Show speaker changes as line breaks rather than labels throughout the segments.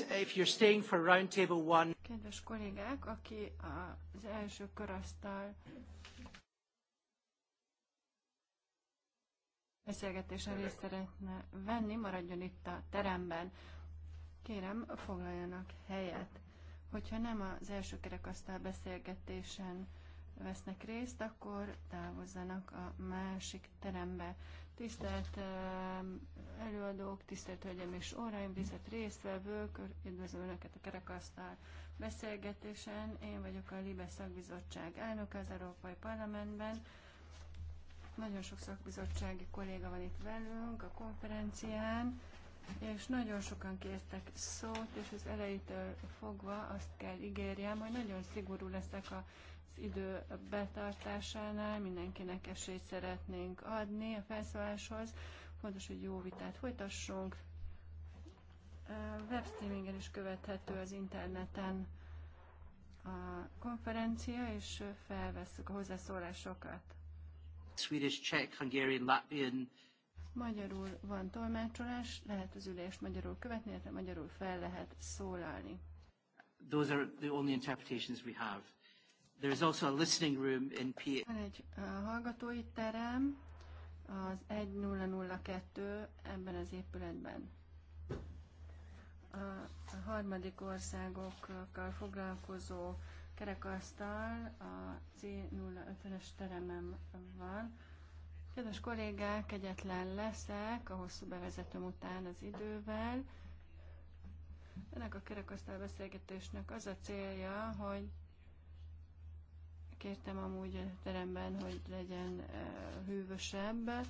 if you're staying for roundtable one.
Kedves kollégák, aki az első körasztal beszélgetésen részt szeretne venni, maradjon itt a teremben. Kérem, foglaljanak helyet. Hogyha nem az első kerekasztal beszélgetésen vesznek részt, akkor távozzanak a másik terembe. Tisztelt eh, előadók, tisztelt Hölgyeim és Óraim, tisztelt résztvevők, üdvözlöm Önöket a kerekasztal beszélgetésen. Én vagyok a Libe Szakbizottság elnöke az Európai Parlamentben. Nagyon sok szakbizottsági kolléga van itt velünk a konferencián, és nagyon sokan kértek szót, és az elejétől fogva azt kell ígérjem, hogy nagyon szigorú leszek a idő betartásánál mindenkinek esélyt szeretnénk adni a felszóláshoz. Fontos, hogy jó vitát folytassunk. Webstreamingen is követhető az interneten a konferencia, és felvesszük a hozzászólásokat.
Swedish, Czech, Hungarian, Latvian.
Magyarul van tolmácsolás, lehet az ülést magyarul követni, illetve magyarul fel lehet szólalni.
Those are the only interpretations we have. There is also a listening room in P.
Van egy hallgatói terem az 1002 ebben az épületben. A harmadik országokkal foglalkozó kerekasztal a c 05 es teremem van. Kedves kollégák, egyetlen leszek a hosszú bevezetőm után az idővel. Ennek a kerekasztal beszélgetésnek az a célja, hogy Kértem amúgy a teremben, hogy legyen hűvösebb.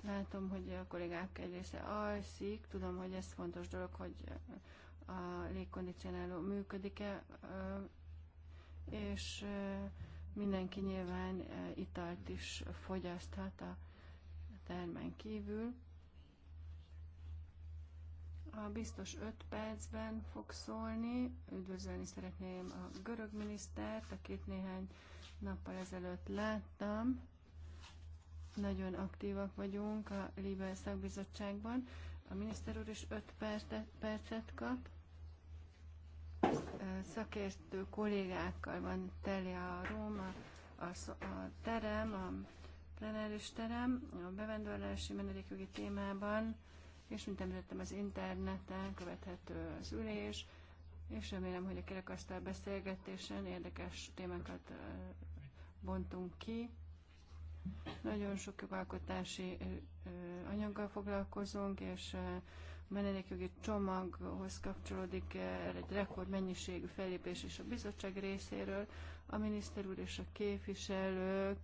Látom, hogy a kollégák egy része alszik. Tudom, hogy ez fontos dolog, hogy a légkondicionáló működik-e, és mindenki nyilván italt is fogyaszthat a termen kívül. A biztos 5 percben fog szólni. Üdvözölni szeretném a görög minisztert, akit néhány nappal ezelőtt láttam. Nagyon aktívak vagyunk a Libel szakbizottságban. A miniszter úr is 5 percet, kap. Szakértő kollégákkal van teli a Róma, a, a terem, a plenáris terem, a bevándorlási menedékjogi témában és mint említettem, az interneten követhető az ülés, és remélem, hogy a kerekasztal beszélgetésen érdekes témákat bontunk ki. Nagyon sok jogalkotási anyaggal foglalkozunk, és a menedékjogi csomaghoz kapcsolódik egy rekord mennyiségű fellépés is a bizottság részéről. A miniszter úr és a képviselők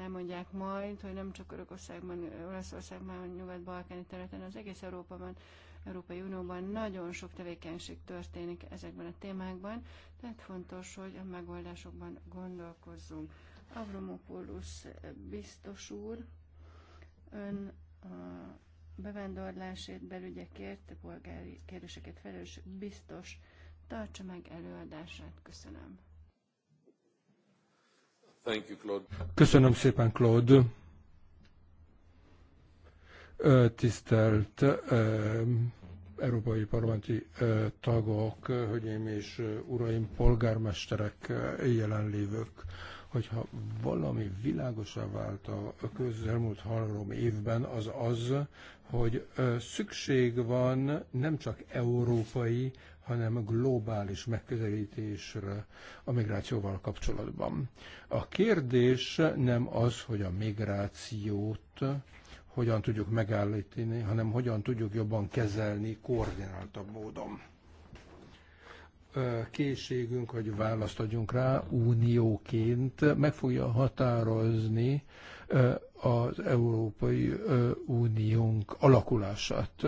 elmondják majd, hogy nem csak Örökországban, Olaszországban, Nyugat-Balkáni területen, az egész Európában, Európai Unióban nagyon sok tevékenység történik ezekben a témákban, tehát fontos, hogy a megoldásokban gondolkozzunk. Avromopoulos biztos úr, ön a bevándorlásért, belügyekért, polgári kérdéseket felelős biztos, tartsa meg előadását. Köszönöm.
Köszönöm szépen, Claude. Tisztelt európai parlamenti tagok, hölgyeim és uraim, polgármesterek, jelenlévők, hogyha valami világosá vált a közelmúlt három évben, az az, hogy szükség van nem csak európai, hanem globális megközelítésre a migrációval kapcsolatban. A kérdés nem az, hogy a migrációt hogyan tudjuk megállítani, hanem hogyan tudjuk jobban kezelni koordináltabb módon. Készségünk, hogy választ adjunk rá, unióként meg fogja határozni az Európai Uniónk alakulását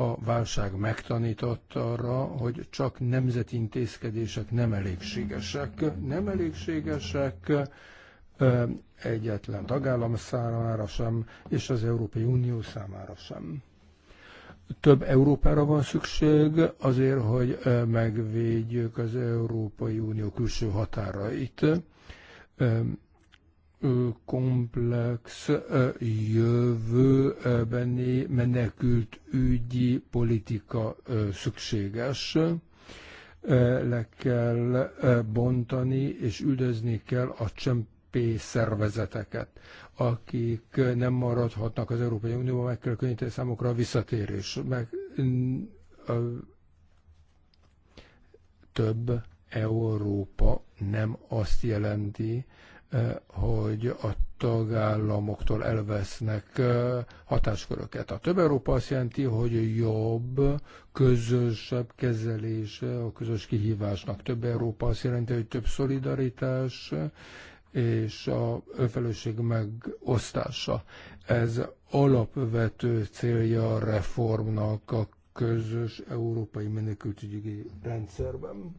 a válság megtanított arra, hogy csak nemzeti intézkedések nem elégségesek. Nem elégségesek egyetlen tagállam számára sem, és az Európai Unió számára sem több Európára van szükség azért, hogy megvédjük az Európai Unió külső határait komplex jövőbeni menekült ügyi politika szükséges. Le kell bontani és üldözni kell a csempész szervezeteket, akik nem maradhatnak az Európai Unióban, meg kell könnyíteni számukra a visszatérés. Meg, több Európa nem azt jelenti, Eh, hogy a tagállamoktól elvesznek eh, hatásköröket. A több Európa azt jelenti, hogy jobb, közösebb kezelése a közös kihívásnak. Több Európa azt jelenti, hogy több szolidaritás és a felelősség megosztása. Ez alapvető célja a reformnak a közös európai menekültügyi rendszerben.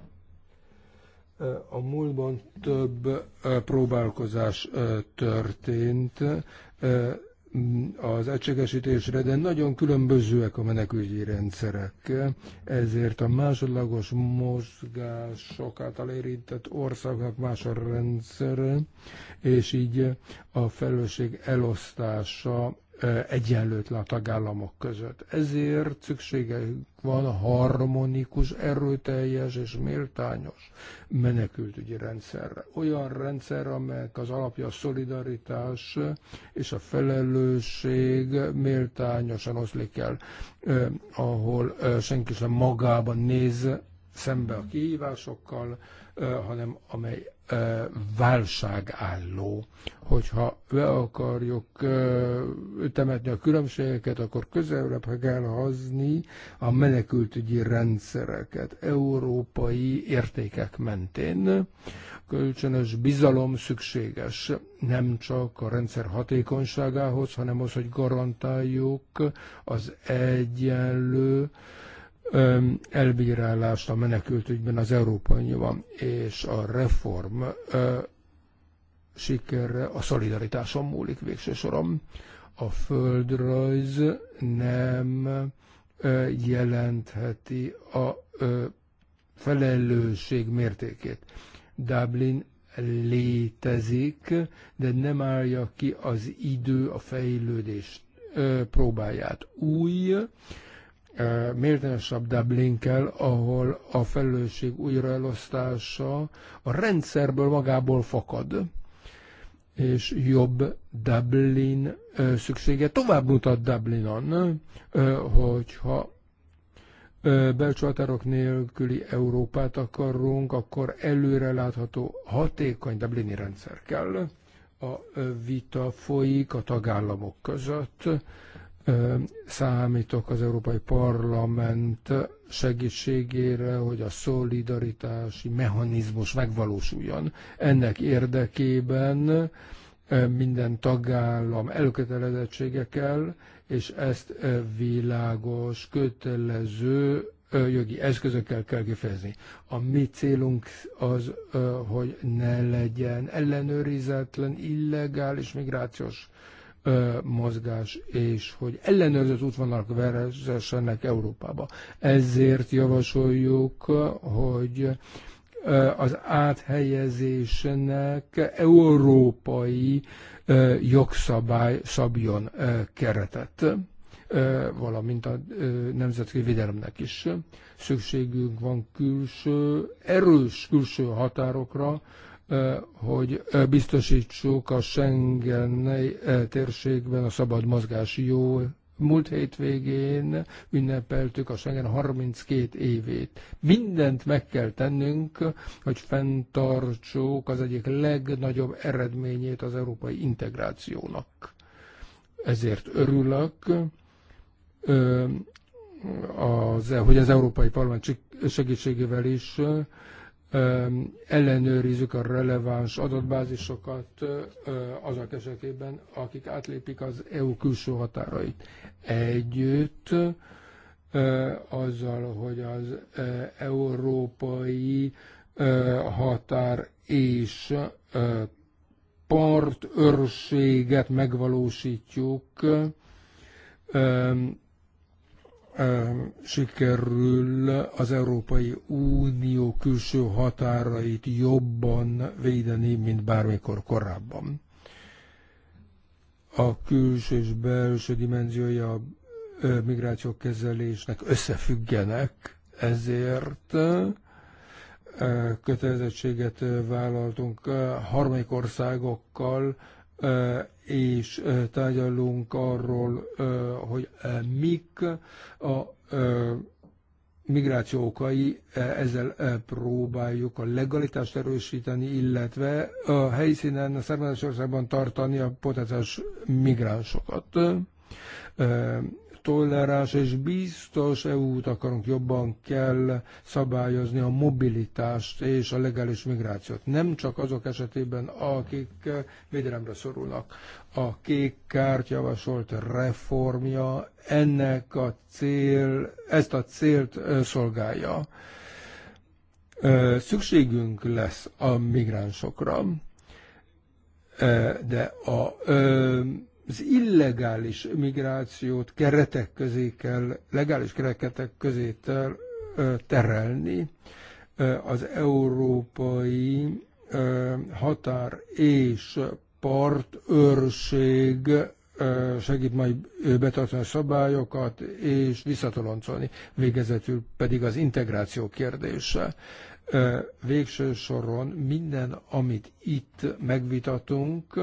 A múltban több próbálkozás történt az egységesítésre, de nagyon különbözőek a menekülügyi rendszerek. Ezért a másodlagos mozgások által érintett országnak más a rendszer, és így a felelősség elosztása Eh, egyenlőtlen a tagállamok között. Ezért szüksége van harmonikus, erőteljes és méltányos menekültügyi rendszerre. Olyan rendszer, amelyek az alapja a szolidaritás és a felelősség méltányosan oszlik el, eh, ahol eh, senki sem magában néz szembe a kihívásokkal, hanem amely válságálló. Hogyha le akarjuk temetni a különbségeket, akkor közelebb kell hazni a menekültügyi rendszereket európai értékek mentén. Kölcsönös bizalom szükséges nem csak a rendszer hatékonyságához, hanem az, hogy garantáljuk az egyenlő elbírálást a menekültügyben az Európai Unióban és a reform sikerre a szolidaritáson múlik végső soron. A földrajz nem jelentheti a felelősség mértékét. Dublin létezik, de nem állja ki az idő a fejlődés próbáját. Új méltányosabb Dublinkkel, ahol a felelősség újraelosztása a rendszerből magából fakad, és jobb Dublin szüksége tovább mutat Dublinon, hogyha belső határok nélküli Európát akarunk, akkor előrelátható, hatékony Dublini rendszer kell. A vita folyik a tagállamok között Számítok az Európai Parlament segítségére, hogy a szolidaritási mechanizmus megvalósuljon. Ennek érdekében minden tagállam elkötelezettségekkel, és ezt világos, kötelező jogi eszközökkel kell kifejezni. A mi célunk az, hogy ne legyen ellenőrizetlen, illegális migrációs mozgás, és hogy ellenőrzött útvonalak vezessenek Európába. Ezért javasoljuk, hogy az áthelyezésnek európai jogszabály szabjon keretet, valamint a nemzetközi védelemnek is. Szükségünk van külső, erős külső határokra, hogy biztosítsuk a Schengen térségben a szabad mozgás jó. Múlt hétvégén ünnepeltük a Schengen 32 évét. Mindent meg kell tennünk, hogy fenntartsuk az egyik legnagyobb eredményét az európai integrációnak. Ezért örülök, hogy az Európai Parlament segítségével is ellenőrizzük a releváns adatbázisokat azok esetében, akik átlépik az EU külső határait. Együtt azzal, hogy az európai határ és partőrséget megvalósítjuk, sikerül az Európai Unió külső határait jobban védeni, mint bármikor korábban. A külső és belső dimenziója a migráció kezelésnek összefüggenek, ezért kötelezettséget vállaltunk harmadik országokkal és tárgyalunk arról, hogy mik a migráció okai, ezzel próbáljuk a legalitást erősíteni, illetve a helyszínen, a származási országban tartani a potenciális migránsokat toleráns és biztos EU-t akarunk, jobban kell szabályozni a mobilitást és a legális migrációt. Nem csak azok esetében, akik védelemre szorulnak. A kék kárt javasolt reformja ennek a cél, ezt a célt szolgálja. Szükségünk lesz a migránsokra, de a az illegális migrációt keretek közé kell, legális keretek közé ter, terelni. Az európai határ és őrség segít majd betartani a szabályokat és visszatoloncolni. Végezetül pedig az integráció kérdése. Végső soron minden, amit itt megvitatunk,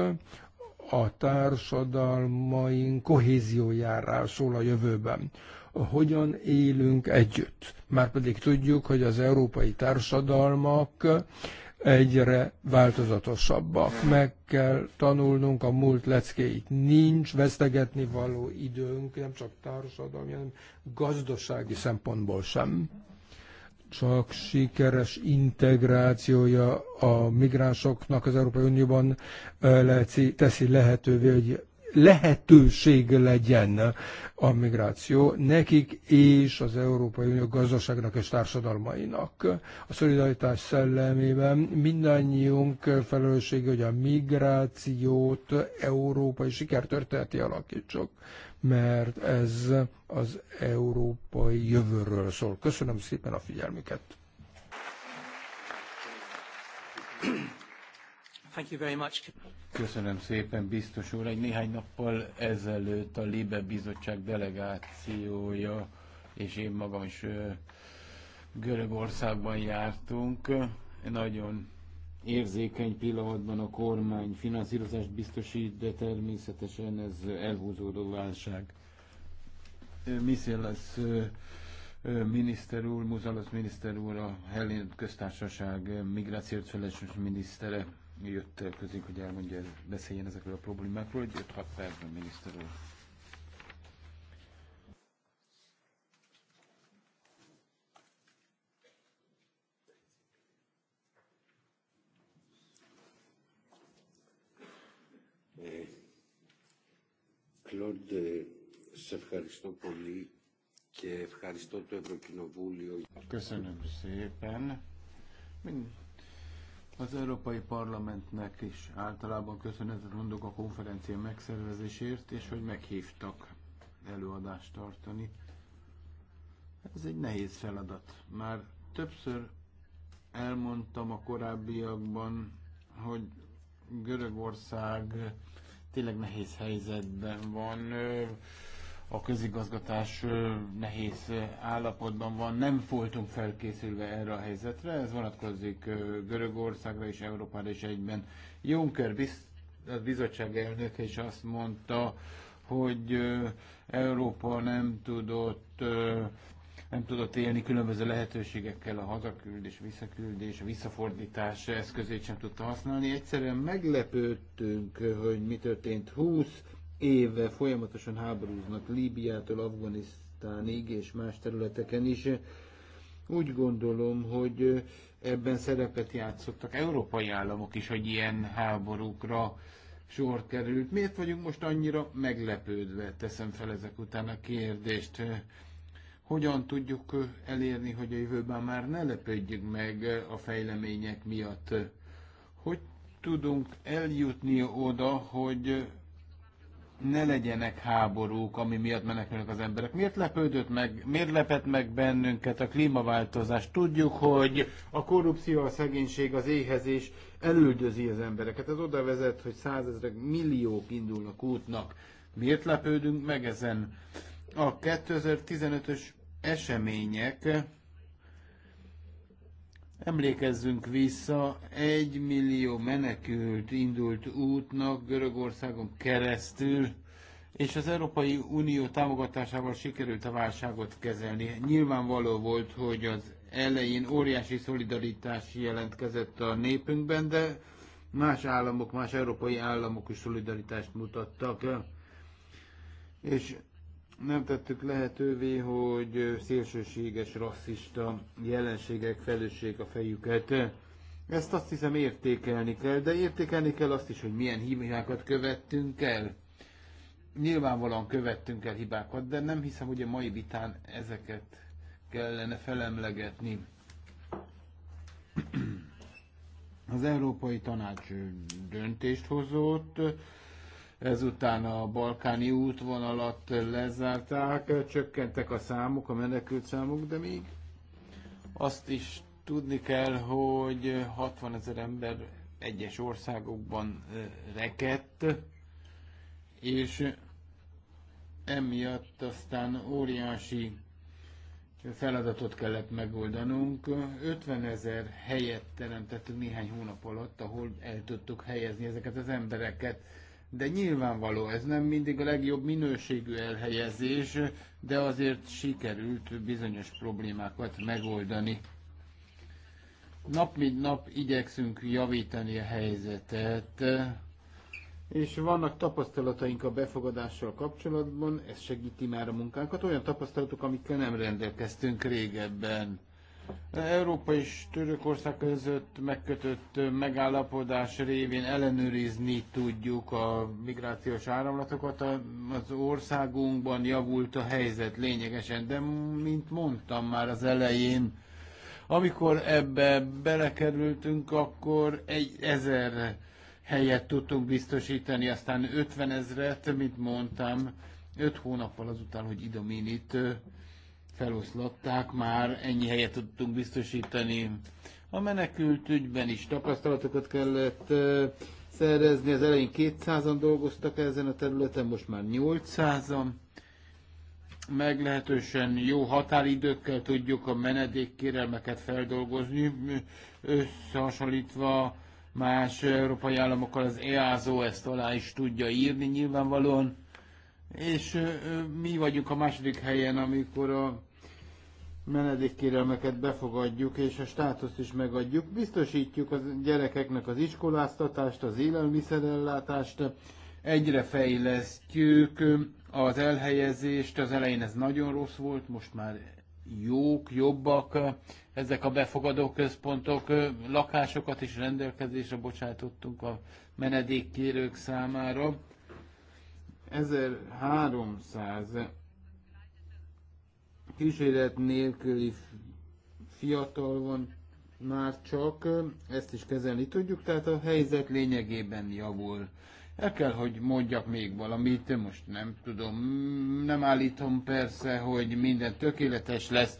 a társadalmaink kohéziójáról szól a jövőben. Hogyan élünk együtt? Márpedig tudjuk, hogy az európai társadalmak egyre változatosabbak. Meg kell tanulnunk a múlt leckéit. Nincs vesztegetni való időnk, nem csak társadalmi, hanem gazdasági szempontból sem csak sikeres integrációja a migránsoknak az Európai Unióban teszi lehetővé, hogy lehetőség legyen a migráció nekik és az Európai Unió gazdaságnak és társadalmainak. A szolidaritás szellemében mindannyiunk felelőssége, hogy a migrációt európai sikertörténeti alakítsuk mert ez az európai jövőről szól. Köszönöm szépen
a figyelmüket!
Thank you very much.
Köszönöm szépen, biztos úr. Egy néhány nappal ezelőtt a Libe Bizottság delegációja és én magam is Görögországban jártunk. Nagyon érzékeny pillanatban a kormány finanszírozást biztosít, de természetesen ez elhúzódó válság. lesz miniszter úr, Muzalasz miniszter úr, a Hellén köztársaság migrációs felelős minisztere jött el közénk, hogy elmondja, beszéljen ezekről a problémákról, hogy 5-6 percben miniszter úr. Κλοντ, σε ευχαριστώ πολύ και ευχαριστώ το Ευρωκοινοβούλιο. Köszönöm szépen. Az Európai Parlamentnek is általában köszönetet mondok a konferencia megszervezésért, és hogy meghívtak előadást tartani. Ez egy nehéz feladat. Már többször elmondtam a korábbiakban, hogy Görögország tényleg nehéz helyzetben van, a közigazgatás nehéz állapotban van, nem voltunk felkészülve erre a helyzetre, ez vonatkozik Görögországra és Európára is egyben. Juncker, a bizottság elnöke is azt mondta, hogy Európa nem tudott nem tudott élni különböző lehetőségekkel, a hazaküldés, visszaküldés, a visszafordítás eszközét sem tudta használni. Egyszerűen meglepődtünk, hogy mi történt. 20 éve folyamatosan háborúznak Líbiától, Afganisztánig és más területeken is. Úgy gondolom, hogy ebben szerepet játszottak európai államok is, hogy ilyen háborúkra sor került. Miért vagyunk most annyira meglepődve? Teszem fel ezek után a kérdést hogyan tudjuk elérni, hogy a jövőben már ne lepődjünk meg a fejlemények miatt. Hogy tudunk eljutni oda, hogy ne legyenek háborúk, ami miatt menekülnek az emberek. Miért lepődött meg, miért lepett meg bennünket a klímaváltozás? Tudjuk, hogy a korrupció, a szegénység, az éhezés elüldözi az embereket. Ez oda vezet, hogy százezrek, milliók indulnak útnak. Miért lepődünk meg ezen? A 2015-ös események, emlékezzünk vissza, egy millió menekült indult útnak Görögországon keresztül, és az Európai Unió támogatásával sikerült a válságot kezelni. Nyilvánvaló volt, hogy az elején óriási szolidaritás jelentkezett a népünkben, de más államok, más európai államok is szolidaritást mutattak. És nem tettük lehetővé, hogy szélsőséges, rasszista jelenségek felőség a fejüket. Ezt azt hiszem értékelni kell, de értékelni kell azt is, hogy milyen hibákat követtünk el. Nyilvánvalóan követtünk el hibákat, de nem hiszem, hogy a mai vitán ezeket kellene felemlegetni. Az Európai Tanács döntést hozott, ezután a balkáni útvonalat lezárták, csökkentek a számok, a menekült számok, de még azt is tudni kell, hogy 60 ezer ember egyes országokban rekedt, és emiatt aztán óriási feladatot kellett megoldanunk. 50 ezer helyet teremtettünk néhány hónap alatt, ahol el tudtuk helyezni ezeket az embereket de nyilvánvaló, ez nem mindig a legjobb minőségű elhelyezés, de azért sikerült bizonyos problémákat megoldani. Nap mint nap igyekszünk javítani a helyzetet, és vannak tapasztalataink a befogadással kapcsolatban, ez segíti már a munkánkat, olyan tapasztalatok, amikkel nem rendelkeztünk régebben. Európa és Törökország között megkötött megállapodás révén ellenőrizni tudjuk a migrációs áramlatokat. Az országunkban javult a helyzet lényegesen, de mint mondtam már az elején, amikor ebbe belekerültünk, akkor egy ezer helyet tudtunk biztosítani, aztán 50 ezret, mint mondtam, öt hónappal azután, hogy idomínit feloszlatták már, ennyi helyet tudtunk biztosítani. A menekült ügyben is tapasztalatokat kellett szerezni, az elején 200-an dolgoztak ezen a területen, most már 800-an. Meglehetősen jó határidőkkel tudjuk a menedékkérelmeket feldolgozni, összehasonlítva más európai államokkal az EASO ezt alá is tudja írni nyilvánvalóan. És mi vagyunk a második helyen, amikor a menedékkérelmeket befogadjuk, és a státuszt is megadjuk. Biztosítjuk a gyerekeknek az iskoláztatást, az élelmiszerellátást, egyre fejlesztjük az elhelyezést, az elején ez nagyon rossz volt, most már jók, jobbak ezek a befogadó központok, lakásokat is rendelkezésre bocsátottunk a menedékkérők számára. 1300 kísérlet nélküli fiatal van már csak, ezt is kezelni tudjuk, tehát a helyzet lényegében javul. El kell, hogy mondjak még valamit, most nem tudom, nem állítom persze, hogy minden tökéletes lesz.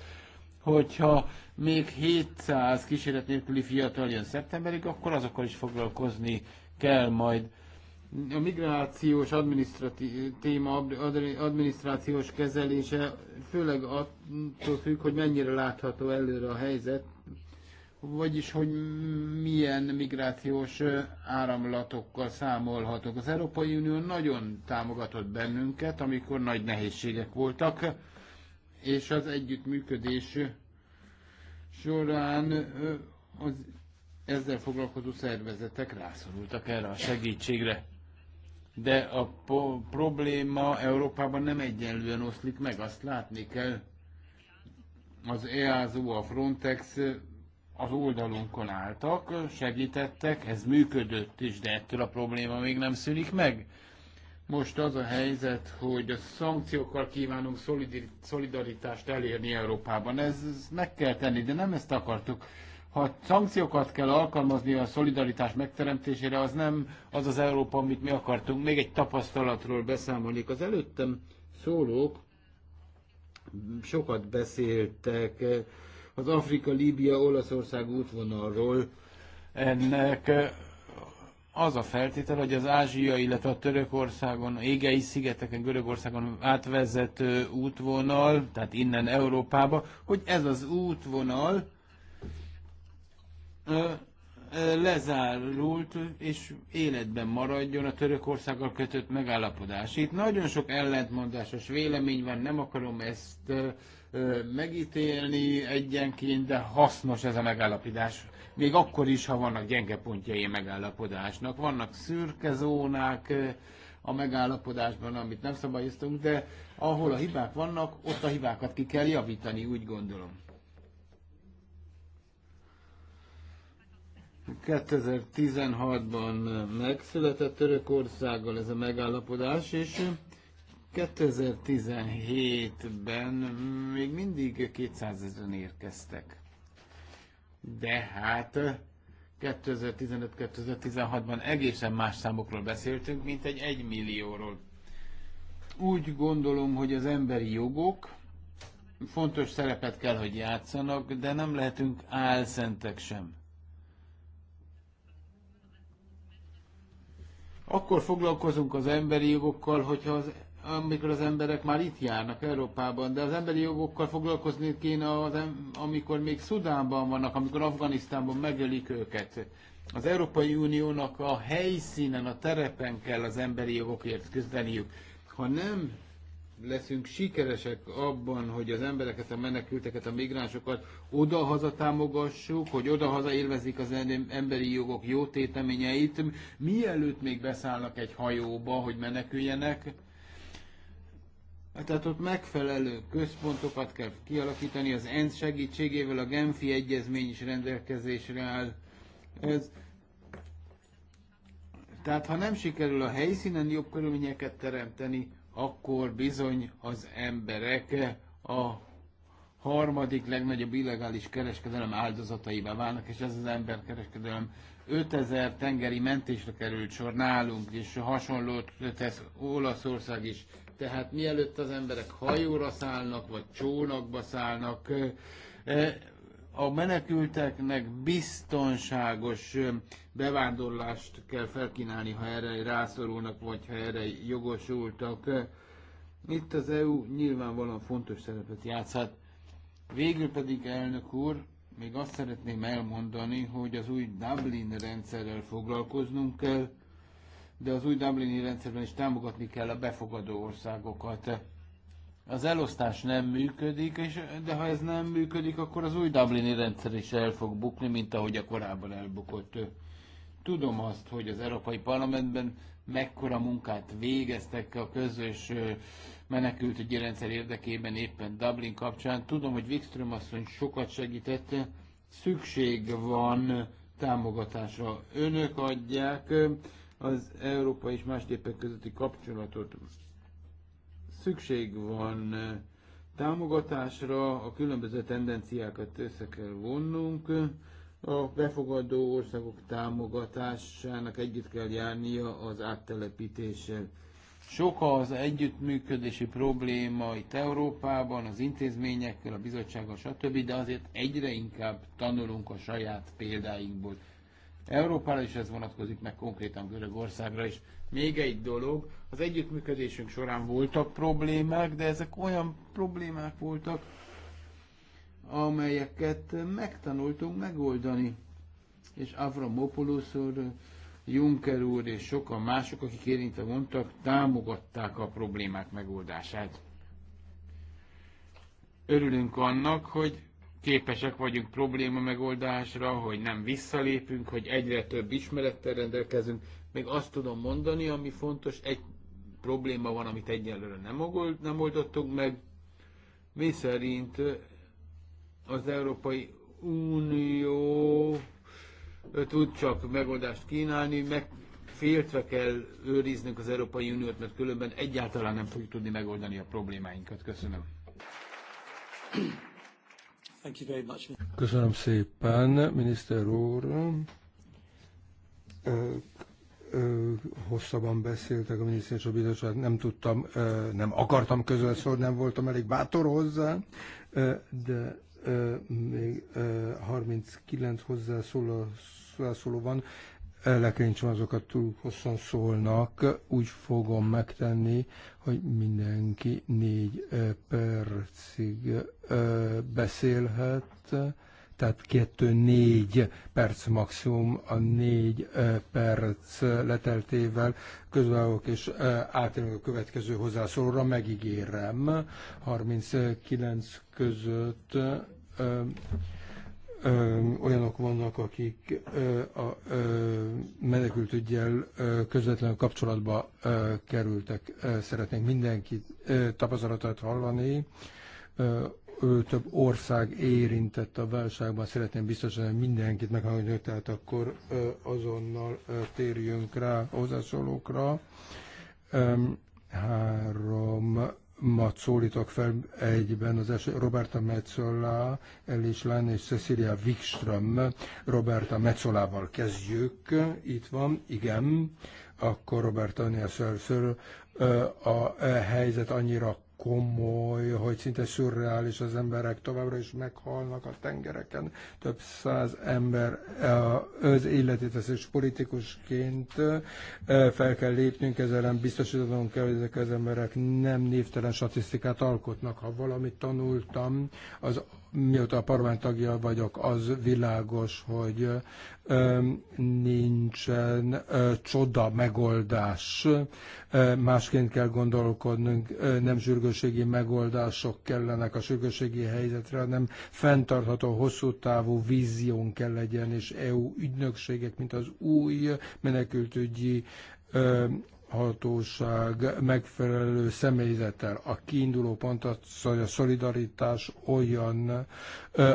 Hogyha még 700 kísérlet nélküli fiatal jön szeptemberig, akkor azokkal is foglalkozni kell majd. A migrációs téma, adminisztrációs kezelése főleg attól függ, hogy mennyire látható előre a helyzet, vagyis hogy milyen migrációs áramlatokkal számolhatok. Az Európai Unió nagyon támogatott bennünket, amikor nagy nehézségek voltak, és az együttműködés során az ezzel foglalkozó szervezetek rászorultak erre a segítségre de a probléma Európában nem egyenlően oszlik meg, azt látni kell. Az EASO, a Frontex az oldalunkon álltak, segítettek, ez működött is, de ettől a probléma még nem szűnik meg. Most az a helyzet, hogy a szankciókkal kívánunk szolidaritást elérni Európában. Ez, ez meg kell tenni, de nem ezt akartuk ha szankciókat kell alkalmazni a szolidaritás megteremtésére, az nem az az Európa, amit mi akartunk. Még egy tapasztalatról beszámolnék. Az előttem szólók sokat beszéltek az Afrika-Líbia-Olaszország útvonalról. Ennek az a feltétel, hogy az Ázsia, illetve a Törökországon, Égei szigeteken, Görögországon átvezető útvonal, tehát innen Európába, hogy ez az útvonal lezárult és életben maradjon a Törökországgal kötött megállapodás. Itt nagyon sok ellentmondásos vélemény van, nem akarom ezt megítélni egyenként, de hasznos ez a megállapodás. Még akkor is, ha vannak gyenge pontjai a megállapodásnak. Vannak szürke zónák a megállapodásban, amit nem szabályoztunk, de ahol a hibák vannak, ott a hibákat ki kell javítani, úgy gondolom. 2016-ban megszületett Törökországgal ez a megállapodás, és 2017-ben még mindig 200 ezeren érkeztek. De hát 2015-2016-ban egészen más számokról beszéltünk, mint egy 1 millióról. Úgy gondolom, hogy az emberi jogok fontos szerepet kell, hogy játszanak, de nem lehetünk álszentek sem Akkor foglalkozunk az emberi jogokkal, hogyha az, amikor az emberek már itt járnak Európában, de az emberi jogokkal foglalkozni kéne, az, amikor még Szudánban vannak, amikor Afganisztánban megölik őket. Az Európai Uniónak a helyszínen, a terepen kell az emberi jogokért küzdeniük. Ha nem leszünk sikeresek abban, hogy az embereket, a menekülteket, a migránsokat oda-haza támogassuk, hogy oda-haza élvezik az emberi jogok jó téteményeit, mielőtt még beszállnak egy hajóba, hogy meneküljenek. Tehát ott megfelelő központokat kell kialakítani, az ENSZ segítségével a Genfi Egyezmény is rendelkezésre áll. Ez, tehát ha nem sikerül a helyszínen jobb körülményeket teremteni, akkor bizony az emberek a harmadik legnagyobb illegális kereskedelem áldozataivá válnak, és ez az emberkereskedelem 5000 tengeri mentésre került sor nálunk, és hasonlót tesz Olaszország is. Tehát mielőtt az emberek hajóra szállnak, vagy csónakba szállnak, eh, a menekülteknek biztonságos bevándorlást kell felkínálni, ha erre rászorulnak, vagy ha erre jogosultak. Itt az EU nyilvánvalóan fontos szerepet játszhat. Végül pedig, elnök úr, még azt szeretném elmondani, hogy az új Dublin rendszerrel foglalkoznunk kell, de az új Dublini rendszerben is támogatni kell a befogadó országokat az elosztás nem működik, és, de ha ez nem működik, akkor az új Dublini rendszer is el fog bukni, mint ahogy a korábban elbukott. Tudom azt, hogy az Európai Parlamentben mekkora munkát végeztek a közös menekültügyi rendszer érdekében éppen Dublin kapcsán. Tudom, hogy Wikström asszony sokat segített, szükség van támogatásra. Önök adják az európai és más közötti kapcsolatot szükség van támogatásra, a különböző tendenciákat össze kell vonnunk, a befogadó országok támogatásának együtt kell járnia az áttelepítéssel. Sok az együttműködési probléma itt Európában, az intézményekkel, a bizottsággal, stb., de azért egyre inkább tanulunk a saját példáinkból. Európára is ez vonatkozik, meg konkrétan Görögországra is. Még egy dolog, az együttműködésünk során voltak problémák, de ezek olyan problémák voltak, amelyeket megtanultunk megoldani. És Avramopoulos úr, Juncker úr és sokan mások, akik érintve mondtak, támogatták a problémák megoldását. Örülünk annak, hogy képesek vagyunk probléma megoldásra, hogy nem visszalépünk, hogy egyre több ismerettel rendelkezünk. Még azt tudom mondani, ami fontos, egy probléma van, amit egyelőre nem, old, nem oldottunk meg, mi szerint az Európai Unió tud csak megoldást kínálni, meg féltve kell őriznünk az Európai Uniót, mert különben egyáltalán nem fogjuk tudni megoldani a problémáinkat. Köszönöm.
Köszönöm szépen, miniszter úr. Ö, ö, hosszabban beszéltek a miniszter és a bizottság, nem tudtam, ö, nem akartam közöl szólni, nem voltam elég bátor hozzá, de még 39 hozzászóló, hozzászóló van, lekénytsem azokat túl hosszan szólnak, úgy fogom megtenni, hogy mindenki négy percig beszélhet, tehát kettő-négy perc maximum a négy perc leteltével közvállók és átérünk a következő hozzászólóra, megígérem, 39 között olyanok vannak, akik a ö, közvetlenül kapcsolatba kerültek. Szeretnénk mindenki tapasztalatát hallani. Több ország érintett a válságban, szeretném biztosan mindenkit meghallgatni, tehát akkor azonnal térjünk rá hozzászólókra. Három ma szólítok fel egyben az eset, Roberta Metzola, Elis Lenn és Cecilia Wikström. Roberta Metzolával kezdjük. Itt van, igen. Akkor Roberta Nia először a e helyzet annyira komoly, hogy szinte szürreális az emberek továbbra is meghalnak a tengereken. Több száz ember e, az életét vesz, és politikusként e, fel kell lépnünk, ezzel nem biztosítanunk kell, hogy ezek az emberek nem névtelen statisztikát alkotnak. Ha valamit tanultam, az mióta a parlament tagja vagyok, az világos, hogy nincsen csoda megoldás. Másként kell gondolkodnunk, nem sürgőségi megoldások kellenek a sürgőségi helyzetre, hanem fenntartható, hosszú távú vízión kell legyen, és EU ügynökségek, mint az új menekültügyi hatóság megfelelő személyzettel. A kiinduló pont az, hogy a szolidaritás olyan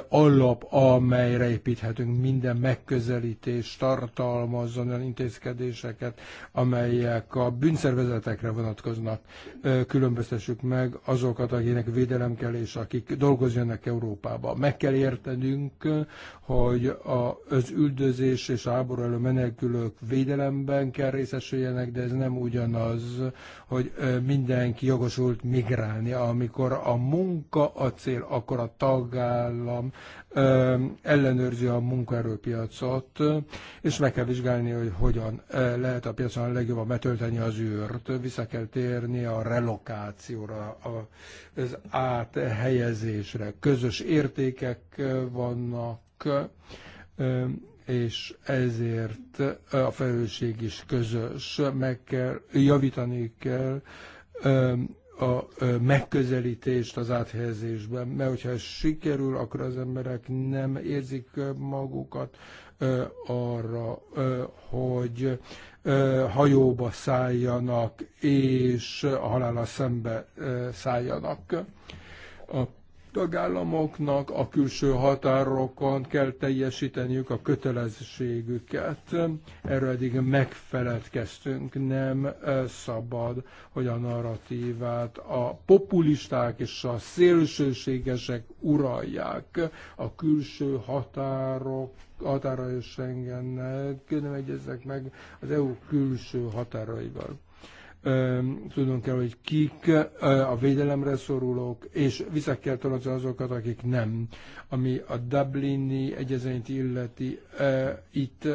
alap, amelyre építhetünk. Minden megközelítés tartalmaz olyan intézkedéseket, amelyek a bűnszervezetekre vonatkoznak. Különböztessük meg azokat, akiknek védelem kell, és akik dolgozjanak Európába. Meg kell értenünk, hogy az üldözés és háború elő menekülők védelemben kell részesüljenek, de ez nem ugyanaz, hogy mindenki jogosult migrálni. Amikor a munka a cél, akkor a tagállam ellenőrzi a munkaerőpiacot, és meg kell vizsgálni, hogy hogyan lehet a piacon a legjobban betölteni az űrt. Vissza kell térni a relokációra, az áthelyezésre. Közös értékek vannak, és ezért a felelősség is közös. Meg kell, javítani kell a megközelítést az áthelyezésben, mert hogyha ez sikerül, akkor az emberek nem érzik magukat arra, hogy hajóba szálljanak, és a halála szembe szálljanak. A tagállamoknak a külső határokon kell teljesíteniük a kötelezettségüket. Erről eddig megfeledkeztünk. Nem szabad, hogy a narratívát a populisták és a szélsőségesek uralják. A külső határok határa és Schengennek nem egyeznek meg az EU külső határaival tudnunk kell, hogy kik a védelemre szorulók, és vissza kell tolni azokat, akik nem. Ami a Dublini egyezményt illeti, itt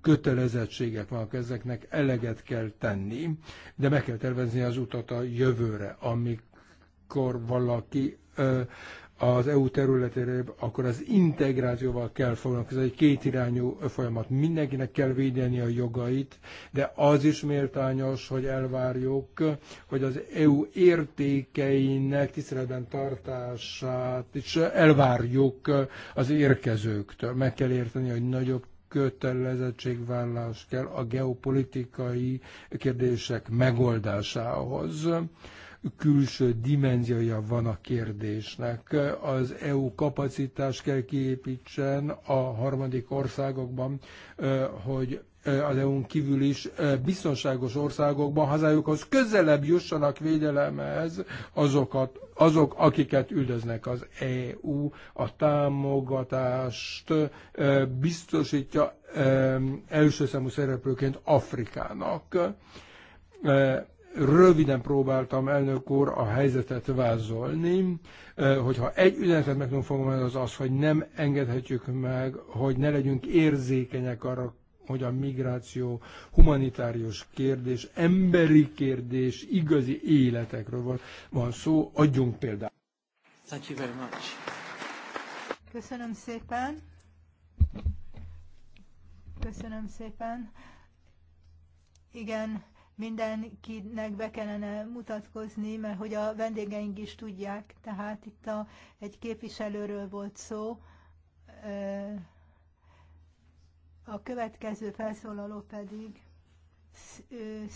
kötelezettségek vannak, ezeknek eleget kell tenni, de meg kell tervezni az utat a jövőre, amikor valaki az EU területére, akkor az integrációval kell foglalkozni. Ez egy kétirányú folyamat. Mindenkinek kell védeni a jogait, de az is méltányos, hogy elvárjuk, hogy az EU értékeinek tiszteletben tartását is elvárjuk az érkezőktől. Meg kell érteni, hogy nagyobb kötelezettségvállás kell a geopolitikai kérdések megoldásához külső dimenziója van a kérdésnek. Az EU kapacitás kell kiépítsen a harmadik országokban, hogy az EU-n kívül is biztonságos országokban hazájukhoz közelebb jussanak védelemhez azokat, azok, akiket üldöznek az EU, a támogatást biztosítja első számú szereplőként Afrikának Röviden próbáltam, elnök úr, a helyzetet vázolni, hogyha egy üzenetet meg tudunk fogom, az az, hogy nem engedhetjük meg, hogy ne legyünk érzékenyek arra, hogy a migráció humanitárius kérdés, emberi kérdés, igazi életekről van, van szó, adjunk példát. Thank you very much.
Köszönöm szépen. Köszönöm szépen. Igen, mindenkinek be kellene mutatkozni, mert hogy a vendégeink is tudják, tehát itt a, egy képviselőről volt szó. A következő felszólaló pedig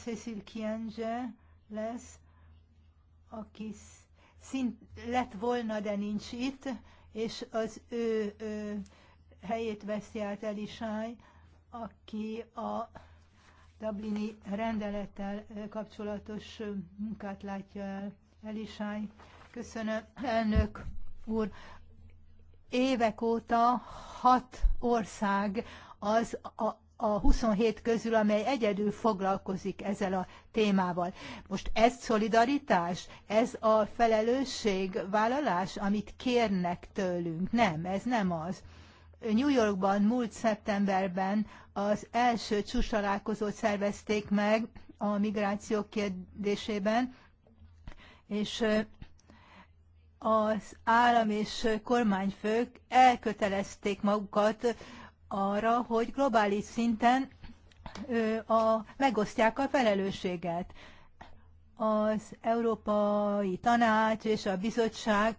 Cecil Kienge lesz, aki szint lett volna, de nincs itt, és az ő, ő helyét veszi át Elisai, aki a Dublini rendelettel kapcsolatos munkát látja el Elisány. Köszönöm, elnök úr. Évek óta hat ország az a, a 27 közül, amely egyedül foglalkozik ezzel a témával. Most ez szolidaritás, ez a felelősségvállalás, amit kérnek tőlünk. Nem, ez nem az. New Yorkban múlt szeptemberben az első csúcstalálkozót szervezték meg a migráció kérdésében, és az állam és kormányfők elkötelezték magukat arra, hogy globális szinten a, megosztják a felelősséget. Az Európai Tanács és a Bizottság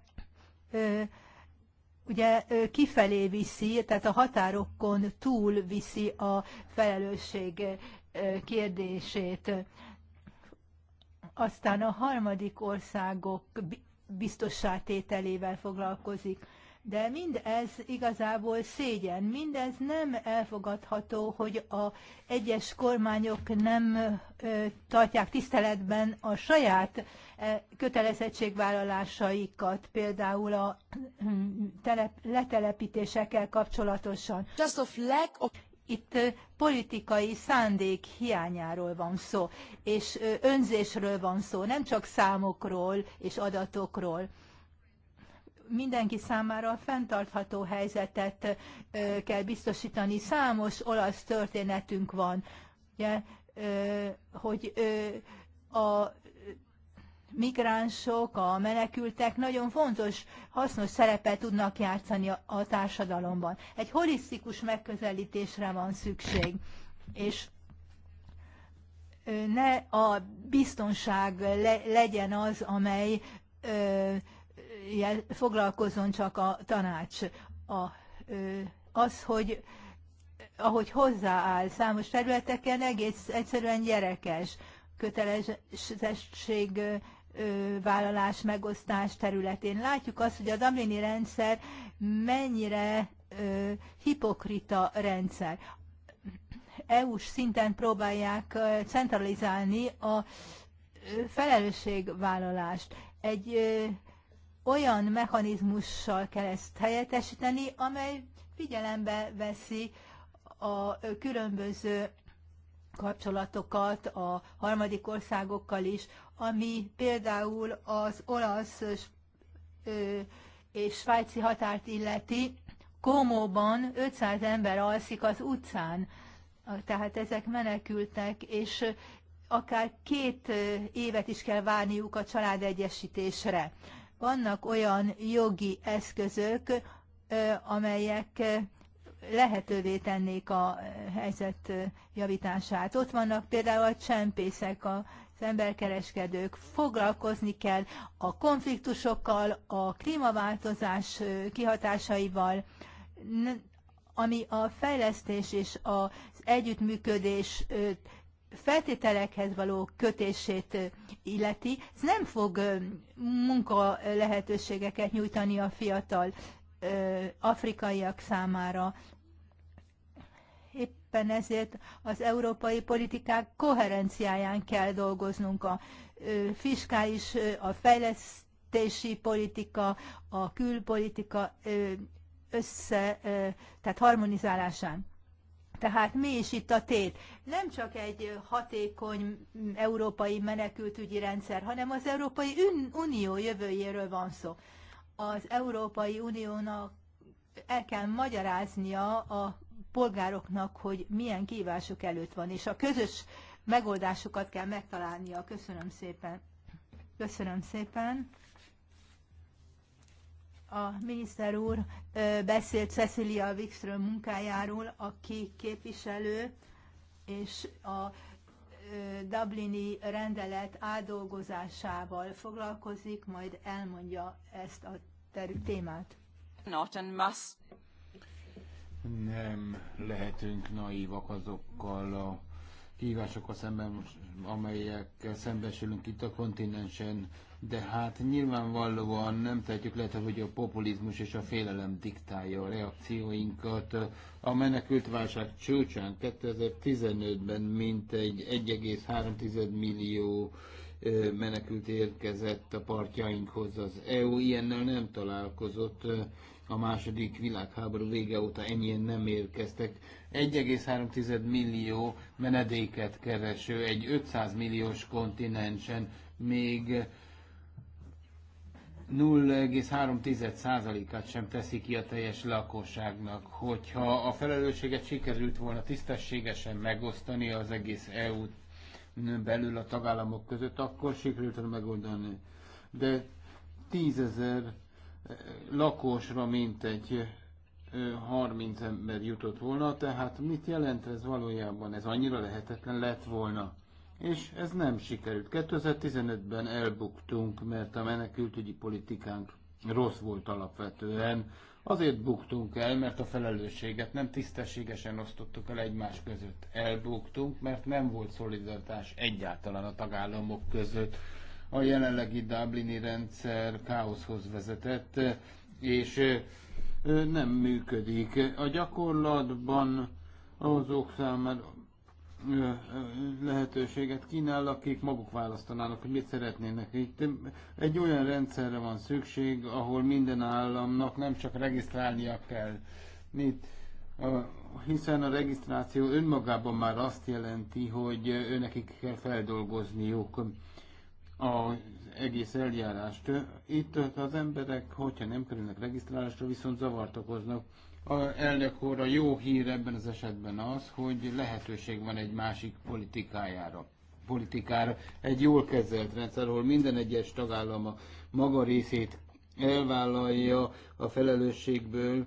ugye kifelé viszi, tehát a határokon túl viszi a felelősség kérdését. Aztán a harmadik országok biztossátételével foglalkozik. De mindez igazából szégyen, mindez nem elfogadható, hogy a egyes kormányok nem ö, tartják tiszteletben a saját ö, kötelezettségvállalásaikat, például a ö, telep, letelepítésekkel kapcsolatosan. Just a flag of... Itt politikai szándék hiányáról van szó, és önzésről van szó, nem csak számokról és adatokról mindenki számára fenntartható helyzetet kell biztosítani. Számos olasz történetünk van, ugye, hogy a migránsok, a menekültek nagyon fontos, hasznos szerepet tudnak játszani a, a társadalomban. Egy holisztikus megközelítésre van szükség, és ne a biztonság le, legyen az, amely ö, foglalkozzon csak a tanács. A, az, hogy ahogy hozzááll számos területeken, egész egyszerűen gyerekes kötelezettség vállalás, megosztás területén. Látjuk azt, hogy a Dublini rendszer mennyire ö, hipokrita rendszer. EU-s szinten próbálják centralizálni a felelősségvállalást. Egy olyan mechanizmussal kell ezt helyettesíteni, amely figyelembe veszi a különböző kapcsolatokat a harmadik országokkal is, ami például az olasz és svájci határt illeti, Komóban 500 ember alszik az utcán, tehát ezek menekültek, és akár két évet is kell várniuk a családegyesítésre vannak olyan jogi eszközök, amelyek lehetővé tennék a helyzet javítását. Ott vannak például a csempészek, az emberkereskedők. Foglalkozni kell a konfliktusokkal, a klímaváltozás kihatásaival, ami a fejlesztés és az együttműködés feltételekhez való kötését illeti, ez nem fog munka lehetőségeket nyújtani a fiatal afrikaiak számára. Éppen ezért az európai politikák koherenciáján kell dolgoznunk a fiskális, a fejlesztési politika, a külpolitika össze, tehát harmonizálásán. Tehát mi is itt a tét? Nem csak egy hatékony európai menekültügyi rendszer, hanem az Európai Unió jövőjéről van szó. Az Európai Uniónak el kell magyaráznia a polgároknak, hogy milyen kívások előtt van, és a közös megoldásokat kell megtalálnia. Köszönöm szépen. Köszönöm szépen a miniszter úr beszélt Cecilia Wikström munkájáról, aki képviselő, és a Dublini rendelet áldolgozásával foglalkozik, majd elmondja ezt a témát. Not and must.
Nem lehetünk naívak azokkal a kihívásokkal szemben, amelyekkel szembesülünk itt a kontinensen, de hát nyilvánvalóan nem tehetjük lehet, hogy a populizmus és a félelem diktálja a reakcióinkat. A menekültválság csúcsán 2015-ben mintegy 1,3 millió menekült érkezett a partjainkhoz. Az EU ilyennel nem találkozott a második világháború vége óta ennyien nem érkeztek. 1,3 millió menedéket kereső egy 500 milliós kontinensen még 0,3%-át sem teszi ki a teljes lakosságnak. Hogyha a felelősséget sikerült volna tisztességesen megosztani az egész eu belül a tagállamok között, akkor sikerült megoldani. De tízezer lakosra mintegy 30 ember jutott volna, tehát mit jelent ez valójában? Ez annyira lehetetlen lett volna. És ez nem sikerült. 2015-ben elbuktunk, mert a menekültügyi politikánk rossz volt alapvetően. Azért buktunk el, mert a felelősséget nem tisztességesen osztottuk el egymás között. Elbuktunk, mert nem volt szolidaritás egyáltalán a tagállamok között. A jelenlegi Dublini rendszer káoszhoz vezetett, és nem működik. A gyakorlatban azok számára lehetőséget kínál, akik maguk választanának, hogy mit szeretnének. Itt egy olyan rendszerre van szükség, ahol minden államnak nem csak regisztrálnia kell. mit, hiszen a regisztráció önmagában már azt jelenti, hogy őnekik kell feldolgozniuk az egész eljárást. Itt az emberek, hogyha nem kerülnek regisztrálásra, viszont zavart okoznak. A elnök úr, a jó hír ebben az esetben az, hogy lehetőség van egy másik politikájára politikára, egy jól kezelt rendszer, ahol minden egyes tagállama a maga részét elvállalja a felelősségből,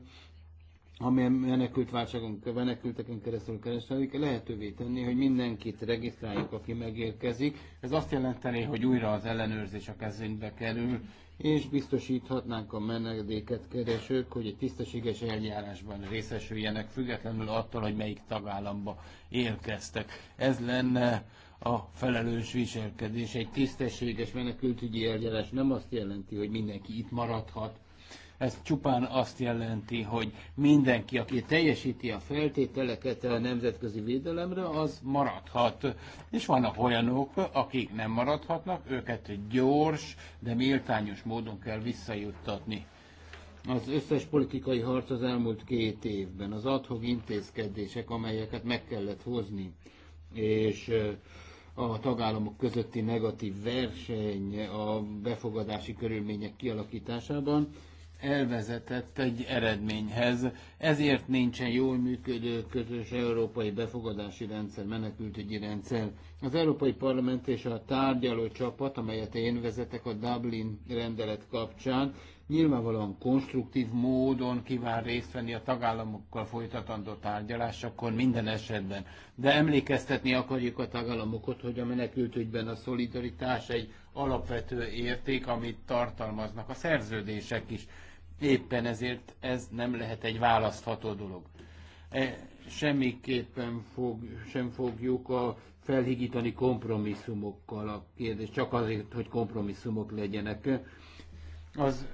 ha menekült válságon, menekülteken keresztül kereskedik, lehetővé tenni, hogy mindenkit regisztráljuk, aki megérkezik. Ez azt jelenteni, hogy újra az ellenőrzés a kezünkbe kerül, és biztosíthatnánk a menedéket keresők, hogy egy tisztességes eljárásban részesüljenek, függetlenül attól, hogy melyik tagállamba érkeztek. Ez lenne a felelős viselkedés. Egy tisztességes menekültügyi eljárás nem azt jelenti, hogy mindenki itt maradhat, ez csupán azt jelenti, hogy mindenki, aki teljesíti a feltételeket a nemzetközi védelemre, az maradhat. És vannak olyanok, akik nem maradhatnak, őket gyors, de méltányos módon kell visszajuttatni. Az összes politikai harc az elmúlt két évben, az adhog intézkedések, amelyeket meg kellett hozni, és a tagállamok közötti negatív verseny a befogadási körülmények kialakításában, elvezetett egy eredményhez. Ezért nincsen jól működő közös európai befogadási rendszer, menekültügyi rendszer. Az Európai Parlament és a tárgyaló csapat, amelyet én vezetek a Dublin rendelet kapcsán, nyilvánvalóan konstruktív módon kíván részt venni a tagállamokkal folytatandó tárgyalásokon minden esetben. De emlékeztetni akarjuk a tagállamokat, hogy a menekültügyben a szolidaritás egy alapvető érték, amit tartalmaznak a szerződések is Éppen ezért ez nem lehet egy választható dolog. E, semmiképpen fog, sem fogjuk a felhigítani kompromisszumokkal a kérdést, csak azért, hogy kompromisszumok legyenek. Az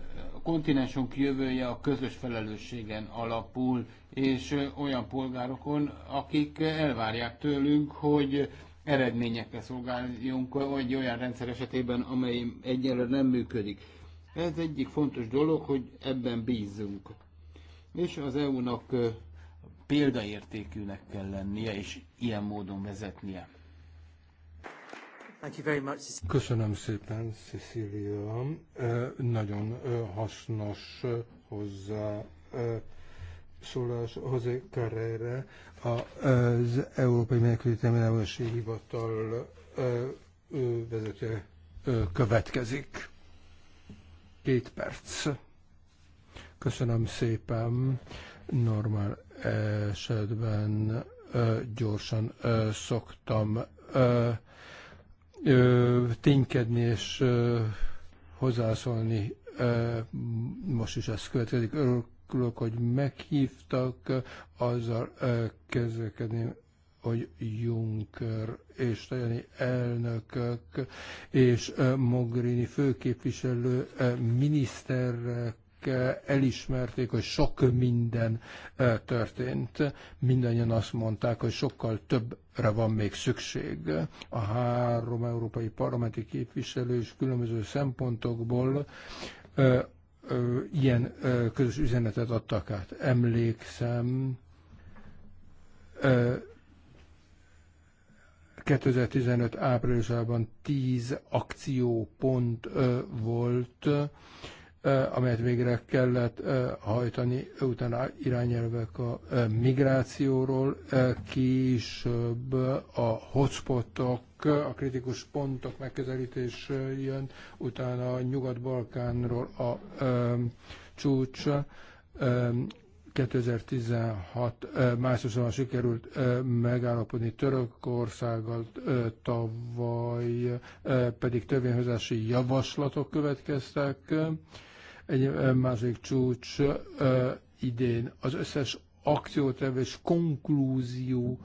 kontinensunk jövője a közös felelősségen alapul, és olyan polgárokon, akik elvárják tőlünk, hogy eredményekre szolgáljunk vagy olyan rendszer esetében, amely egyelőre nem működik ez egyik fontos dolog, hogy ebben bízzunk. És az EU-nak példaértékűnek kell lennie, és ilyen módon vezetnie.
Köszönöm szépen, Cecilia. Nagyon hasznos hozzá szólás Hozé Carrere, az Európai Menekültemelási Hivatal vezetője következik. Két perc. Köszönöm szépen. Normál eh, esetben ö, eh, gyorsan ö, eh, szoktam ö, ö, ténykedni és ö, hozzászólni. Ö, most is ez következik. Örülök, hogy meghívtak, azzal ö, közlekedni hogy Juncker és Tajani elnökök és Mogherini főképviselő miniszterek elismerték, hogy sok minden történt. Mindannyian azt mondták, hogy sokkal többre van még szükség. A három európai parlamenti képviselő is különböző szempontokból ilyen közös üzenetet adtak át. Emlékszem, 2015 áprilisában 10 akciópont volt, amelyet végre kellett hajtani, utána irányelvek a migrációról, később a hotspotok, a kritikus pontok megközelítés jön, utána a Nyugat-Balkánról a csúcs, 2016 márciusban sikerült megállapodni Törökországgal, tavaly pedig törvényhozási javaslatok következtek. Egy másik csúcs idén az összes akcióterv és konklúzió,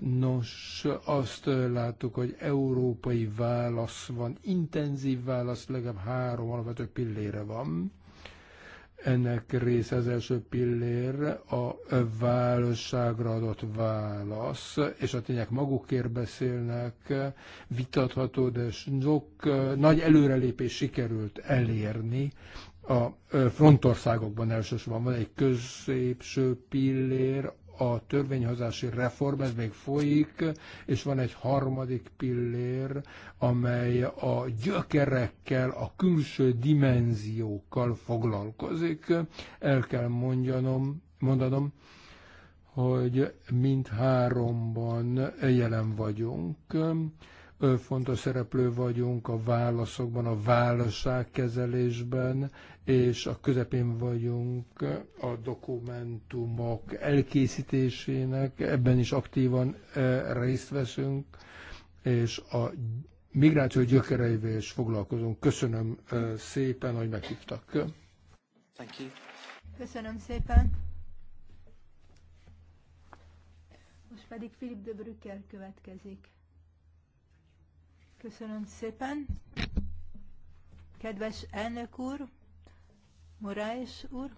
nos, azt láttuk, hogy európai válasz van, intenzív válasz, legalább három alapvető pillére van ennek része az első pillér a válságra adott válasz, és a tények magukért beszélnek, vitatható, de sok nagy előrelépés sikerült elérni, a frontországokban elsősorban van egy középső pillér a törvényhozási reform, ez még folyik, és van egy harmadik pillér, amely a gyökerekkel, a külső dimenziókkal foglalkozik. El kell mondjanom, mondanom, hogy mindháromban jelen vagyunk fontos szereplő vagyunk a válaszokban, a válaságkezelésben, és a közepén vagyunk a dokumentumok elkészítésének, ebben is aktívan részt veszünk, és a migráció gyökereivel is foglalkozunk. Köszönöm szépen, hogy meghívtak. Thank
you. Köszönöm szépen. Most pedig Filip de Brücker következik. Köszönöm szépen. Kedves elnök úr, Moráis úr,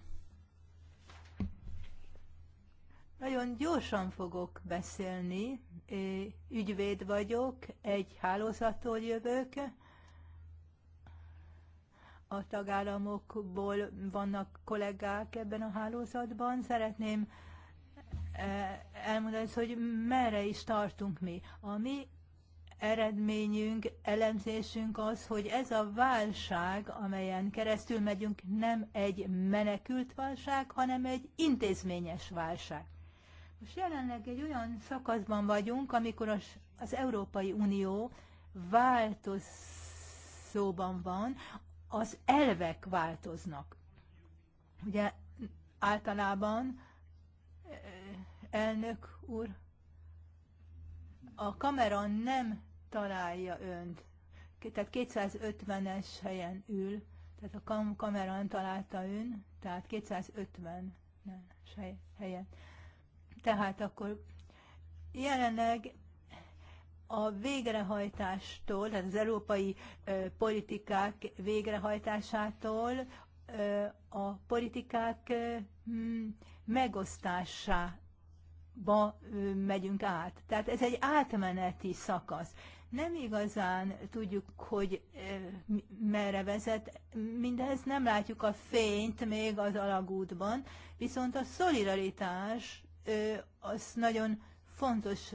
nagyon gyorsan fogok beszélni, ügyvéd vagyok, egy hálózattól jövök, a tagállamokból vannak kollégák ebben a hálózatban. Szeretném eh, elmondani, hogy merre is tartunk mi. A mi eredményünk, elemzésünk az, hogy ez a válság, amelyen keresztül megyünk, nem egy menekült válság, hanem egy intézményes válság. Most jelenleg egy olyan szakaszban vagyunk, amikor az, az Európai Unió változóban van, az elvek változnak. Ugye általában eh, elnök úr, a kamera nem találja önt. Tehát 250-es helyen ül, tehát a kam- kamerán találta ön, tehát 250-es helyen. Tehát akkor jelenleg a végrehajtástól, tehát az európai ö, politikák végrehajtásától ö, a politikák ö, hmm, megosztásába megyünk át. Tehát ez egy átmeneti szakasz nem igazán tudjuk, hogy merre vezet. Mindez nem látjuk a fényt még az alagútban, viszont a szolidaritás az nagyon fontos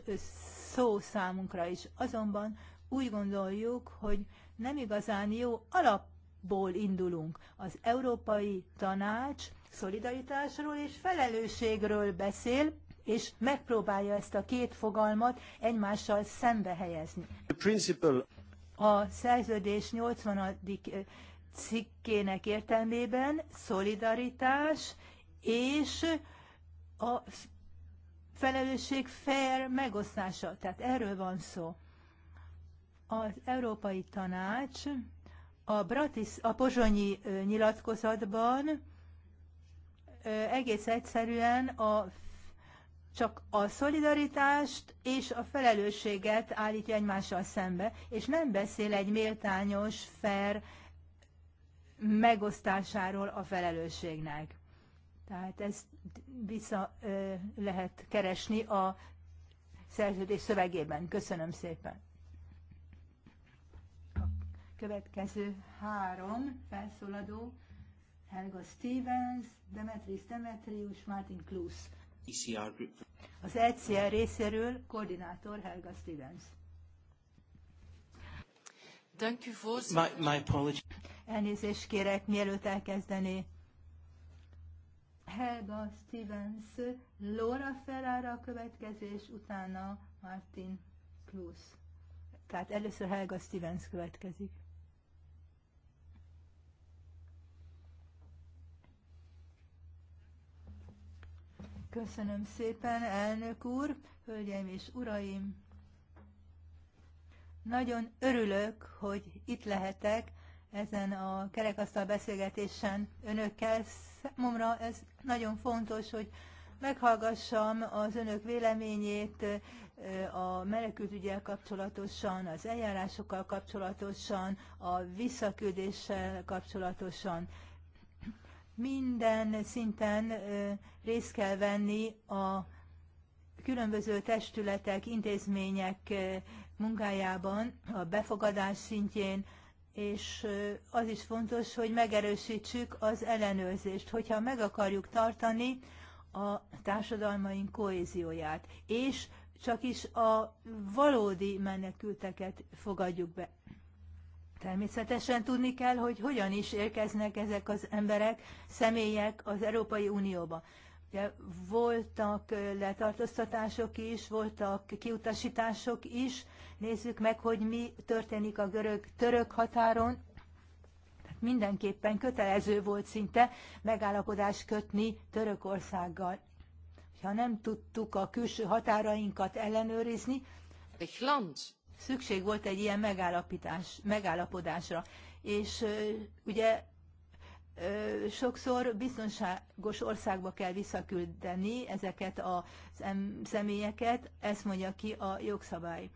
szó számunkra is. Azonban úgy gondoljuk, hogy nem igazán jó alapból indulunk. Az Európai Tanács szolidaritásról és felelősségről beszél, és megpróbálja ezt a két fogalmat egymással szembe helyezni. A szerződés 80. cikkének értelmében szolidaritás és a felelősség fair megosztása. Tehát erről van szó. Az Európai Tanács a, Bratis, a pozsonyi nyilatkozatban egész egyszerűen a csak a szolidaritást és a felelősséget állítja egymással szembe, és nem beszél egy méltányos, fair megosztásáról a felelősségnek. Tehát ezt vissza ö, lehet keresni a szerződés szövegében. Köszönöm szépen. A következő három felszólaló Helga Stevens, Demetrius Demetrius, Martin Klusz.
ECR group.
Az ECR részéről koordinátor Helga Stevens. Thank you for... My, my apology. Elnézést kérek, mielőtt elkezdené. Helga Stevens, Laura Ferrara következés, utána Martin Klusz. Tehát először Helga Stevens következik. Köszönöm szépen, elnök úr, hölgyeim és uraim! Nagyon örülök, hogy itt lehetek ezen a kerekasztal beszélgetésen önökkel. Számomra ez nagyon fontos, hogy meghallgassam az önök véleményét a menekültügyel kapcsolatosan, az eljárásokkal kapcsolatosan, a visszaküldéssel kapcsolatosan minden szinten részt kell venni a különböző testületek, intézmények munkájában, a befogadás szintjén, és az is fontos, hogy megerősítsük az ellenőrzést, hogyha meg akarjuk tartani a társadalmaink kohézióját, és csak is a valódi menekülteket fogadjuk be. Természetesen tudni kell, hogy hogyan is érkeznek ezek az emberek, személyek az Európai Unióba. Ugye voltak letartóztatások is, voltak kiutasítások is. Nézzük meg, hogy mi történik a görög-török határon. Tehát mindenképpen kötelező volt szinte megállapodást kötni Törökországgal. Ha nem tudtuk a külső határainkat ellenőrizni, Land szükség volt egy ilyen megállapítás, megállapodásra. És ugye sokszor biztonságos országba kell visszaküldeni ezeket a személyeket, ezt mondja ki a jogszabály.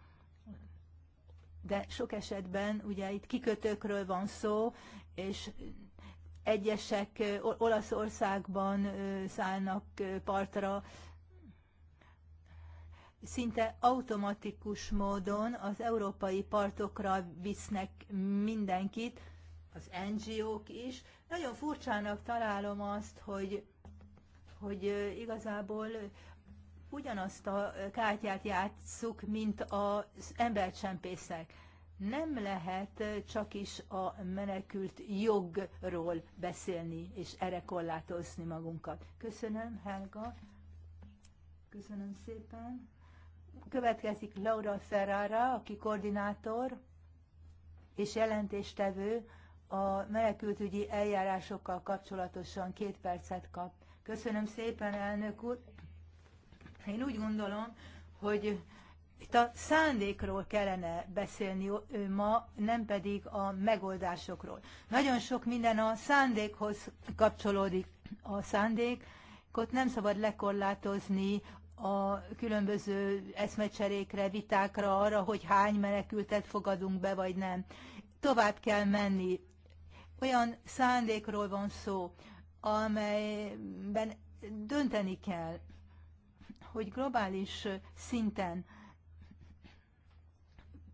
De sok esetben ugye itt kikötőkről van szó, és egyesek Olaszországban szállnak partra, szinte automatikus módon az európai partokra visznek mindenkit, az NGO-k is. Nagyon furcsának találom azt, hogy, hogy igazából ugyanazt a kártyát játsszuk, mint az embercsempészek. Nem lehet csak is a menekült jogról beszélni, és erre korlátozni magunkat. Köszönöm, Helga. Köszönöm szépen. Következik Laura Ferrara, aki koordinátor és jelentéstevő a menekültügyi eljárásokkal kapcsolatosan két percet kap. Köszönöm szépen, elnök úr. Én úgy gondolom, hogy itt a szándékról kellene beszélni ő ma, nem pedig a megoldásokról. Nagyon sok minden a szándékhoz kapcsolódik. A szándék, ott nem szabad lekorlátozni a különböző eszmecserékre, vitákra, arra, hogy hány menekültet fogadunk be, vagy nem. Tovább kell menni. Olyan szándékról van szó, amelyben dönteni kell, hogy globális szinten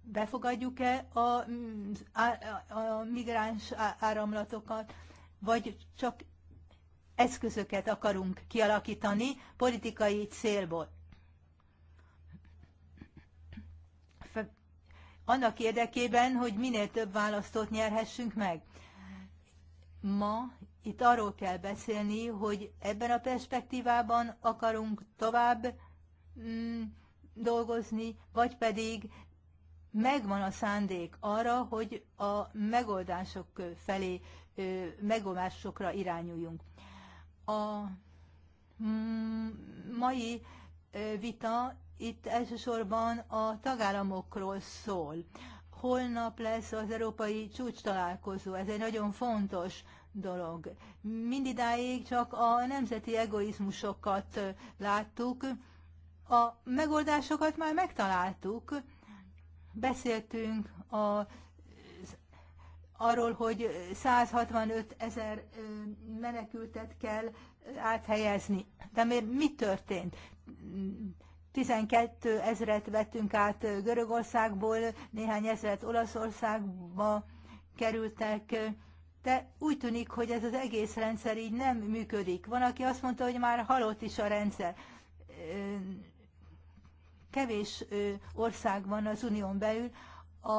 befogadjuk-e a, a, a migráns áramlatokat, vagy csak eszközöket akarunk kialakítani politikai célból. Annak érdekében, hogy minél több választót nyerhessünk meg. Ma itt arról kell beszélni, hogy ebben a perspektívában akarunk tovább mm, dolgozni, vagy pedig megvan a szándék arra, hogy a megoldások felé, megoldásokra irányuljunk. A mm, mai vita itt elsősorban a tagállamokról szól. Holnap lesz az európai csúcs találkozó, ez egy nagyon fontos dolog. Mindidáig csak a nemzeti egoizmusokat láttuk, a megoldásokat már megtaláltuk, beszéltünk a arról, hogy 165 ezer menekültet kell áthelyezni. De miért mi történt? 12 ezret vettünk át Görögországból, néhány ezret Olaszországba kerültek, de úgy tűnik, hogy ez az egész rendszer így nem működik. Van, aki azt mondta, hogy már halott is a rendszer. Kevés ország van az unión belül, a,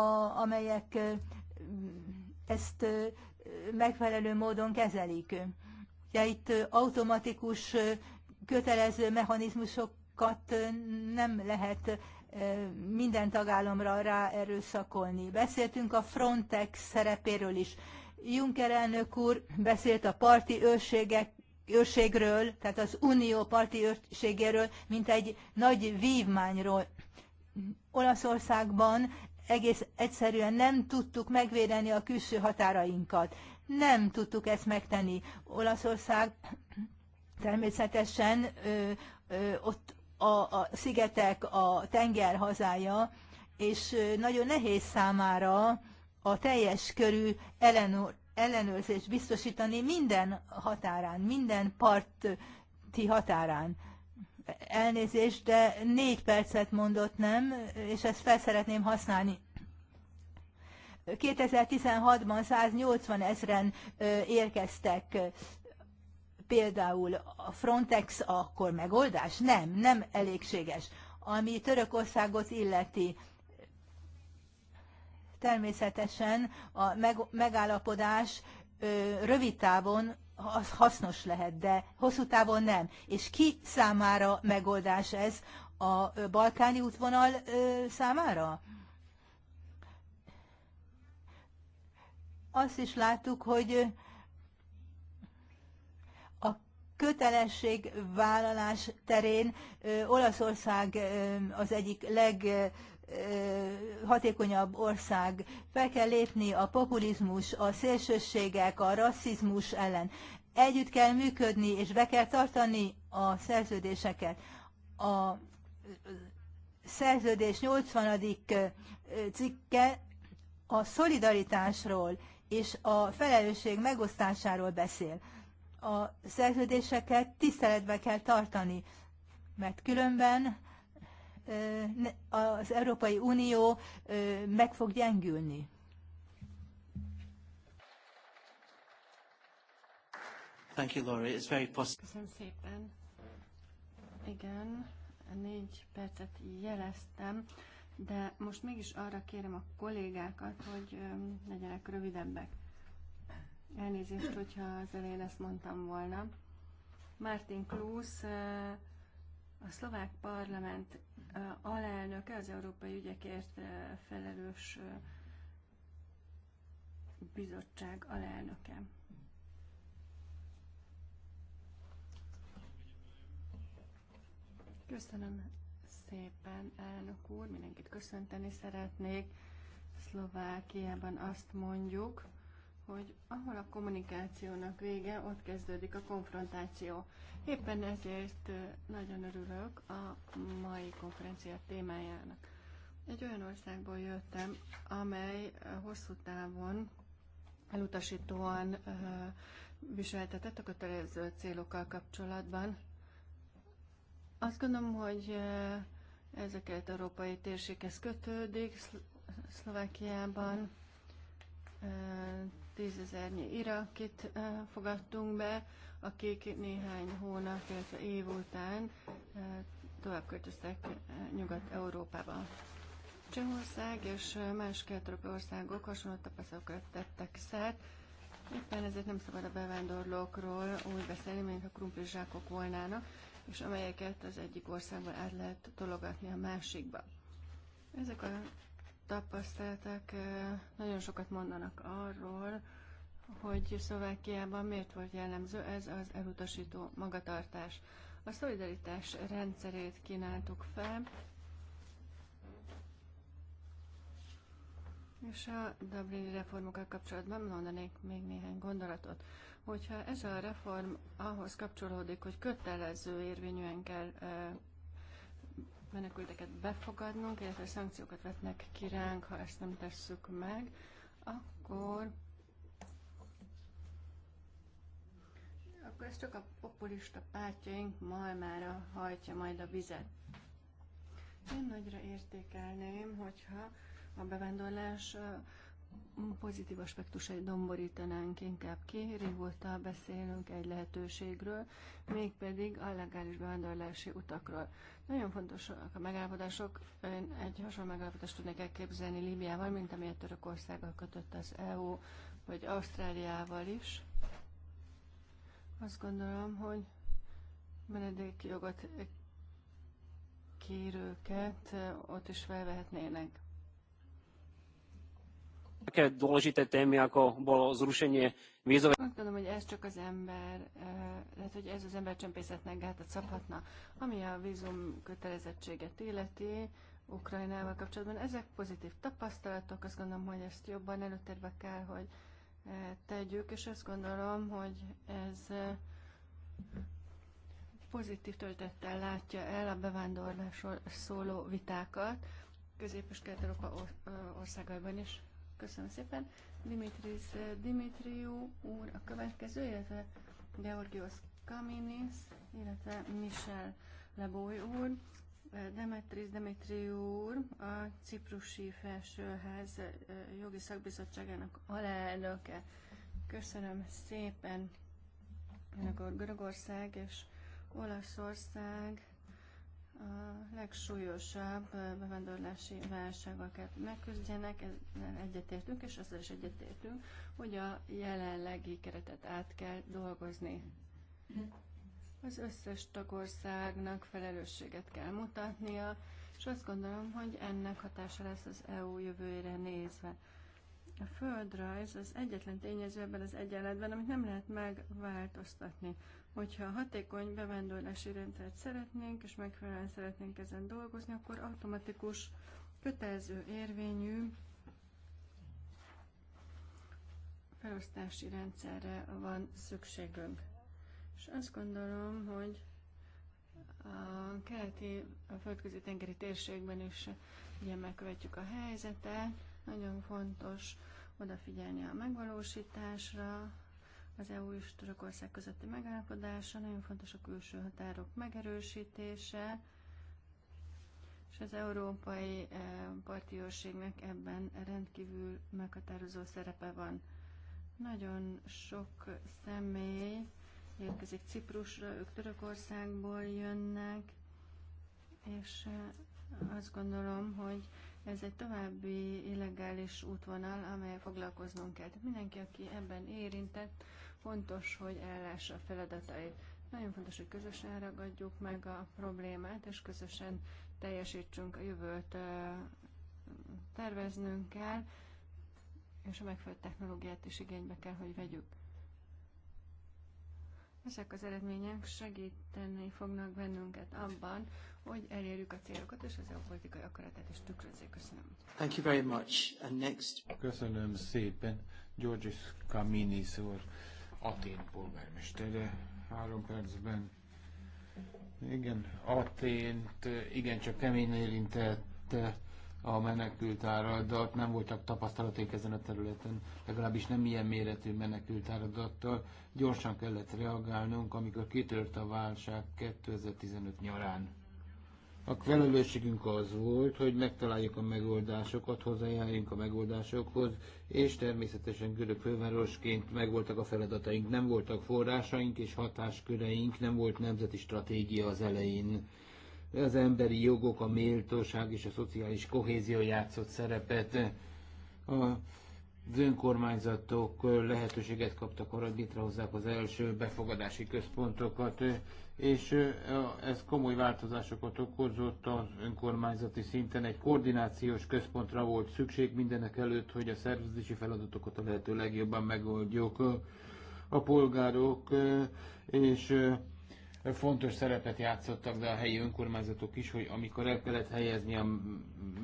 amelyek ezt megfelelő módon kezelik. Ugye itt automatikus kötelező mechanizmusokat nem lehet minden tagállamra rá erőszakolni. Beszéltünk a Frontex szerepéről is. Juncker elnök úr beszélt a parti őrségek, őrségről, tehát az unió parti őrségéről, mint egy nagy vívmányról. Olaszországban egész egyszerűen nem tudtuk megvédeni a külső határainkat. Nem tudtuk ezt megtenni. Olaszország természetesen ö, ö, ott a, a szigetek, a tenger hazája, és nagyon nehéz számára a teljes körű ellenőr, ellenőrzést biztosítani minden határán, minden parti határán. Elnézést, de négy percet mondott nem, és ezt fel szeretném használni. 2016-ban 180 ezren érkeztek például a Frontex akkor megoldás? Nem, nem elégséges. Ami Törökországot illeti, természetesen a megállapodás rövid távon az hasznos lehet, de hosszú távon nem. És ki számára megoldás ez? A balkáni útvonal számára? Azt is láttuk, hogy a kötelességvállalás terén Olaszország az egyik leg hatékonyabb ország. Fel kell lépni a populizmus, a szélsőségek, a rasszizmus ellen együtt kell működni, és be kell tartani a szerződéseket. A szerződés 80. cikke a szolidaritásról és a felelősség megosztásáról beszél. A szerződéseket tiszteletbe kell tartani, mert különben az Európai Unió meg fog gyengülni.
Thank you, Laurie. It's very possible.
Köszönöm szépen. Igen,
négy percet jeleztem, de most mégis arra kérem a kollégákat, hogy legyenek rövidebbek. Elnézést, hogyha az elején ezt mondtam volna. Martin Klus, a szlovák parlament alelnöke, az európai ügyekért felelős bizottság alelnöke. Köszönöm szépen, elnök úr, mindenkit köszönteni szeretnék. Szlovákiában azt mondjuk, hogy ahol a kommunikációnak vége, ott kezdődik a konfrontáció. Éppen ezért nagyon örülök a mai konferencia témájának. Egy olyan országból jöttem, amely hosszú távon elutasítóan viseltetett a kötelező célokkal kapcsolatban, azt gondolom, hogy ezeket európai térséghez kötődik, Szlovákiában tízezernyi irakit fogadtunk be, akik néhány hónap, illetve év után tovább költöztek Nyugat-Európába. Csehország és más kelet országok hasonló tapasztalatokat tettek szert, éppen ezért nem szabad a bevándorlókról úgy beszélni, mint a krumplizsákok volnának, és amelyeket az egyik országból át lehet tologatni a másikba. Ezek a tapasztalatok nagyon sokat mondanak arról, hogy Szlovákiában miért volt jellemző ez az elutasító magatartás. A szolidaritás rendszerét kínáltuk fel, és a Dublini reformokkal kapcsolatban mondanék még néhány gondolatot. Hogyha ez a reform ahhoz kapcsolódik, hogy kötelező érvényűen kell menekülteket befogadnunk, illetve szankciókat vetnek ki ránk, ha ezt nem tesszük meg, akkor akkor ezt csak a populista pártjaink malmára hajtja majd a vizet. Én nagyra értékelném, hogyha a bevándorlás pozitív aspektusai domborítanánk inkább ki. Régóta beszélünk egy lehetőségről, mégpedig a legális bevándorlási utakról. Nagyon fontosak a megállapodások. Én egy hasonló megállapodást tudnék elképzelni Líbiával, mint amilyet Törökországgal kötött az EU, vagy Ausztráliával is. Azt gondolom, hogy menedékjogot kérőket ott is felvehetnének.
Také dôležité témy, ako bolo zrušenie vízové...
gondolom, hogy ez csak az ember, lehet, hogy ez az ember csempészetnek gátat szabhatna. Ami a vízum kötelezettséget illeti, Ukrajnával kapcsolatban, ezek pozitív tapasztalatok, azt gondolom, hogy ezt jobban előtérbe kell, hogy tegyük, és azt gondolom, hogy ez pozitív töltettel látja el a bevándorlásról szóló vitákat Közép- és Kelet-Európa országaiban is. Köszönöm szépen. Dimitris eh, Dimitriou úr a következő, illetve Georgios Kaminis, illetve Michel Leboy úr. Demetris eh, Demetriou úr, a Ciprusi Felsőház eh, jogi szakbizottságának alelnöke. Köszönöm szépen, Önök Görögország és Olaszország a legsúlyosabb bevándorlási válsággal kell megküzdjenek, ezzel egyetértünk, és azzal is egyetértünk, hogy a jelenlegi keretet át kell dolgozni. Az összes tagországnak felelősséget kell mutatnia, és azt gondolom, hogy ennek hatása lesz az EU jövőjére nézve. A földrajz az egyetlen tényező ebben az egyenletben, amit nem lehet megváltoztatni. Hogyha hatékony bevándorlási rendszert szeretnénk, és megfelelően szeretnénk ezen dolgozni, akkor automatikus, kötelező érvényű felosztási rendszerre van szükségünk. És azt gondolom, hogy a keleti, a földközi tengeri térségben is ugye megkövetjük a helyzetet. Nagyon fontos odafigyelni a megvalósításra, az EU és Törökország közötti megállapodása, nagyon fontos a külső határok megerősítése, és az európai eh, parti őrségnek ebben rendkívül meghatározó szerepe van. Nagyon sok személy érkezik Ciprusra, ők Törökországból jönnek, és eh, azt gondolom, hogy ez egy további illegális útvonal, amelyel foglalkoznunk kell. Mindenki, aki ebben érintett, fontos, hogy ellássa a feladatait. Nagyon fontos, hogy közösen ragadjuk meg a problémát, és közösen teljesítsünk a jövőt, terveznünk kell, és a megfelelő technológiát is igénybe kell, hogy vegyük. Ezek az eredmények segíteni fognak bennünket abban, hogy elérjük a célokat, és az a politikai akaratát is tükrözzék. Köszönöm.
Thank you very much. And next. Köszönöm szépen. Georges Kaminis úr. Atén polgármestere három percben. Igen, Atént eh, igen, csak kemény érintett a menekült áradat, nem voltak tapasztalaték ezen a területen, legalábbis nem ilyen méretű menekült áradattal. Gyorsan kellett reagálnunk, amikor kitört a válság 2015 nyarán a felelősségünk az volt, hogy megtaláljuk a megoldásokat, hozzájárjunk a megoldásokhoz, és természetesen görög fővárosként megvoltak a feladataink, nem voltak forrásaink és hatásköreink, nem volt nemzeti stratégia az elején. Az emberi jogok, a méltóság és a szociális kohézió játszott szerepet. A az önkormányzatok lehetőséget kaptak arra, hogy létrehozzák az első befogadási központokat, és ez komoly változásokat okozott az önkormányzati szinten. Egy koordinációs központra volt szükség mindenek előtt, hogy a szervezési feladatokat a lehető legjobban megoldjuk. A polgárok és fontos szerepet játszottak, be a helyi önkormányzatok is, hogy amikor el kellett helyezni a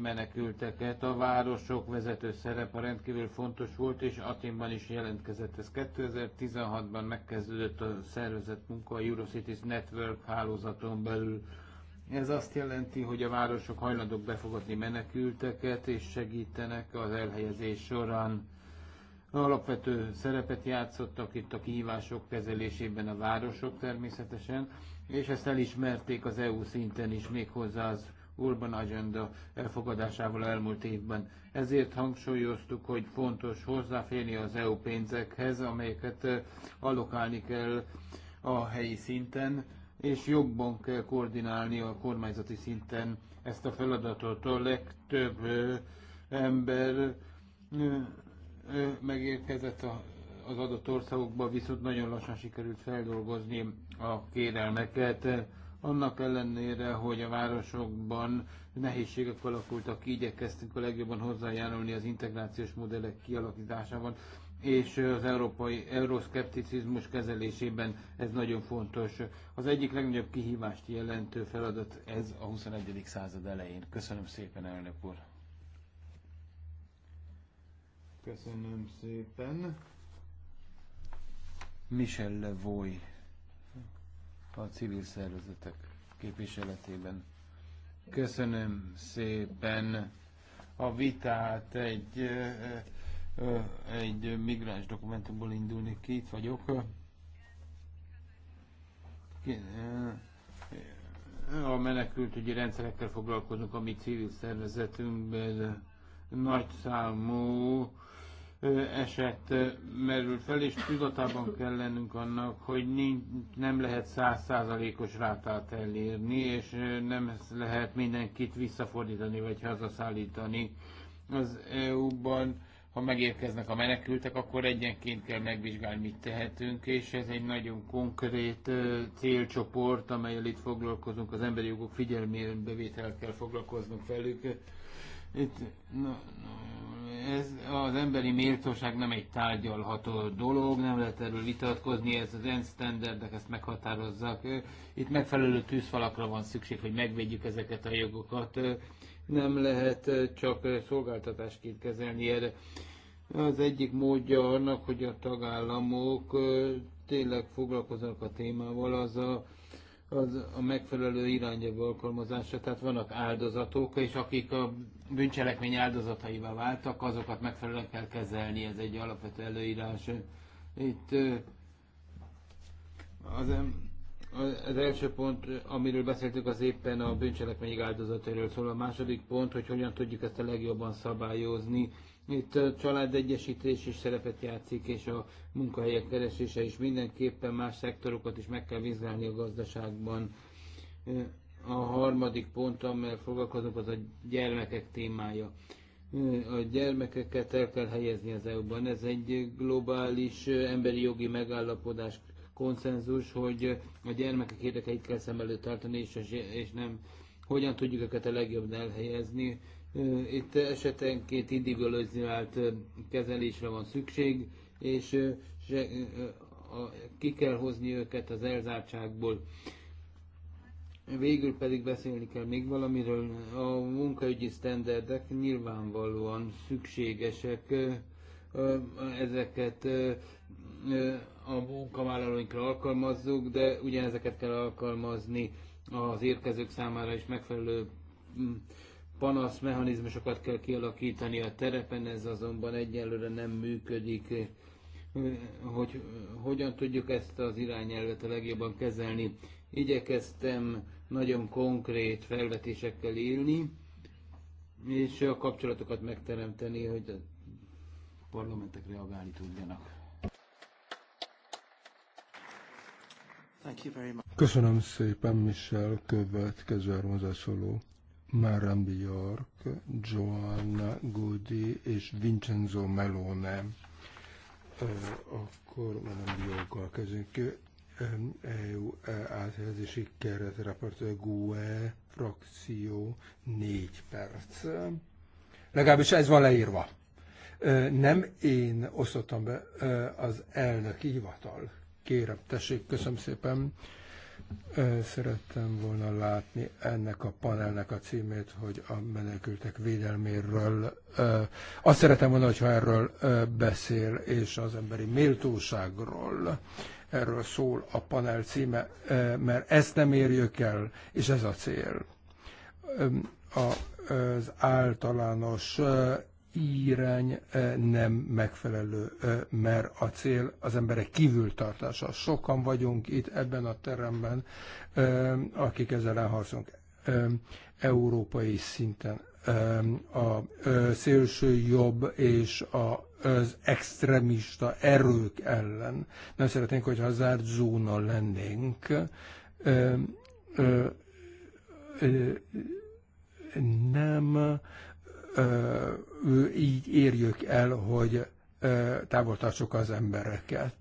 menekülteket, a városok vezető szerepe rendkívül fontos volt, és Aténban is jelentkezett ez. 2016-ban megkezdődött a szervezett munka a Eurocities Network hálózaton belül. Ez azt jelenti, hogy a városok hajlandók befogadni menekülteket, és segítenek az elhelyezés során alapvető szerepet játszottak itt a kihívások kezelésében a városok természetesen, és ezt elismerték az EU szinten is méghozzá az Urban Agenda elfogadásával elmúlt évben. Ezért hangsúlyoztuk, hogy fontos hozzáférni az EU pénzekhez, amelyeket eh, alokálni kell a helyi szinten, és jobban kell koordinálni a kormányzati szinten ezt a feladatot. A legtöbb eh, ember eh, megérkezett a, az adott országokba, viszont nagyon lassan sikerült feldolgozni a kérelmeket. Annak ellenére, hogy a városokban nehézségek alakultak, igyekeztünk a legjobban hozzájárulni az integrációs modellek kialakításában, és az európai euroszkepticizmus kezelésében ez nagyon fontos. Az egyik legnagyobb kihívást jelentő feladat ez a 21. század elején. Köszönöm szépen, elnök úr! Köszönöm szépen. Michel Levoy a civil szervezetek képviseletében. Köszönöm szépen a vitát egy, egy migráns dokumentumból indulni ki, itt vagyok. A menekültügyi rendszerekkel foglalkozunk, a mi civil szervezetünkben nagy számú eset merül fel, és tudatában kell lennünk annak, hogy nincs, nem lehet százszázalékos rátát elérni, és nem lehet mindenkit visszafordítani vagy hazaszállítani. Az EU-ban, ha megérkeznek a menekültek, akkor egyenként kell megvizsgálni, mit tehetünk, és ez egy nagyon konkrét célcsoport, amelyel itt foglalkozunk, az emberi jogok figyelmébevétel kell foglalkoznunk velük itt, na, ez az emberi méltóság nem egy tárgyalható dolog, nem lehet erről vitatkozni, ez az ENSZ standardek ezt meghatározzák. Itt megfelelő tűzfalakra van szükség, hogy megvédjük ezeket a jogokat. Nem lehet csak szolgáltatásként kezelni erre. Az egyik módja annak, hogy a tagállamok tényleg foglalkoznak a témával, az a az a megfelelő irányába alkalmazása, tehát vannak áldozatok, és akik a bűncselekmény áldozataival váltak, azokat megfelelően kell kezelni, ez egy alapvető előírás. Itt az, az első pont, amiről beszéltük, az éppen a bűncselekmény áldozatairól szól. A második pont, hogy hogyan tudjuk ezt a legjobban szabályozni, itt a családegyesítés is szerepet játszik, és a munkahelyek keresése is mindenképpen más szektorokat is meg kell vizsgálni a gazdaságban. A harmadik pont, amivel foglalkozunk, az a gyermekek témája. A gyermekeket el kell helyezni az EU-ban. Ez egy globális emberi jogi megállapodás konszenzus, hogy a gyermekek érdekeit kell szem előtt tartani, és, és nem hogyan tudjuk őket a legjobban elhelyezni, itt esetenként individualizált kezelésre van szükség, és ki kell hozni őket az elzártságból. Végül pedig beszélni kell még valamiről. A munkaügyi sztenderdek nyilvánvalóan szükségesek. Ezeket a munkavállalóinkra alkalmazzuk, de ugyanezeket kell alkalmazni az érkezők számára is megfelelő mm, panasz mechanizmusokat kell kialakítani a terepen, ez azonban egyelőre nem működik. Hogy hogyan tudjuk ezt az irányelvet a legjobban kezelni? Igyekeztem nagyon konkrét felvetésekkel élni, és a kapcsolatokat megteremteni, hogy a parlamentek reagálni tudjanak.
Köszönöm szépen, Michel, következő hozzászóló. Maren Bjork, Joanna Goody és Vincenzo Melone. Akkor Maren Bjorkkal kezdünk. EU e áthelyezési keretraport, GUE frakció, négy perc. Legalábbis ez van leírva. Nem én osztottam be az elnöki hivatal. Kérem, tessék, köszönöm szépen. Szerettem volna látni ennek a panelnek a címét, hogy a menekültek védelméről. Azt szeretem volna, hogyha erről beszél, és az emberi méltóságról erről szól a panel címe, mert ezt nem érjük el, és ez a cél. Az általános irány eh, nem megfelelő, eh, mert a cél az emberek kívültartása. Sokan vagyunk itt ebben a teremben, eh, akik ezzel elharcolunk európai szinten. A szélső jobb és az extremista erők ellen. Nem szeretnénk, hogy zárt zóna lennénk nem így érjük el, hogy távol tartsuk az embereket.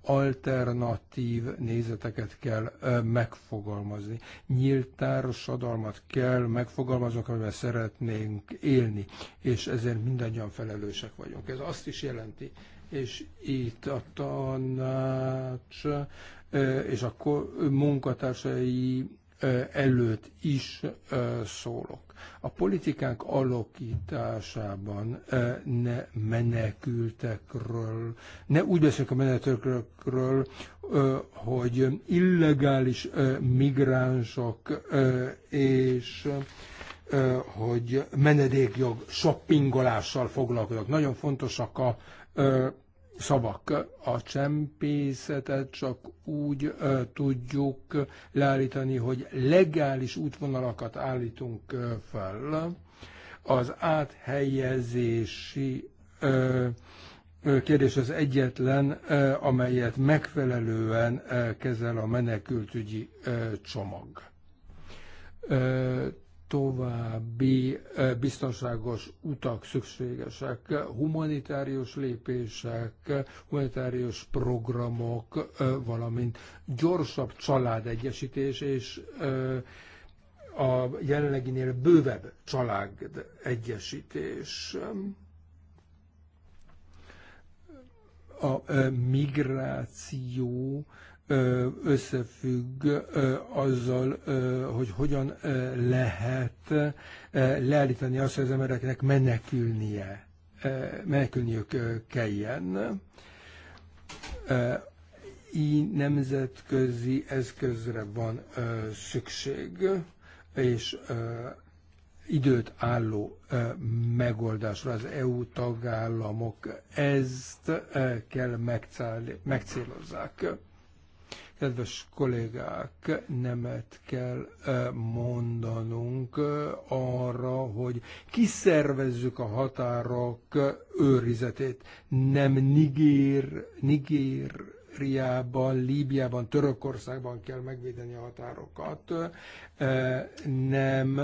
Alternatív nézeteket kell megfogalmazni. Nyílt társadalmat kell megfogalmazni, amivel szeretnénk élni, és ezért mindannyian felelősek vagyunk. Ez azt is jelenti, és itt a tanács és a munkatársai előtt is szólok. A politikánk alakításában ne menekültekről, ne úgy beszélünk a menetőkről, hogy illegális migránsok és hogy menedékjog shoppingolással foglalkoznak. Nagyon fontosak a szavak. A csempészetet csak úgy ö, tudjuk leállítani, hogy legális útvonalakat állítunk ö, fel. Az áthelyezési ö, kérdés az egyetlen, amelyet megfelelően kezel a menekültügyi csomag további biztonságos utak szükségesek, humanitárius lépések, humanitárius programok, valamint gyorsabb családegyesítés és a jelenleginél bővebb családegyesítés. A migráció összefügg azzal, hogy hogyan lehet leállítani azt, hogy az embereknek menekülnie, menekülniük kelljen. Így nemzetközi eszközre van szükség, és időt álló megoldásra az EU tagállamok ezt kell megcélozzák Kedves kollégák, nemet kell mondanunk arra, hogy kiszervezzük a határok őrizetét. Nem Nigér, Nigér Szíriában, Líbiában, Törökországban kell megvédeni a határokat. Nem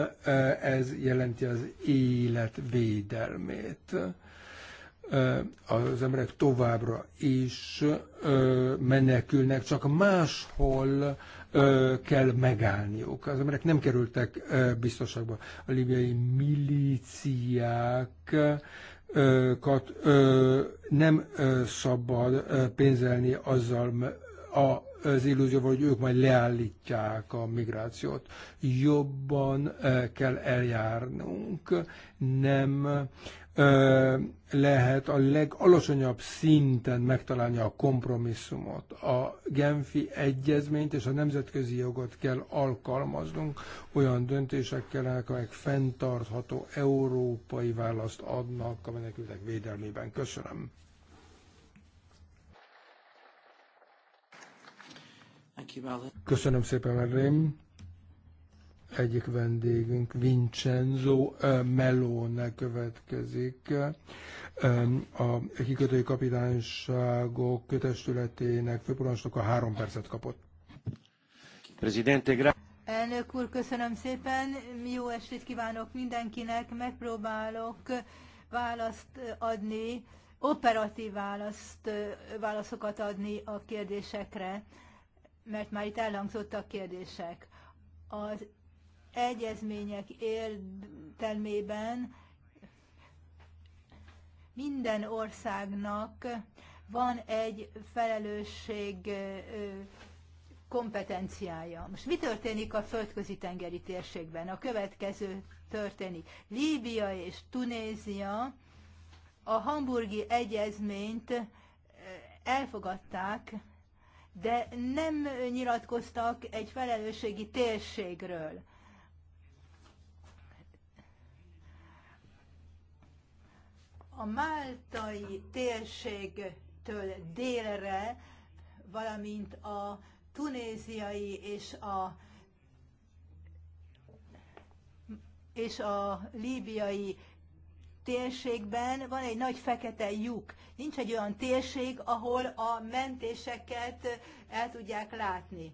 ez jelenti az életvédelmét az emberek továbbra is menekülnek, csak máshol kell megállniuk. Az emberek nem kerültek biztonságba. A libiai milíciák nem szabad pénzelni azzal az illúzióval, hogy ők majd leállítják a migrációt. Jobban kell eljárnunk, nem lehet a legalacsonyabb szinten megtalálni a kompromisszumot. A Genfi egyezményt és a nemzetközi jogot kell alkalmaznunk, olyan döntésekkel, amelyek fenntartható európai választ adnak a menekültek védelmében. Köszönöm. Köszönöm szépen, Merlém egyik vendégünk, Vincenzo Melone következik, a kikötői kapitányságok testületének a három percet kapott. Presidente,
Elnök úr, köszönöm szépen, jó estét kívánok mindenkinek, megpróbálok választ adni, operatív választ, válaszokat adni a kérdésekre, mert már itt elhangzottak kérdések. Az egyezmények értelmében minden országnak van egy felelősség kompetenciája. Most mi történik a földközi tengeri térségben? A következő történik. Líbia és Tunézia a hamburgi egyezményt elfogadták, de nem nyilatkoztak egy felelősségi térségről. a máltai térségtől délre, valamint a tunéziai és a és a líbiai térségben van egy nagy fekete lyuk. Nincs egy olyan térség, ahol a mentéseket el tudják látni.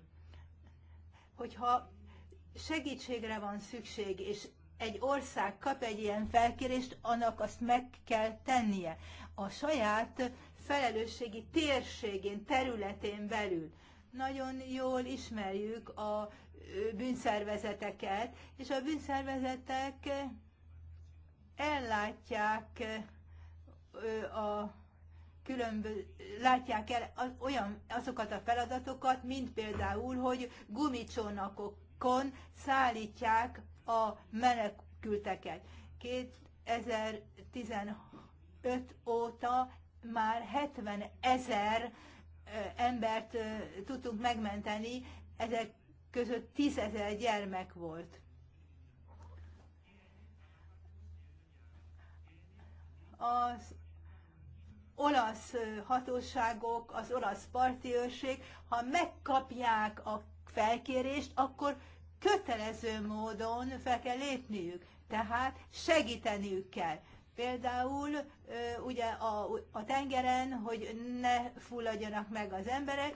Hogyha segítségre van szükség, és egy ország kap egy ilyen felkérést, annak azt meg kell tennie a saját felelősségi térségén, területén belül. Nagyon jól ismerjük a bűnszervezeteket, és a bűnszervezetek ellátják a különböző, látják el az, olyan, azokat a feladatokat, mint például, hogy gumicsónakokon szállítják a menekülteket. 2015 óta már 70 ezer embert tudtunk megmenteni, ezek között 10 ezer gyermek volt. Az olasz hatóságok, az olasz parti őrség, ha megkapják a felkérést, akkor kötelező módon fel kell lépniük, tehát segíteniük kell. Például ugye a, a tengeren, hogy ne fulladjanak meg az emberek,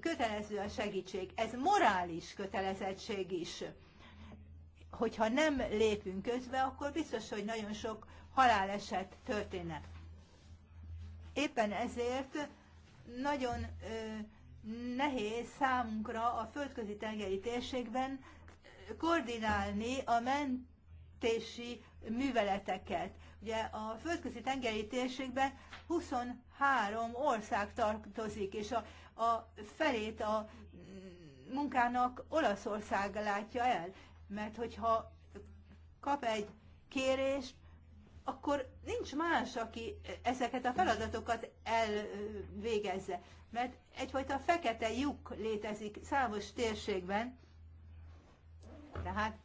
kötelező a segítség. Ez morális kötelezettség is. Hogyha nem lépünk közbe, akkor biztos, hogy nagyon sok haláleset történne. Éppen ezért nagyon ö, nehéz számunkra a földközi tengeri térségben koordinálni a mentési műveleteket. Ugye a földközi tengeri térségben 23 ország tartozik, és a, a felét a munkának Olaszország látja el, mert hogyha kap egy kérést, akkor nincs más, aki ezeket a feladatokat elvégezze. Mert egyfajta fekete lyuk létezik számos térségben, tehát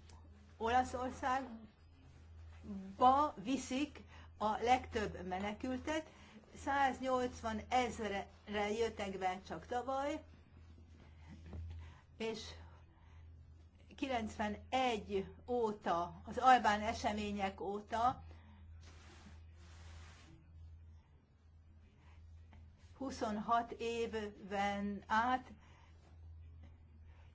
Olaszországba viszik a legtöbb menekültet, 180 ezerre jöttek be csak tavaly, és 91 óta, az albán események óta 26 évben át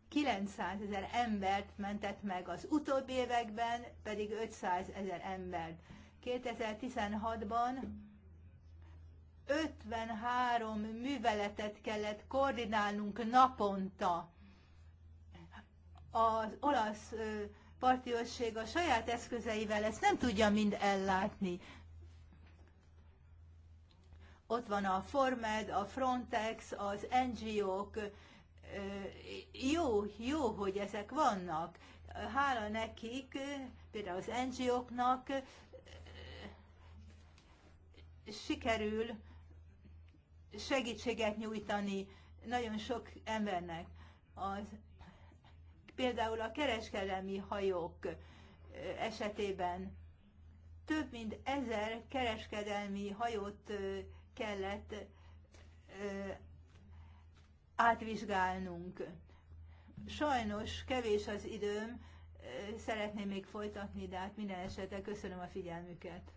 900 ezer embert mentett meg az utóbbi években, pedig 500 ezer embert. 2016-ban 53 műveletet kellett koordinálnunk naponta. Az olasz partiosség a saját eszközeivel ezt nem tudja mind ellátni. Ott van a Formed, a Frontex, az NGO-k, jó, jó, hogy ezek vannak. Hála nekik, például az NGO-knak sikerül segítséget nyújtani nagyon sok embernek. Az, például a kereskedelmi hajók esetében több mint ezer kereskedelmi hajót kellett átvizsgálnunk. Sajnos kevés az időm, szeretném még folytatni, de hát minden esetre köszönöm a figyelmüket.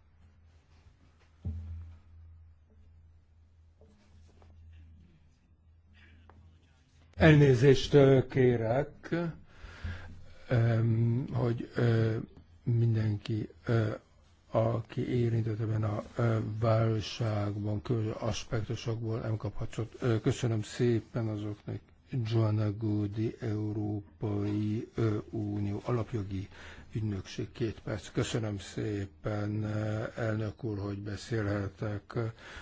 Elnézést kérek, hogy mindenki aki érintett ebben a válságban, különböző aspektusokból nem kaphatott. Köszönöm szépen azoknak, Joanna Goody, Európai Unió alapjogi ügynökség két perc. Köszönöm szépen, elnök úr, hogy beszélhetek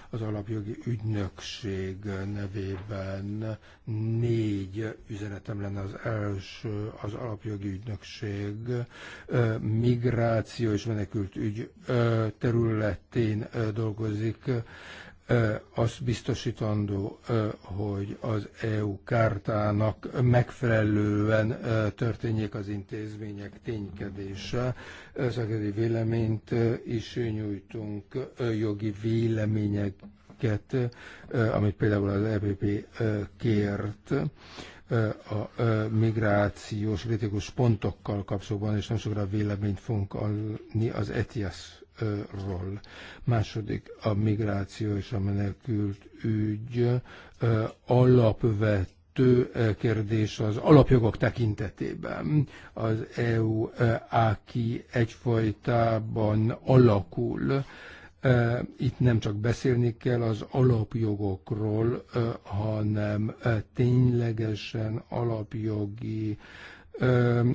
az alapjogi ügynökség nevében. Négy üzenetem lenne az első, az alapjogi ügynökség migráció és menekült ügy területén dolgozik azt biztosítandó, hogy az EU kártának megfelelően történjék az intézmények ténykedése. Szakedi véleményt is nyújtunk, jogi véleményeket, amit például az EPP kért a migrációs kritikus pontokkal kapcsolatban, és nem sokra véleményt fogunk adni az ETIAS ról. Második, a migráció és a menekült ügy alapvet kérdés az alapjogok tekintetében. Az EU aki egyfajtában alakul. Itt nem csak beszélni kell az alapjogokról, hanem ténylegesen alapjogi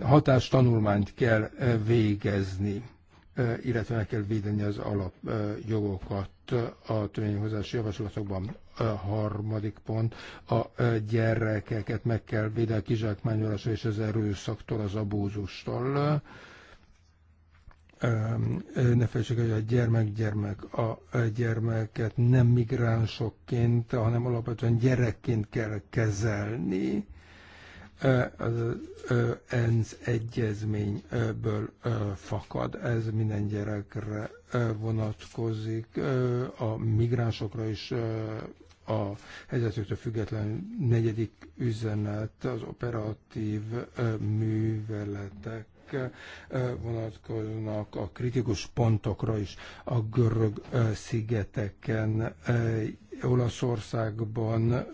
hatástanulmányt kell végezni illetve meg kell védeni az alapjogokat a törvényhozási javaslatokban. A harmadik pont, a gyerekeket meg kell védeni a kizsákmányolásra és az erőszaktól, az abúzustól. Ne felejtsük, hogy a gyermek gyermek, a gyermeket nem migránsokként, hanem alapvetően gyerekként kell kezelni E, az ENSZ egyezményből fakad. Ez minden gyerekre vonatkozik, a migránsokra is a helyzetüktől független negyedik üzenet az operatív műveletek vonatkoznak a kritikus pontokra is, a görög szigeteken, Olaszországban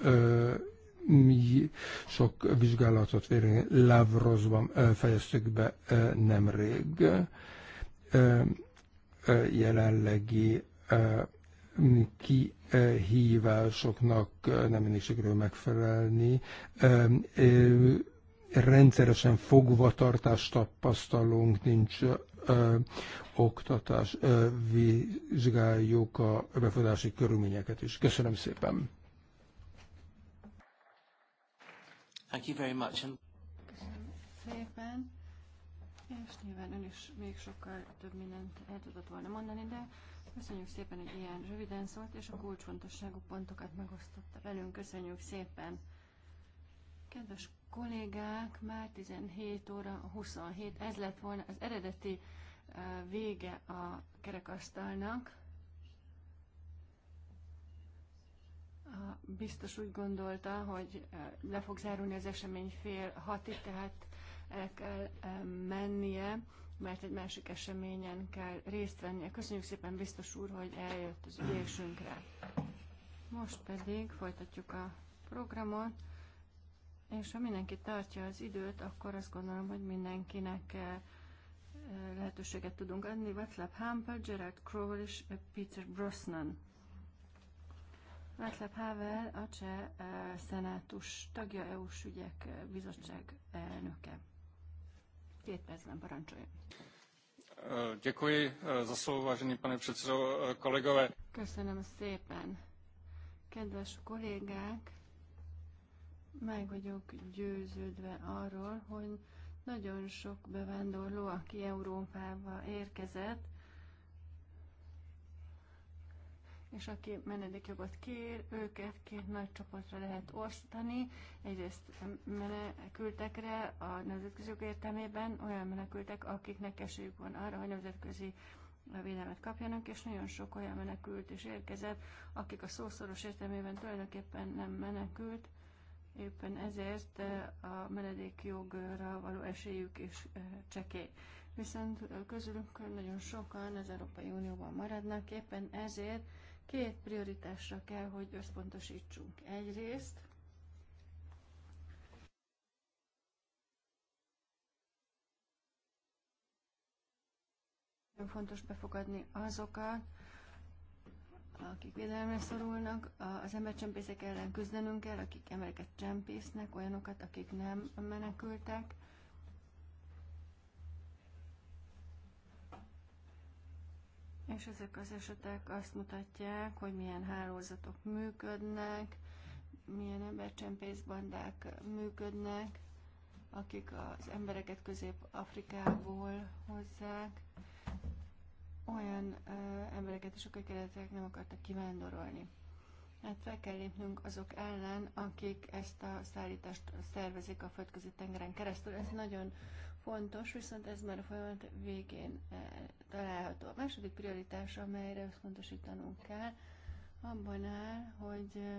mi sok vizsgálatot vérünk Lavrozban fejeztük be nemrég. Jelenlegi kihívásoknak nem mindig sikerül megfelelni. Rendszeresen fogvatartást tapasztalunk, nincs ö, oktatás, ö, vizsgáljuk a befogadási körülményeket is. Köszönöm szépen! Thank you very much. And...
Köszönöm szépen. És nyilván ön is még sokkal több mindent el tudott volna mondani, de köszönjük szépen, hogy ilyen röviden szólt, és a kulcsfontosságú pontokat megosztotta velünk. Köszönjük szépen. Kedves kollégák, már 17 óra 27, ez lett volna az eredeti eh, vége a kerekasztalnak. biztos úgy gondolta, hogy le fog zárulni az esemény fél hatig, tehát el kell mennie, mert egy másik eseményen kell részt vennie. Köszönjük szépen, biztos úr, hogy eljött az ülésünkre. Most pedig folytatjuk a programot, és ha mindenki tartja az időt, akkor azt gondolom, hogy mindenkinek lehetőséget tudunk adni. Václav Hampel, Gerard Crowell és Peter Brosnan. Václav Havel, a cseh szenátus tagja, EU-s ügyek bizottság elnöke. Két percben parancsoljon.
Děkuji za slovo, vážený pane předsedo, kolegové.
Köszönöm szépen. Kedves kollégák, meg vagyok győződve arról, hogy nagyon sok bevándorló, aki Európába érkezett, és aki menedékjogot kér, őket két nagy csoportra lehet osztani. Egyrészt menekültekre a nemzetközi jog értelmében olyan menekültek, akiknek esélyük van arra, hogy nemzetközi védelmet kapjanak, és nagyon sok olyan menekült is érkezett, akik a szószoros értelmében tulajdonképpen nem menekült, éppen ezért eh, a menedékjogra való esélyük is eh, csekély. Viszont eh, közülünk nagyon sokan az Európai Unióban maradnak, éppen ezért Két prioritásra kell, hogy összpontosítsunk. Egyrészt nagyon fontos befogadni azokat, akik védelemre szorulnak, az embercsempészek ellen küzdenünk kell, akik embereket csempésznek, olyanokat, akik nem menekültek, És ezek az esetek azt mutatják, hogy milyen hálózatok működnek, milyen embercsempészbandák működnek, akik az embereket Közép-Afrikából hozzák, olyan ö, embereket is, akik eredetileg nem akartak kivándorolni. Hát fel kell lépnünk azok ellen, akik ezt a szállítást szervezik a földközi tengeren keresztül. Ez nagyon fontos, viszont ez már a folyamat végén eh, található. A második prioritás, amelyre összpontosítanunk kell, abban áll, hogy eh,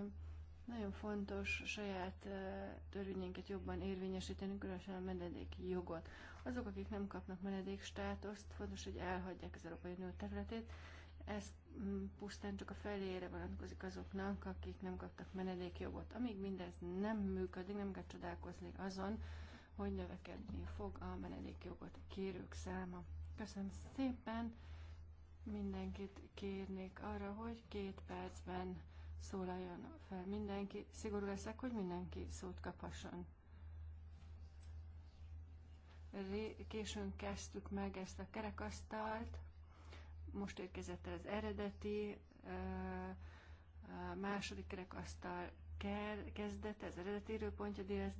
nagyon fontos saját eh, törvényeinket jobban érvényesíteni, különösen a menedéki jogot. Azok, akik nem kapnak menedékstátuszt, fontos, hogy elhagyják az Európai Unió területét. Ez mm, pusztán csak a felére vonatkozik azoknak, akik nem kaptak menedékjogot. Amíg mindez nem működik, nem kell csodálkozni azon, hogy növekedni fog a menedékjogot kérők száma. Köszönöm szépen! Mindenkit kérnék arra, hogy két percben szólaljon fel mindenki. Szigorú leszek, hogy mindenki szót kaphasson. Későn kezdtük meg ezt a kerekasztalt, most érkezett az eredeti a második kerekasztal kezdett, ez eredeti időpontja Diaz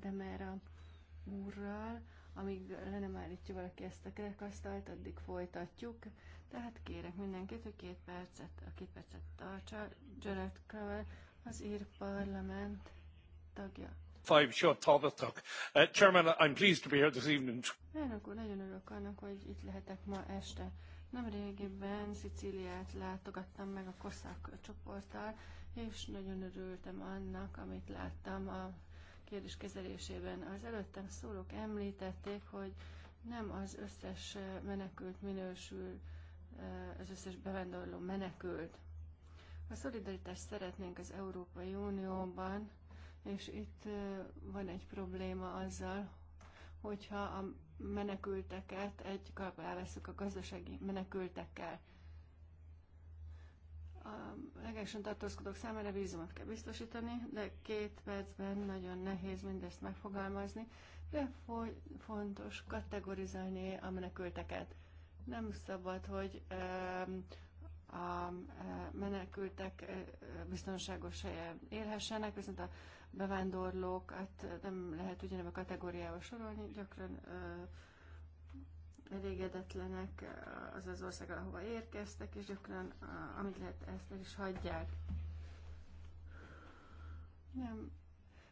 úrral. Amíg le nem állítja valaki ezt a kerekasztalt, addig folytatjuk. Tehát kérek mindenkit, hogy két percet, a két percet tartsa. Jared Crowell, az ír parlament tagja. Five short
talbatok. Uh, Chairman, I'm pleased to be here this evening.
Elnök úr, nagyon örülök annak, hogy itt lehetek ma este. Nem régiben Szicíliát látogattam meg a Koszák csoporttal, és nagyon örültem annak, amit láttam a kérdés kezelésében. Az előttem szólók említették, hogy nem az összes eh, menekült minősül, eh, az összes bevándorló menekült. A szolidaritást szeretnénk az Európai Unióban, és itt eh, van egy probléma azzal, hogyha a menekülteket egy kalapra veszük a gazdasági menekültekkel a legálisan tartózkodók számára vízumot kell biztosítani, de két percben nagyon nehéz mindezt megfogalmazni, de fontos kategorizálni a menekülteket. Nem szabad, hogy a e, menekültek e, biztonságos helyen élhessenek, viszont a bevándorlókat nem lehet ugyanebben a kategóriába sorolni, gyakran elégedetlenek eh, az az ország, ahova érkeztek, és gyakran eh, amit lehet, ezt is hagyják. Nem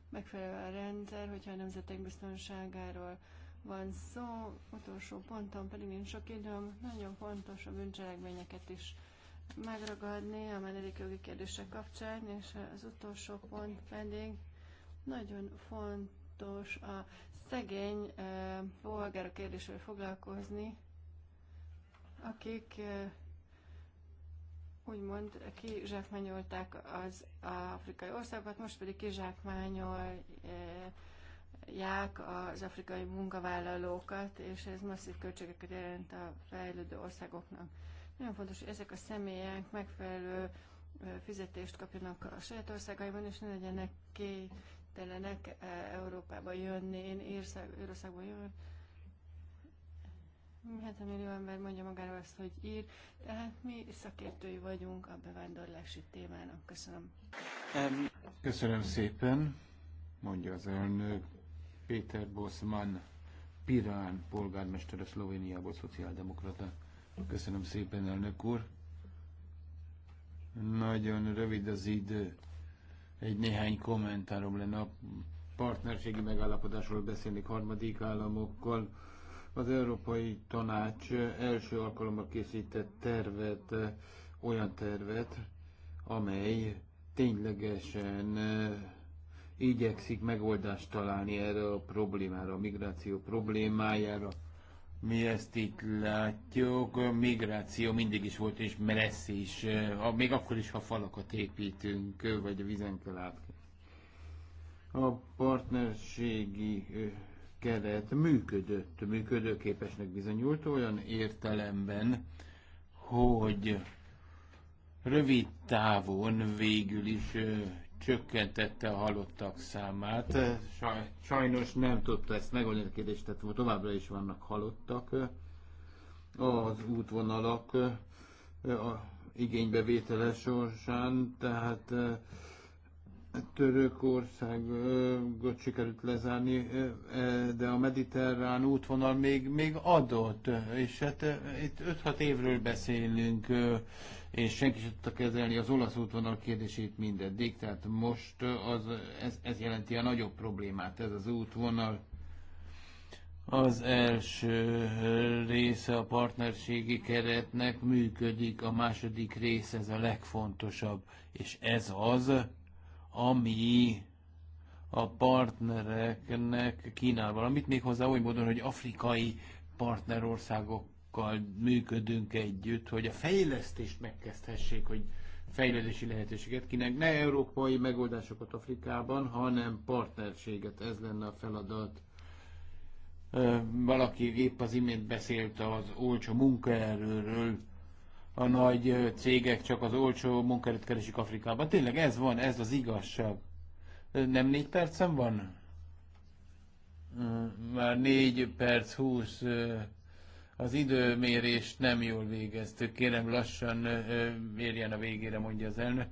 megfelelő a rendszer, hogyha a nemzetek biztonságáról van szó. Utolsó ponton pedig nincs sok időm, nagyon fontos a bűncselekményeket is megragadni a menedékjogi kérdések kapcsán, és az utolsó pont pedig nagyon font fontos a szegény polgára kérdésével foglalkozni, akik úgymond kizsákmányolták az afrikai országokat, most pedig kizsákmányolják az afrikai munkavállalókat, és ez masszív költségeket jelent a fejlődő országoknak. Nagyon fontos, hogy ezek a személyek megfelelő fizetést kapjanak a saját országaiban, és ne legyenek kénytelenek e, Európába jönni. Én Írország, Írországból Hát a millió ember mondja magára azt, hogy ír, tehát mi szakértői vagyunk a bevándorlási témának. Köszönöm.
Köszönöm szépen, mondja az elnök. Péter Boszman, Pirán polgármester a Szlovéniából, szociáldemokrata. Köszönöm szépen, elnök úr. Nagyon rövid az idő egy néhány kommentárom lenne a partnerségi megállapodásról beszélni harmadik államokkal. Az Európai Tanács első alkalommal készített tervet, olyan tervet, amely ténylegesen eh, igyekszik megoldást találni erre a problémára, a migráció problémájára mi ezt itt látjuk, migráció mindig is volt, és lesz is, még akkor is, ha falakat építünk, vagy a vizen kell át. A partnerségi keret működött, működőképesnek bizonyult olyan értelemben, hogy rövid távon végül is csökkentette a halottak számát. Sajnos nem tudta ezt megoldani a kérdést, tehát továbbra is vannak halottak. Az útvonalak a igénybevétele sorsán, tehát Törökországot sikerült lezárni, de a mediterrán útvonal még, még adott, és hát itt 5-6 évről beszélünk, és senki sem tudta kezelni az olasz útvonal kérdését mindeddig, tehát most az, ez, ez jelenti a nagyobb problémát, ez az útvonal. Az első része a partnerségi keretnek működik, a második rész ez a legfontosabb, és ez az, ami a partnereknek kínál valamit, méghozzá oly módon, hogy afrikai partnerországok tagállamokkal működünk együtt, hogy a fejlesztést megkezdhessék, hogy fejlődési lehetőséget kinek. Ne európai megoldásokat Afrikában, hanem partnerséget, ez lenne a feladat. Valaki épp az imént beszélt az olcsó munkaerőről, a nagy cégek csak az olcsó munkaerőt keresik Afrikában. Tényleg ez van, ez az igazság. Nem négy percem van? Már négy perc, húsz az időmérést nem jól végeztük. Kérem lassan mérjen a végére, mondja az elnök.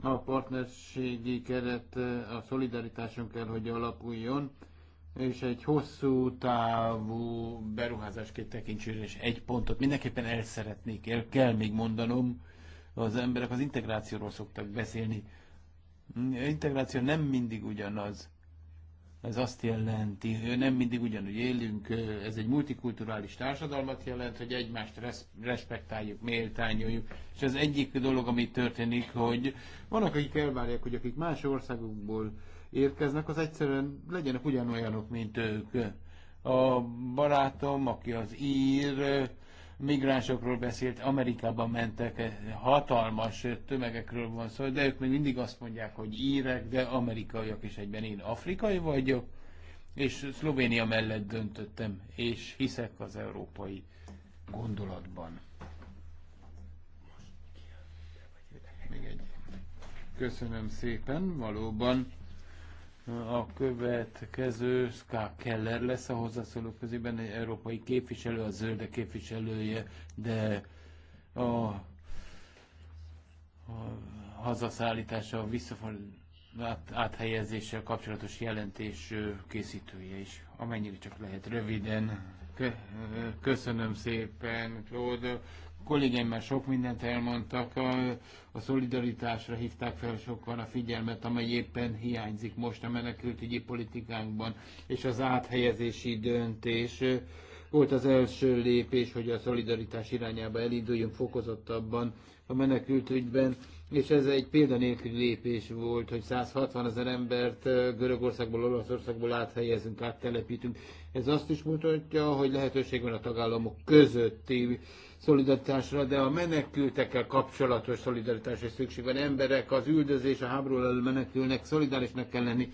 A partnerségi keret a szolidaritáson kell, hogy alapuljon, és egy hosszú távú beruházásként tekintsünk, és egy pontot mindenképpen el szeretnék, el kell még mondanom, az emberek az integrációról szoktak beszélni. Integráció nem mindig ugyanaz. Ez azt jelenti, hogy nem mindig ugyanúgy élünk, ez egy multikulturális társadalmat jelent, hogy egymást respektáljuk, méltányoljuk. És az egyik dolog, ami történik, hogy vannak, akik elvárják, hogy akik más országokból érkeznek, az egyszerűen legyenek ugyanolyanok, mint ők. A barátom, aki az ír, migránsokról beszélt, Amerikában mentek, hatalmas tömegekről van szó, de ők még mindig azt mondják, hogy írek, de amerikaiak is egyben. Én afrikai vagyok, és Szlovénia mellett döntöttem, és hiszek az európai gondolatban. Még egy. Köszönöm szépen, valóban a következő Ská Keller lesz a hozzászóló közében, egy európai képviselő, a zöldek képviselője, de a, a hazaszállítása, a visszafordulás áthelyezéssel kapcsolatos jelentés készítője is, amennyire csak lehet röviden. Köszönöm szépen, Claude kollégáim már sok mindent elmondtak, a, a szolidaritásra hívták fel sokan a figyelmet, amely éppen hiányzik most a menekültügyi politikánkban, és az áthelyezési döntés volt az első lépés, hogy a szolidaritás irányába elinduljunk fokozottabban a menekültügyben és ez egy példanélküli lépés volt, hogy 160 ezer embert Görögországból, Olaszországból áthelyezünk, áttelepítünk. Ez azt is mutatja, hogy lehetőség van a tagállamok közötti szolidaritásra, de a menekültekkel kapcsolatos szolidaritásra szükség van. Emberek az üldözés, a háború elől menekülnek, szolidárisnak kell lenni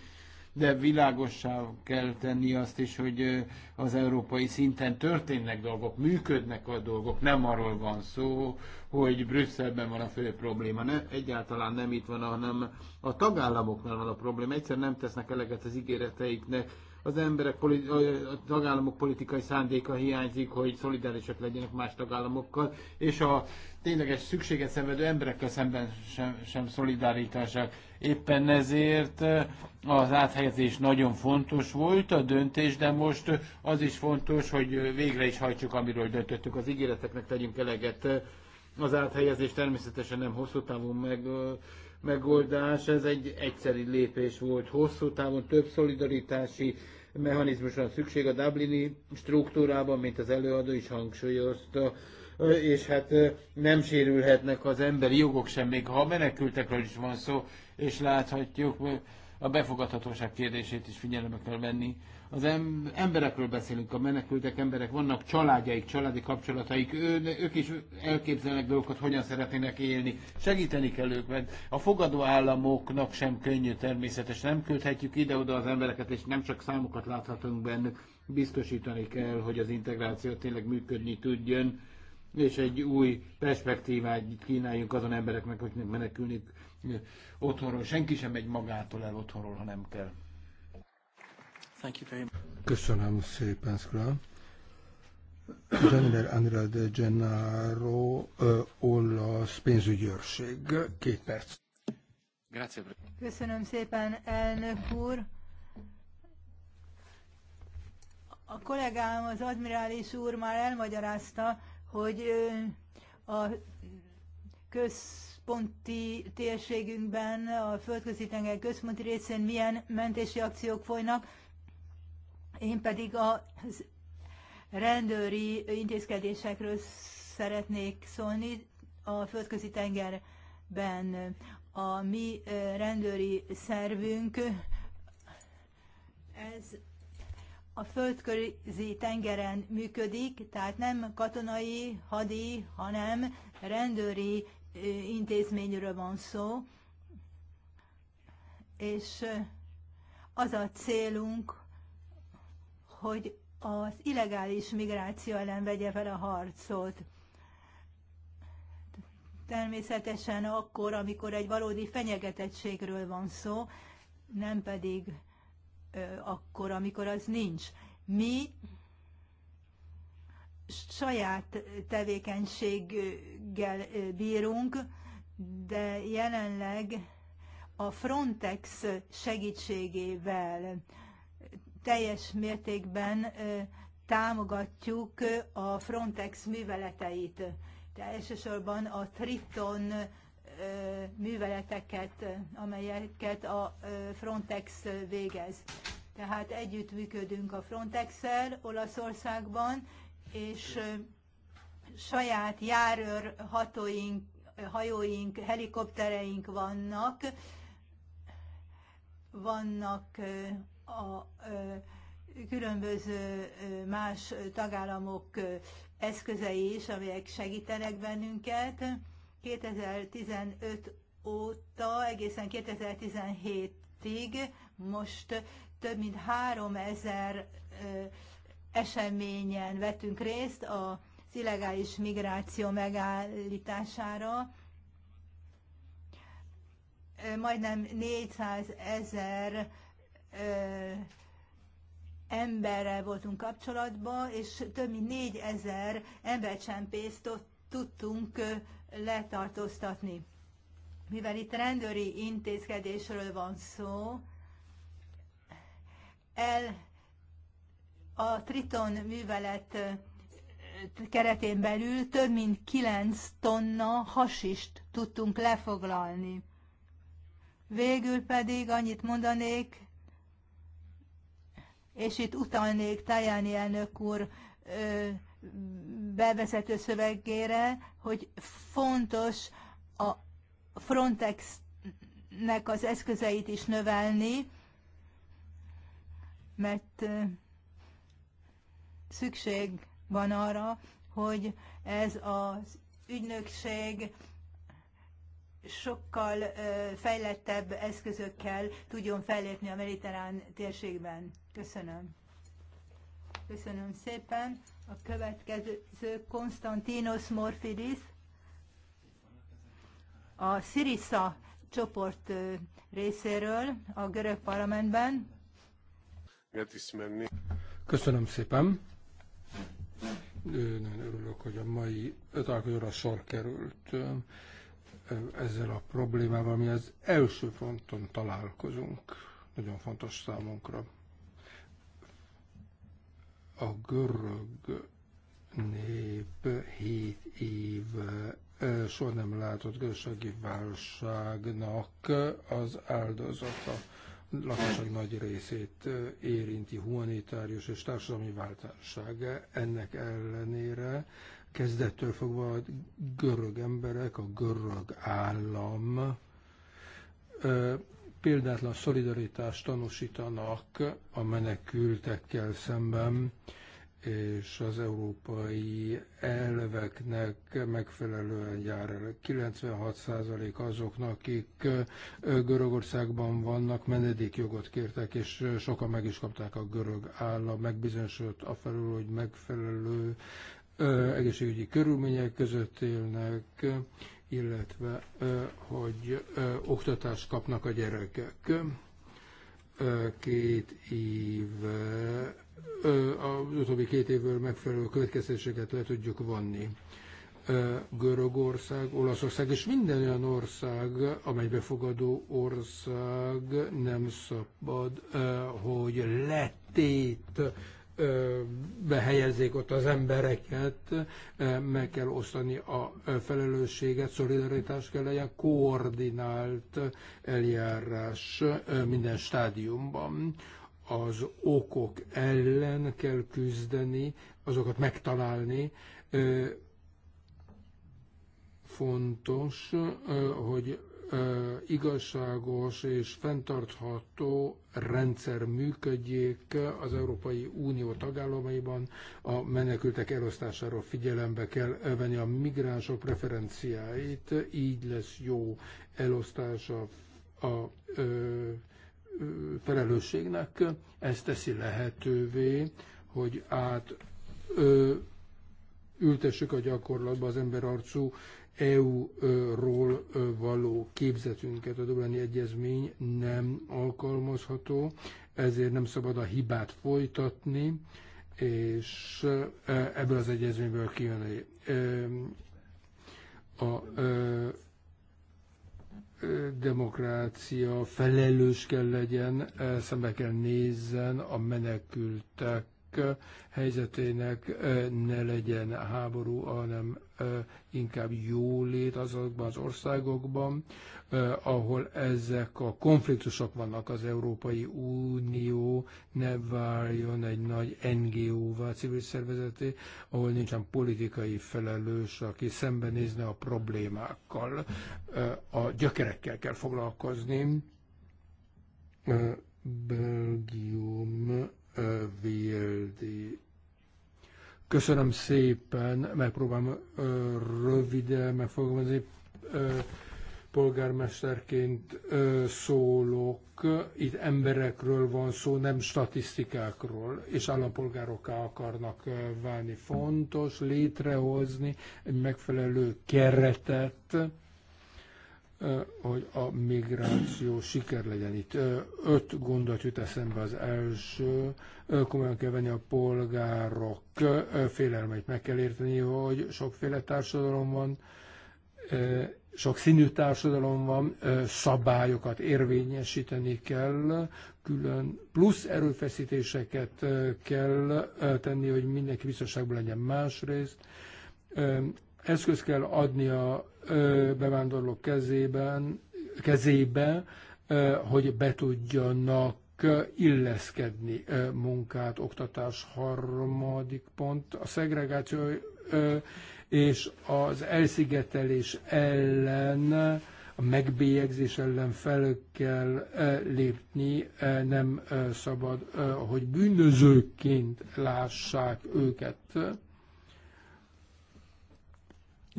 de világossá kell tenni azt is, hogy az európai szinten történnek dolgok, működnek a dolgok, nem arról van szó, hogy Brüsszelben van a fő probléma. Ne, egyáltalán nem itt van, hanem a tagállamoknál van a probléma. Egyszer nem tesznek eleget az ígéreteiknek, az emberek, a tagállamok politikai szándéka hiányzik, hogy szolidárisak legyenek más tagállamokkal, és a tényleges szükséget szenvedő emberekkel szemben sem, sem szolidáritásak. Éppen ezért eh, az áthelyezés nagyon fontos volt a döntés, de most eh, az is fontos, hogy eh, végre is hajtsuk, amiről döntöttük, az ígéreteknek tegyünk eleget. Az áthelyezés természetesen nem hosszú távon meg megoldás. Ez egy egyszeri lépés volt. Hosszú távon több szolidaritási mechanizmusra van szükség a Dublini struktúrában, mint az előadó is hangsúlyozta és hát nem sérülhetnek az emberi jogok sem, még ha a menekültekről is van szó, és láthatjuk, a befogadhatóság kérdését is figyelembe kell venni az emberekről beszélünk, a menekültek emberek, vannak családjaik, családi kapcsolataik, ő, ők is elképzelnek dolgokat, hogyan szeretnének élni, segíteni kell őket. A fogadó államoknak sem könnyű természetes, nem küldhetjük ide-oda az embereket, és nem csak számokat láthatunk bennük, biztosítani kell, hogy az integráció tényleg működni tudjon, és egy új perspektívát kínáljunk azon embereknek, akiknek menekülni otthonról. Senki sem megy magától el otthonról, ha nem kell.
Köszönöm szépen, Scrum. Daniel Andrade Gennaro, olasz olasz pénzügyőrség. Két perc.
Köszönöm szépen, elnök úr. A kollégám, az admirális úr már elmagyarázta, hogy a központi térségünkben, a földközi tenger központi részén milyen mentési akciók folynak. Én pedig a rendőri intézkedésekről szeretnék szólni a földközi tengerben. A mi rendőri szervünk ez a földközi tengeren működik, tehát nem katonai, hadi, hanem rendőri intézményről van szó, és az a célunk, hogy az illegális migráció ellen vegye fel a harcot. Természetesen akkor, amikor egy valódi fenyegetettségről van szó, nem pedig ö, akkor, amikor az nincs. Mi saját tevékenységgel bírunk, de jelenleg a Frontex segítségével teljes mértékben támogatjuk a Frontex műveleteit, de elsősorban a Triton műveleteket, amelyeket a Frontex végez. Tehát együttműködünk a Frontex-el Olaszországban, és saját járőr hatóink, hajóink, helikoptereink vannak, vannak a különböző más tagállamok eszközei is, amelyek segítenek bennünket. 2015 óta, egészen 2017-ig most több mint 3000 eseményen vettünk részt az illegális migráció megállítására. Majdnem 400 ezer emberrel voltunk kapcsolatban, és több mint négyezer embercsempészt tudtunk letartóztatni. Mivel itt rendőri intézkedésről van szó, el a Triton művelet keretén belül több mint 9 tonna hasist tudtunk lefoglalni. Végül pedig annyit mondanék, és itt utalnék Tajani elnök úr bevezető szövegére, hogy fontos a Frontexnek az eszközeit is növelni, mert szükség van arra, hogy ez az ügynökség sokkal fejlettebb eszközökkel tudjon fellépni a mediterrán térségben. Köszönöm. Köszönöm szépen. A következő Konstantinos Morfidis, a Sirisa csoport részéről a görög parlamentben.
Köszönöm szépen. Nagyon örülök, hogy a mai találkozóra sor került ezzel a problémával, mi az első fronton találkozunk. Nagyon fontos számunkra a görög nép hét éve soha nem látott gazdasági válságnak az áldozata lakosság nagy részét érinti humanitárius és társadalmi váltásság. Ennek ellenére kezdettől fogva a görög emberek, a görög állam példátlan szolidaritást tanúsítanak a menekültekkel szemben, és az európai elveknek megfelelően jár el. 96% azoknak, akik Görögországban vannak, menedékjogot kértek, és sokan meg is kapták a görög állam, megbizonyosodott felül, hogy megfelelő egészségügyi körülmények között élnek, illetve hogy oktatást kapnak a gyerekek. Két év, az utóbbi két évből megfelelő következtetéseket le tudjuk vonni. Görögország, Olaszország és minden olyan ország, amely befogadó ország nem szabad, hogy letét behelyezzék ott az embereket, meg kell osztani a felelősséget, szolidaritás kell legyen, koordinált eljárás minden stádiumban. Az okok ellen kell küzdeni, azokat megtalálni, fontos, hogy igazságos és fenntartható rendszer működjék az Európai Unió tagállamaiban. A menekültek elosztásáról figyelembe kell venni a migránsok preferenciáit, így lesz jó elosztása a ö, felelősségnek. Ez teszi lehetővé, hogy át ö, ültessük a gyakorlatba az emberarcú EU-ról való képzetünket a Dublini Egyezmény nem alkalmazható, ezért nem szabad a hibát folytatni, és ebből az egyezményből kijön, a, A demokrácia felelős kell legyen, szembe kell nézzen a menekültek helyzetének ne legyen háború, hanem inkább jólét azokban az országokban, ahol ezek a konfliktusok vannak az Európai Unió, ne váljon egy nagy NGO-vá, civil szervezeté, ahol nincsen politikai felelős, aki szembenézne a problémákkal. A gyökerekkel kell foglalkozni. Belgium védi. Köszönöm szépen, megpróbálom röviden megfogalmazni. Polgármesterként szólok, itt emberekről van szó, nem statisztikákról, és állampolgárokká akarnak válni. Fontos létrehozni egy megfelelő keretet, hogy a migráció siker legyen itt. Öt gondot jut eszembe az első, komolyan kell venni a polgárok félelmeit, meg kell érteni, hogy sokféle társadalom van, sok színű társadalom van, szabályokat érvényesíteni kell, külön plusz erőfeszítéseket kell tenni, hogy mindenki biztonságban legyen másrészt, eszköz kell adni a bevándorlók kezében, kezébe, hogy be tudjanak illeszkedni munkát, oktatás, harmadik pont, a szegregáció és az elszigetelés ellen, a megbélyegzés ellen fel kell lépni, nem szabad, hogy bűnözőként lássák őket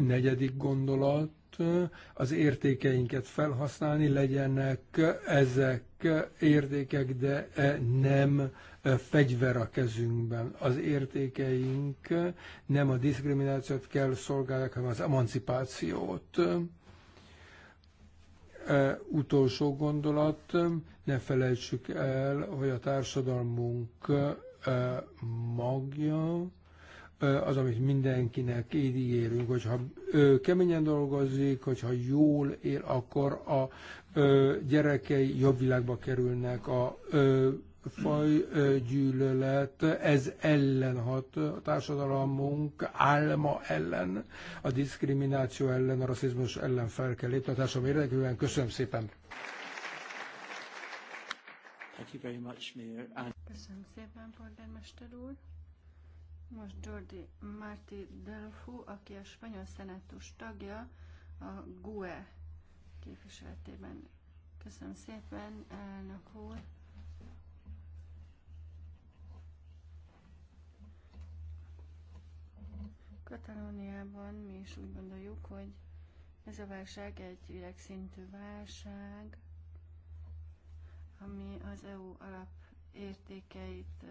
Negyedik gondolat, az értékeinket felhasználni, legyenek ezek értékek, de nem fegyver a kezünkben. Az értékeink nem a diszkriminációt kell szolgálják, hanem az emancipációt. E, utolsó gondolat, ne felejtsük el, hogy a társadalmunk e, magja, az, amit mindenkinek ígérünk, hogyha ö, keményen dolgozik, hogyha jól él, akkor a ö, gyerekei jobb világba kerülnek a ö, gyűlölet, ez ellen hat a társadalomunk álma ellen, a diszkrimináció ellen, a rasszizmus ellen fel kell lépni a társadalom érdekében. Köszönöm szépen! Köszönöm
szépen, polgármester úr! Most Jordi Marti Delfu, aki a spanyol szenátus tagja, a GUE képviseletében. Köszönöm szépen, elnök úr! Katalóniában mi is úgy gondoljuk, hogy ez a válság egy világszintű válság, ami az EU alapértékeit értékeit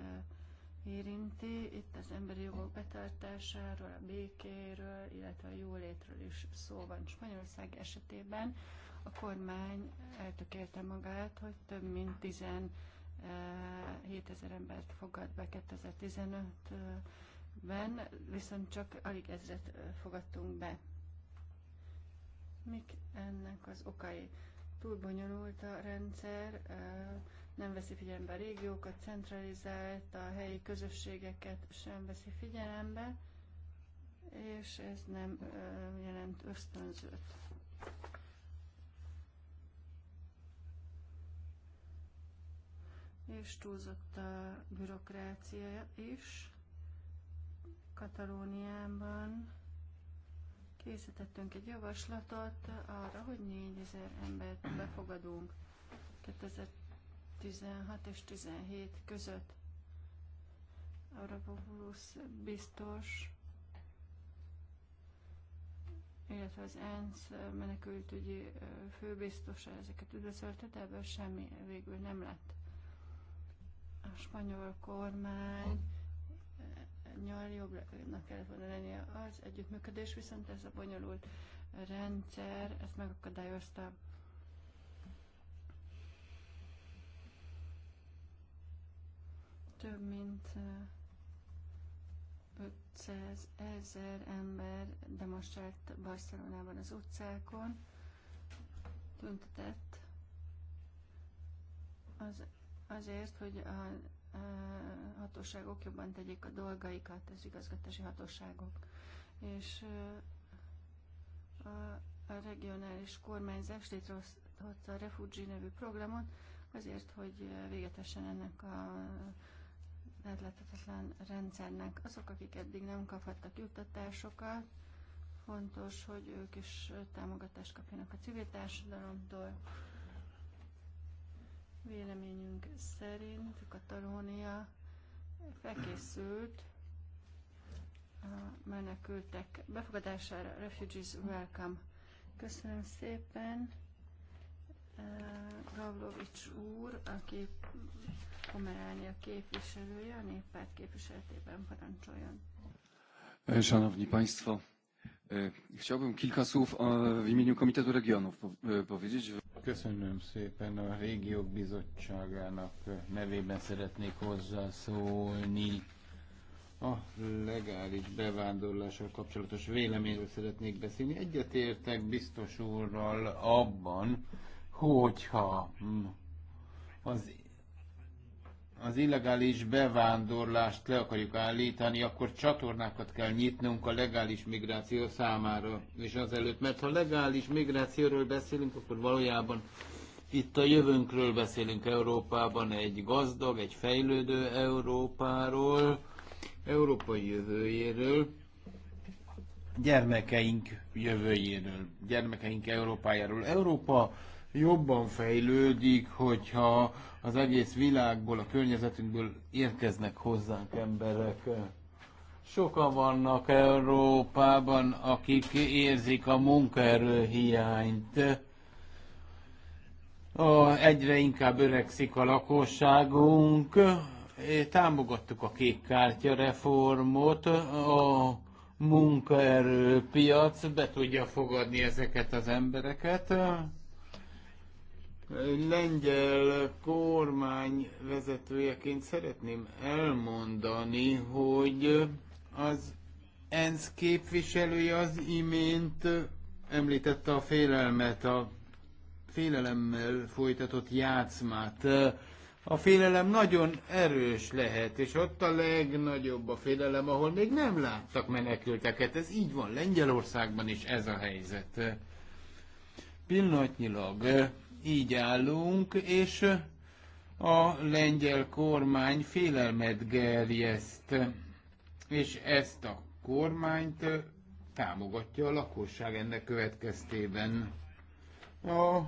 érinti. Itt az emberi jogok betartásáról, a békéről, illetve a jólétről is szó van Spanyolország esetében. A kormány eltökélte magát, hogy több mint 17 eh, ezer embert fogad be 2015-ben, viszont csak alig ezret eh, fogadtunk be. Mik ennek az okai? Túl bonyolult a rendszer, eh, nem veszi figyelembe a régiókat, centralizált, a helyi közösségeket sem veszi figyelembe, és ez nem jelent ösztönzőt. És túlzott a bürokrácia is. Katalóniában készítettünk egy javaslatot arra, hogy 4000 embert befogadunk. 2010 16 és 17 között. Europopulus biztos, illetve az ENSZ menekültügyi főbiztosa ezeket üdvözölte, de ebből semmi végül nem lett. A spanyol kormány nyal jobbnak kellett volna lennie az együttműködés, viszont ez a bonyolult rendszer ezt megakadályozta. Több mint 500 ezer ember demonstrált Barcelonában az utcákon, tüntetett az, azért, hogy a, a hatóságok jobban tegyék a dolgaikat, az igazgatási hatóságok. És a, a regionális kormányzás létrehozta a Refugee nevű programot, azért, hogy végetessen ennek a átláthatatlan rendszernek. Azok, akik eddig nem kaphattak juttatásokat, fontos, hogy ők is támogatást kapjanak a civil társadalomtól. Véleményünk szerint Katalónia felkészült a menekültek befogadására, Refugees Welcome. Köszönöm szépen. Eh, Gavlovics úr, aki Pomeránia képviselője a néppárt képviseletében parancsoljon.
Szanowni Państwo, e, Chciałbym kilka słów w imieniu Komitetu Regionów e, powiedzieć.
Köszönöm szépen a Régiók Bizottságának e, nevében szeretnék hozzászólni. A legális bevándorlással kapcsolatos véleményről szeretnék beszélni. Egyetértek biztos úrral abban, hogyha az az illegális bevándorlást le akarjuk állítani, akkor csatornákat kell nyitnunk a legális migráció számára, és azelőtt, mert ha legális migrációról beszélünk, akkor valójában itt a jövőnkről beszélünk Európában, egy gazdag, egy fejlődő Európáról, európai jövőjéről, gyermekeink jövőjéről, gyermekeink Európájáról. Európa jobban fejlődik, hogyha az egész világból, a környezetünkből érkeznek hozzánk emberek. Sokan vannak Európában, akik érzik a munkaerő hiányt. A, egyre inkább öregszik a lakosságunk. Támogattuk a kártya reformot. A, munkaerőpiac be tudja fogadni ezeket az embereket lengyel kormány vezetőjeként szeretném elmondani, hogy az ENSZ képviselője az imént említette a félelmet, a félelemmel folytatott játszmát. A félelem nagyon erős lehet, és ott a legnagyobb a félelem, ahol még nem láttak menekülteket. Ez így van Lengyelországban is ez a helyzet. Pillanatnyilag így állunk, és a lengyel kormány félelmet gerjeszt, és ezt a kormányt támogatja a lakosság ennek következtében. A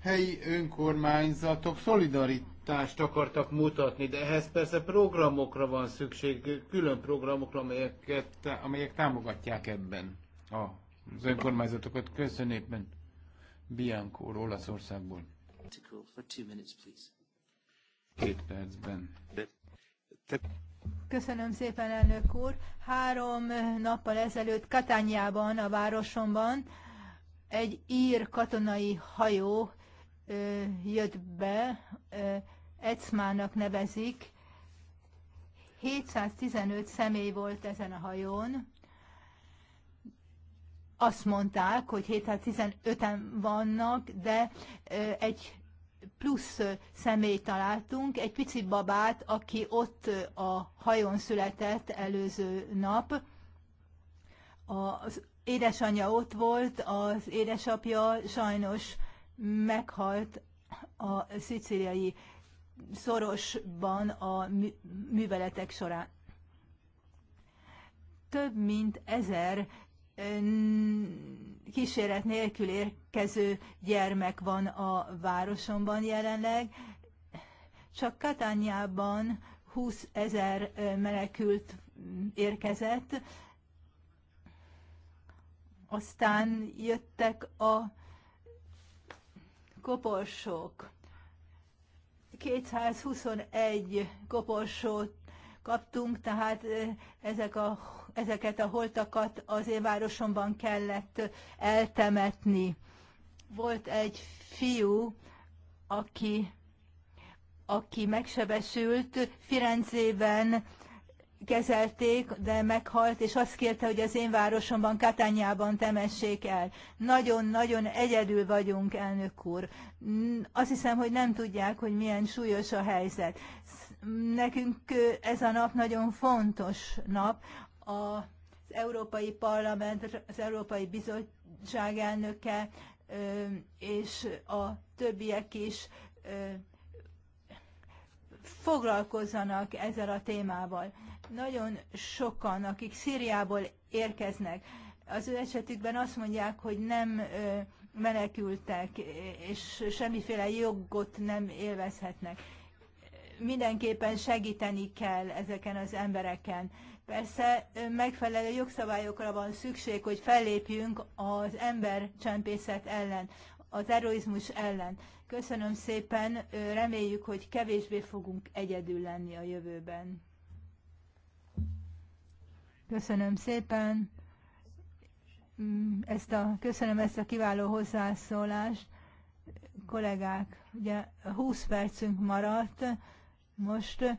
helyi önkormányzatok szolidaritást akartak mutatni, de ehhez persze programokra van szükség, külön programokra, amelyeket, amelyek támogatják ebben az önkormányzatokat. Köszönöm Biancóról, Olaszországból. Két percben.
Köszönöm szépen, elnök úr. Három nappal ezelőtt Katányában, a városomban egy ír katonai hajó ö, jött be, ö, Ecmának nevezik. 715 személy volt ezen a hajón, azt mondták, hogy 715-en vannak, de egy plusz személyt találtunk, egy pici babát, aki ott a hajón született előző nap. Az édesanyja ott volt, az édesapja sajnos meghalt a szicíliai szorosban a műveletek során. Több mint ezer kíséret nélkül érkező gyermek van a városomban jelenleg. Csak Katányában 20 ezer menekült mm, érkezett, aztán jöttek a koporsók. 221 koporsót kaptunk, tehát ezek a ezeket a holtakat az én városomban kellett eltemetni. Volt egy fiú, aki, aki megsebesült, Firenzében kezelték, de meghalt, és azt kérte, hogy az én városomban, Katányában temessék el. Nagyon-nagyon egyedül vagyunk, elnök úr. Azt hiszem, hogy nem tudják, hogy milyen súlyos a helyzet. Nekünk ez a nap nagyon fontos nap az Európai Parlament, az Európai Bizottság elnöke és a többiek is foglalkozzanak ezzel a témával. Nagyon sokan, akik Szíriából érkeznek, az ő esetükben azt mondják, hogy nem menekültek, és semmiféle jogot nem élvezhetnek. Mindenképpen segíteni kell ezeken az embereken. Persze megfelelő jogszabályokra van szükség, hogy fellépjünk az embercsempészet ellen, a terrorizmus ellen. Köszönöm szépen, reméljük, hogy kevésbé fogunk egyedül lenni a jövőben. Köszönöm szépen mm, ezt a, köszönöm ezt a kiváló hozzászólást. Kollégák, ugye 20 percünk maradt most,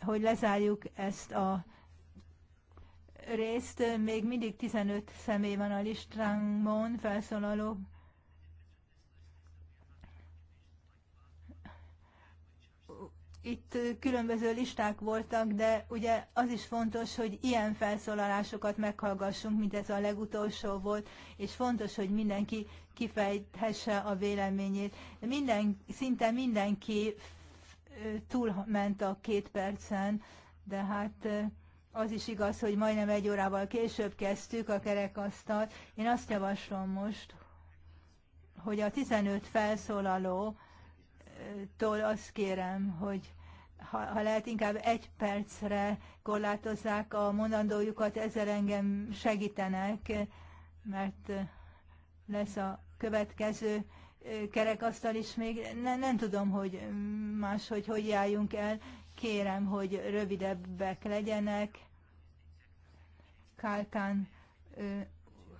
hogy lezárjuk ezt a részt még mindig 15 személy van a listámon felszólaló. Itt különböző listák voltak, de ugye az is fontos, hogy ilyen felszólalásokat meghallgassunk, mint ez a legutolsó volt, és fontos, hogy mindenki kifejthesse a véleményét. Minden, szinte mindenki túlment a két percen, de hát az is igaz, hogy majdnem egy órával később kezdtük a kerekasztalt. Én azt javaslom most, hogy a 15 felszólalótól azt kérem, hogy ha, ha lehet, inkább egy percre korlátozzák a mondandójukat, ezzel engem segítenek, mert lesz a következő kerekasztal is még. Ne, nem tudom, hogy máshogy hogy járjunk el kérem, hogy rövidebbek legyenek. Kálkán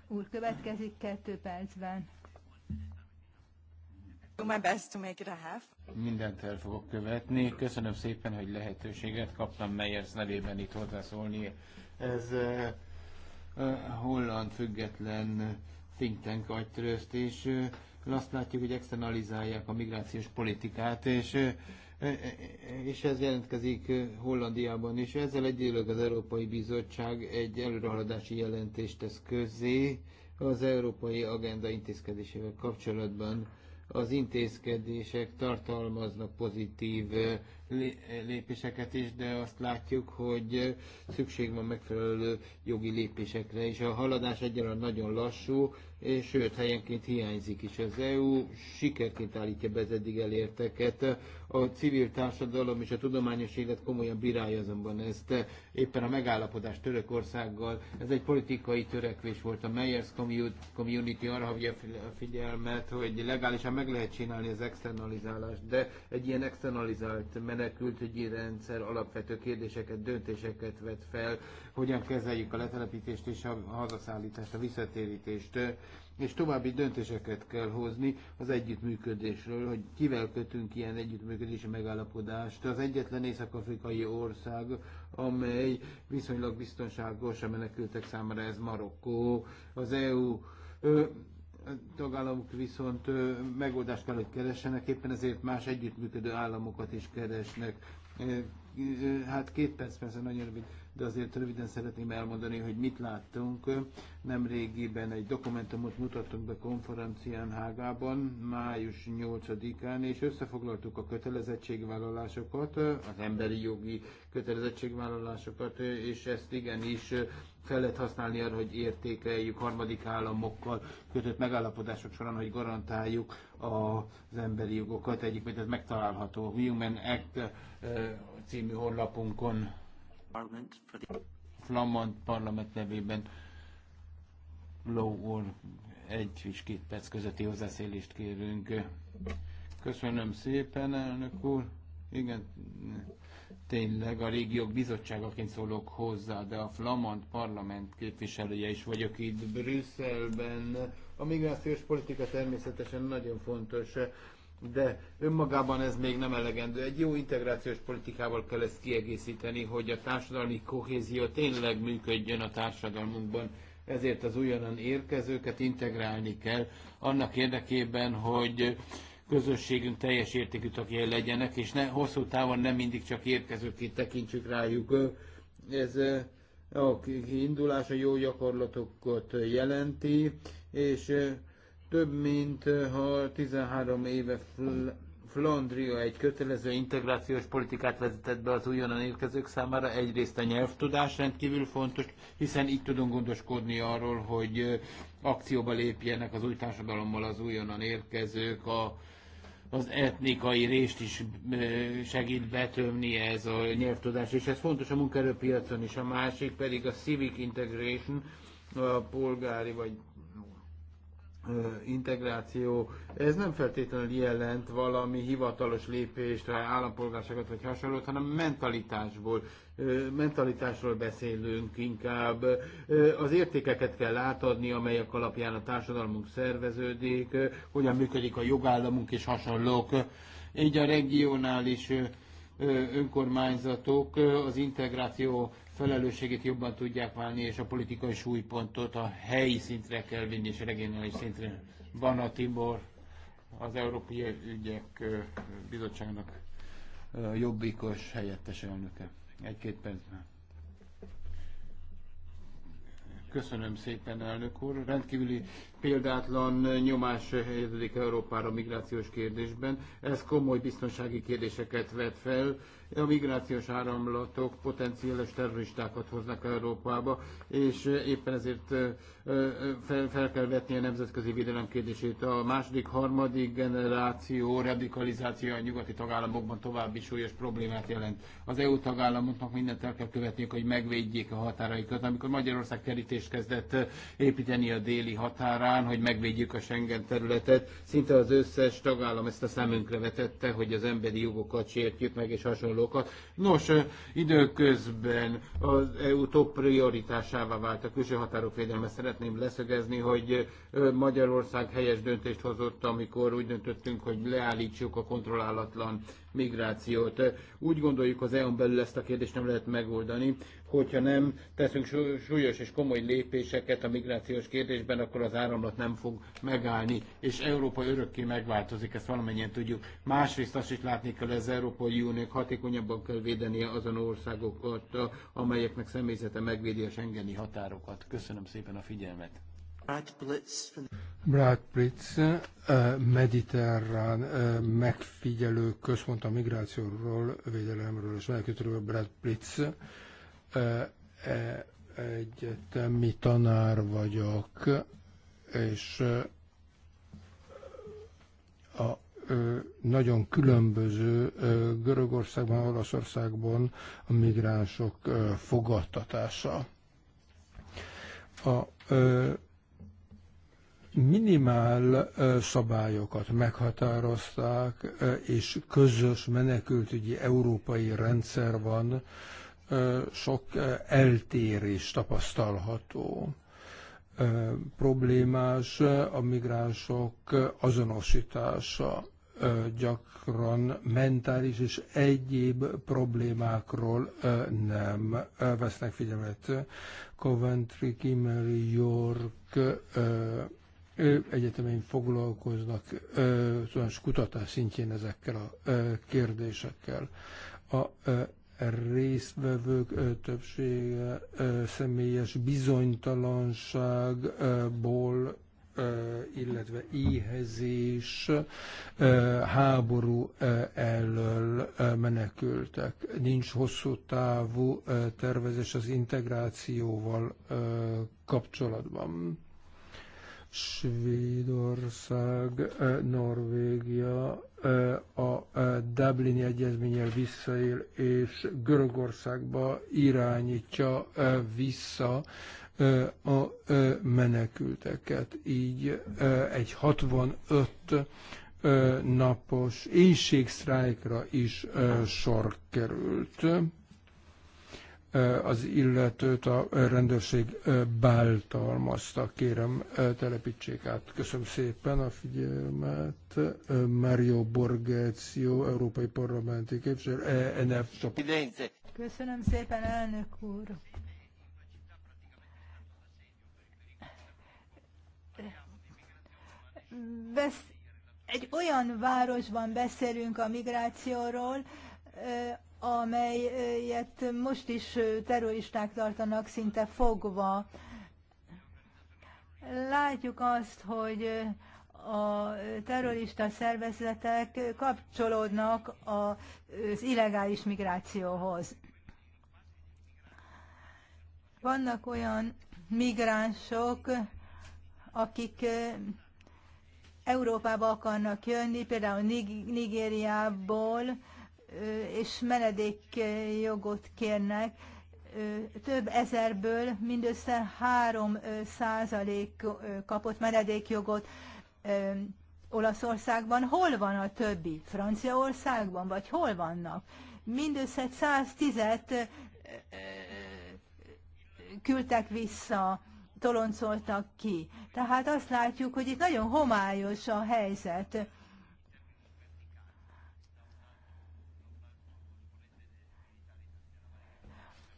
úr következik kettő percben.
Mindent el fogok követni. Köszönöm szépen, hogy lehetőséget kaptam Meyers nevében itt hozzászólni. Ez uh, uh, holland független think tank agytrözt, és uh, azt látjuk, hogy externalizálják a migrációs politikát, és uh, E, e, és ez jelentkezik Hollandiában is. Ezzel egyébként az Európai Bizottság egy előrehaladási jelentést tesz közzé az Európai Agenda intézkedésével kapcsolatban. Az intézkedések tartalmaznak pozitív lépéseket is, de azt látjuk, hogy szükség van megfelelő jogi lépésekre, és a haladás egyenlően nagyon lassú, és sőt, helyenként hiányzik is. Az EU sikerként állítja be az eddig elérteket. A civil társadalom és a tudományos élet komolyan bírálja azonban ezt. Éppen a megállapodás Törökországgal, ez egy politikai törekvés volt. A Meyers Community arra hívja a figyelmet, hogy legálisan meg lehet csinálni az externalizálást, de egy ilyen externalizált menekültügyi rendszer alapvető kérdéseket, döntéseket vet fel, hogyan kezeljük a letelepítést és a hazaszállítást, a visszatérítést és további döntéseket kell hozni az együttműködésről, hogy kivel kötünk ilyen együttműködési megállapodást. Az egyetlen észak-afrikai ország, amely viszonylag biztonságos a menekültek számára, ez Marokkó. Az EU ö, tagállamok viszont ö, megoldást kell, hogy keressenek, éppen ezért más együttműködő államokat is keresnek. Ö, hát két perc persze nagyon rövid de azért röviden szeretném elmondani, hogy mit láttunk. Nemrégiben egy dokumentumot mutattunk be konferencián Hágában, május 8-án, és összefoglaltuk a kötelezettségvállalásokat, az emberi jogi kötelezettségvállalásokat, és ezt igenis fel lehet használni arra, hogy értékeljük harmadik államokkal kötött megállapodások során, hogy garantáljuk az emberi jogokat. Egyik, mint ez megtalálható a Human Act eh, című honlapunkon Flamand parlament nevében Low úr egy és két perc közötti hozzászélést kérünk. Köszönöm szépen, elnök úr. Igen, tényleg a régiók bizottságaként szólok hozzá, de a Flamand parlament képviselője is vagyok itt Brüsszelben. A migrációs politika természetesen nagyon fontos de önmagában ez még nem elegendő. Egy jó integrációs politikával kell ezt kiegészíteni, hogy a társadalmi kohézió tényleg működjön a társadalmunkban. Ezért az újonnan érkezőket integrálni kell, annak érdekében, hogy közösségünk teljes értékű tagjai legyenek, és ne, hosszú távon nem mindig csak érkezőként tekintsük rájuk. Ez a kiindulás a jó gyakorlatokat jelenti, és több mint 13 éve Flandria egy kötelező integrációs politikát vezetett be az újonnan érkezők számára. Egyrészt a nyelvtudás rendkívül fontos, hiszen így tudunk gondoskodni arról, hogy akcióba lépjenek az új társadalommal az újonnan érkezők, a, az etnikai rést is segít betömni ez a nyelvtudás, és ez fontos a munkaerőpiacon is. A másik pedig a civic integration, a polgári vagy integráció, ez nem feltétlenül jelent valami hivatalos lépést, állampolgárságot vagy hasonlót, hanem mentalitásból, mentalitásról beszélünk inkább. Az értékeket kell átadni, amelyek alapján a társadalmunk szerveződik, hogyan működik a jogállamunk és hasonlók. Így a regionális önkormányzatok az integráció felelősségét jobban tudják válni, és a politikai súlypontot a helyi szintre kell vinni, és a regionális szintre. Van a Tibor, az Európai Ügyek Bizottságnak jobbikos helyettes elnöke. Egy-két percben. Köszönöm szépen, elnök úr. Rendkívüli példátlan nyomás helyeződik Európára a migrációs kérdésben. Ez komoly biztonsági kérdéseket vet fel. A migrációs áramlatok potenciális terroristákat hoznak Európába, és éppen ezért fel, kell vetni a nemzetközi védelem kérdését. A második, harmadik generáció radikalizáció a nyugati tagállamokban további súlyos problémát jelent. Az EU tagállamoknak mindent el kell követniük, hogy megvédjék a határaikat. Amikor Magyarország kerítést kezdett építeni a déli határa, során, hogy megvédjük a Schengen területet. Szinte az összes tagállam ezt a szemünkre vetette, hogy az emberi jogokat sértjük meg és hasonlókat. Nos, időközben az EU top prioritásává vált a külső határok védelme. Szeretném leszögezni, hogy Magyarország helyes döntést hozott, amikor úgy döntöttünk, hogy leállítsuk a kontrollálatlan migrációt. Úgy gondoljuk, az EU-n belül ezt a kérdést nem lehet megoldani, hogyha nem teszünk súlyos és komoly lépéseket a migrációs kérdésben, akkor az áramlat nem fog megállni, és Európa örökké megváltozik, ezt valamennyien tudjuk. Másrészt azt is látni kell, az Európai Uniók hatékonyabban kell védenie azon országokat, amelyeknek személyzete megvédi a Schengeni határokat. Köszönöm szépen a figyelmet!
Brad Pritz, eh, mediterrán eh, megfigyelő központ a migrációról, védelemről és menekültről Brad Pritz, eh, e, egyetemi tanár vagyok, és a nagyon különböző Görögországban, Olaszországban a migránsok fogadtatása. A minimál szabályokat meghatározták, és közös menekültügyi európai rendszer van, sok eltérés tapasztalható. Problémás a migránsok azonosítása gyakran mentális és egyéb problémákról nem vesznek figyelmet. Coventry, Kimmel, York egyetemén foglalkoznak tudományos kutatás szintjén ezekkel a kérdésekkel. A részvevők többsége személyes bizonytalanságból illetve éhezés, háború elől menekültek. Nincs hosszú távú tervezés az integrációval kapcsolatban. Svédország, eh, Norvégia eh, a eh, Dublini egyezménnyel visszaél, és Görögországba irányítja vissza a menekülteket. Így egy 65 napos éjségsztrájkra is sor került az illetőt a rendőrség báltalmazta. Kérem, telepítsék át. Köszönöm szépen a figyelmet. Mario Borgezio, Európai Parlamenti Képviselő, ENF
Köszönöm szépen, elnök úr. egy olyan városban beszélünk a migrációról, amelyet most is terroristák tartanak szinte fogva. Látjuk azt, hogy a terrorista szervezetek kapcsolódnak az illegális migrációhoz. Vannak olyan migránsok, akik Európába akarnak jönni, például Nigériából, és menedékjogot kérnek. Több ezerből mindössze három százalék kapott menedékjogot Olaszországban. Hol van a többi? Franciaországban? Vagy hol vannak? Mindössze 110-et küldtek vissza, toloncoltak ki. Tehát azt látjuk, hogy itt nagyon homályos a helyzet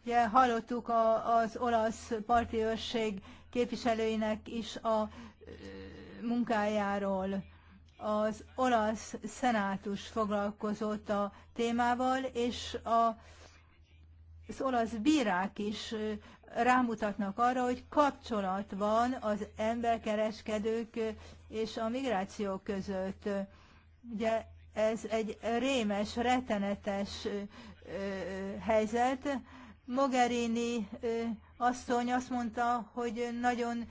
Ugye hallottuk a, az olasz parti őrség képviselőinek is a munkájáról. Az olasz szenátus foglalkozott a témával, és a, az olasz bírák is rámutatnak arra, hogy kapcsolat van az emberkereskedők és a migráció között. Ugye ez egy rémes, rettenetes helyzet, Mogherini asszony azt mondta, hogy nagyon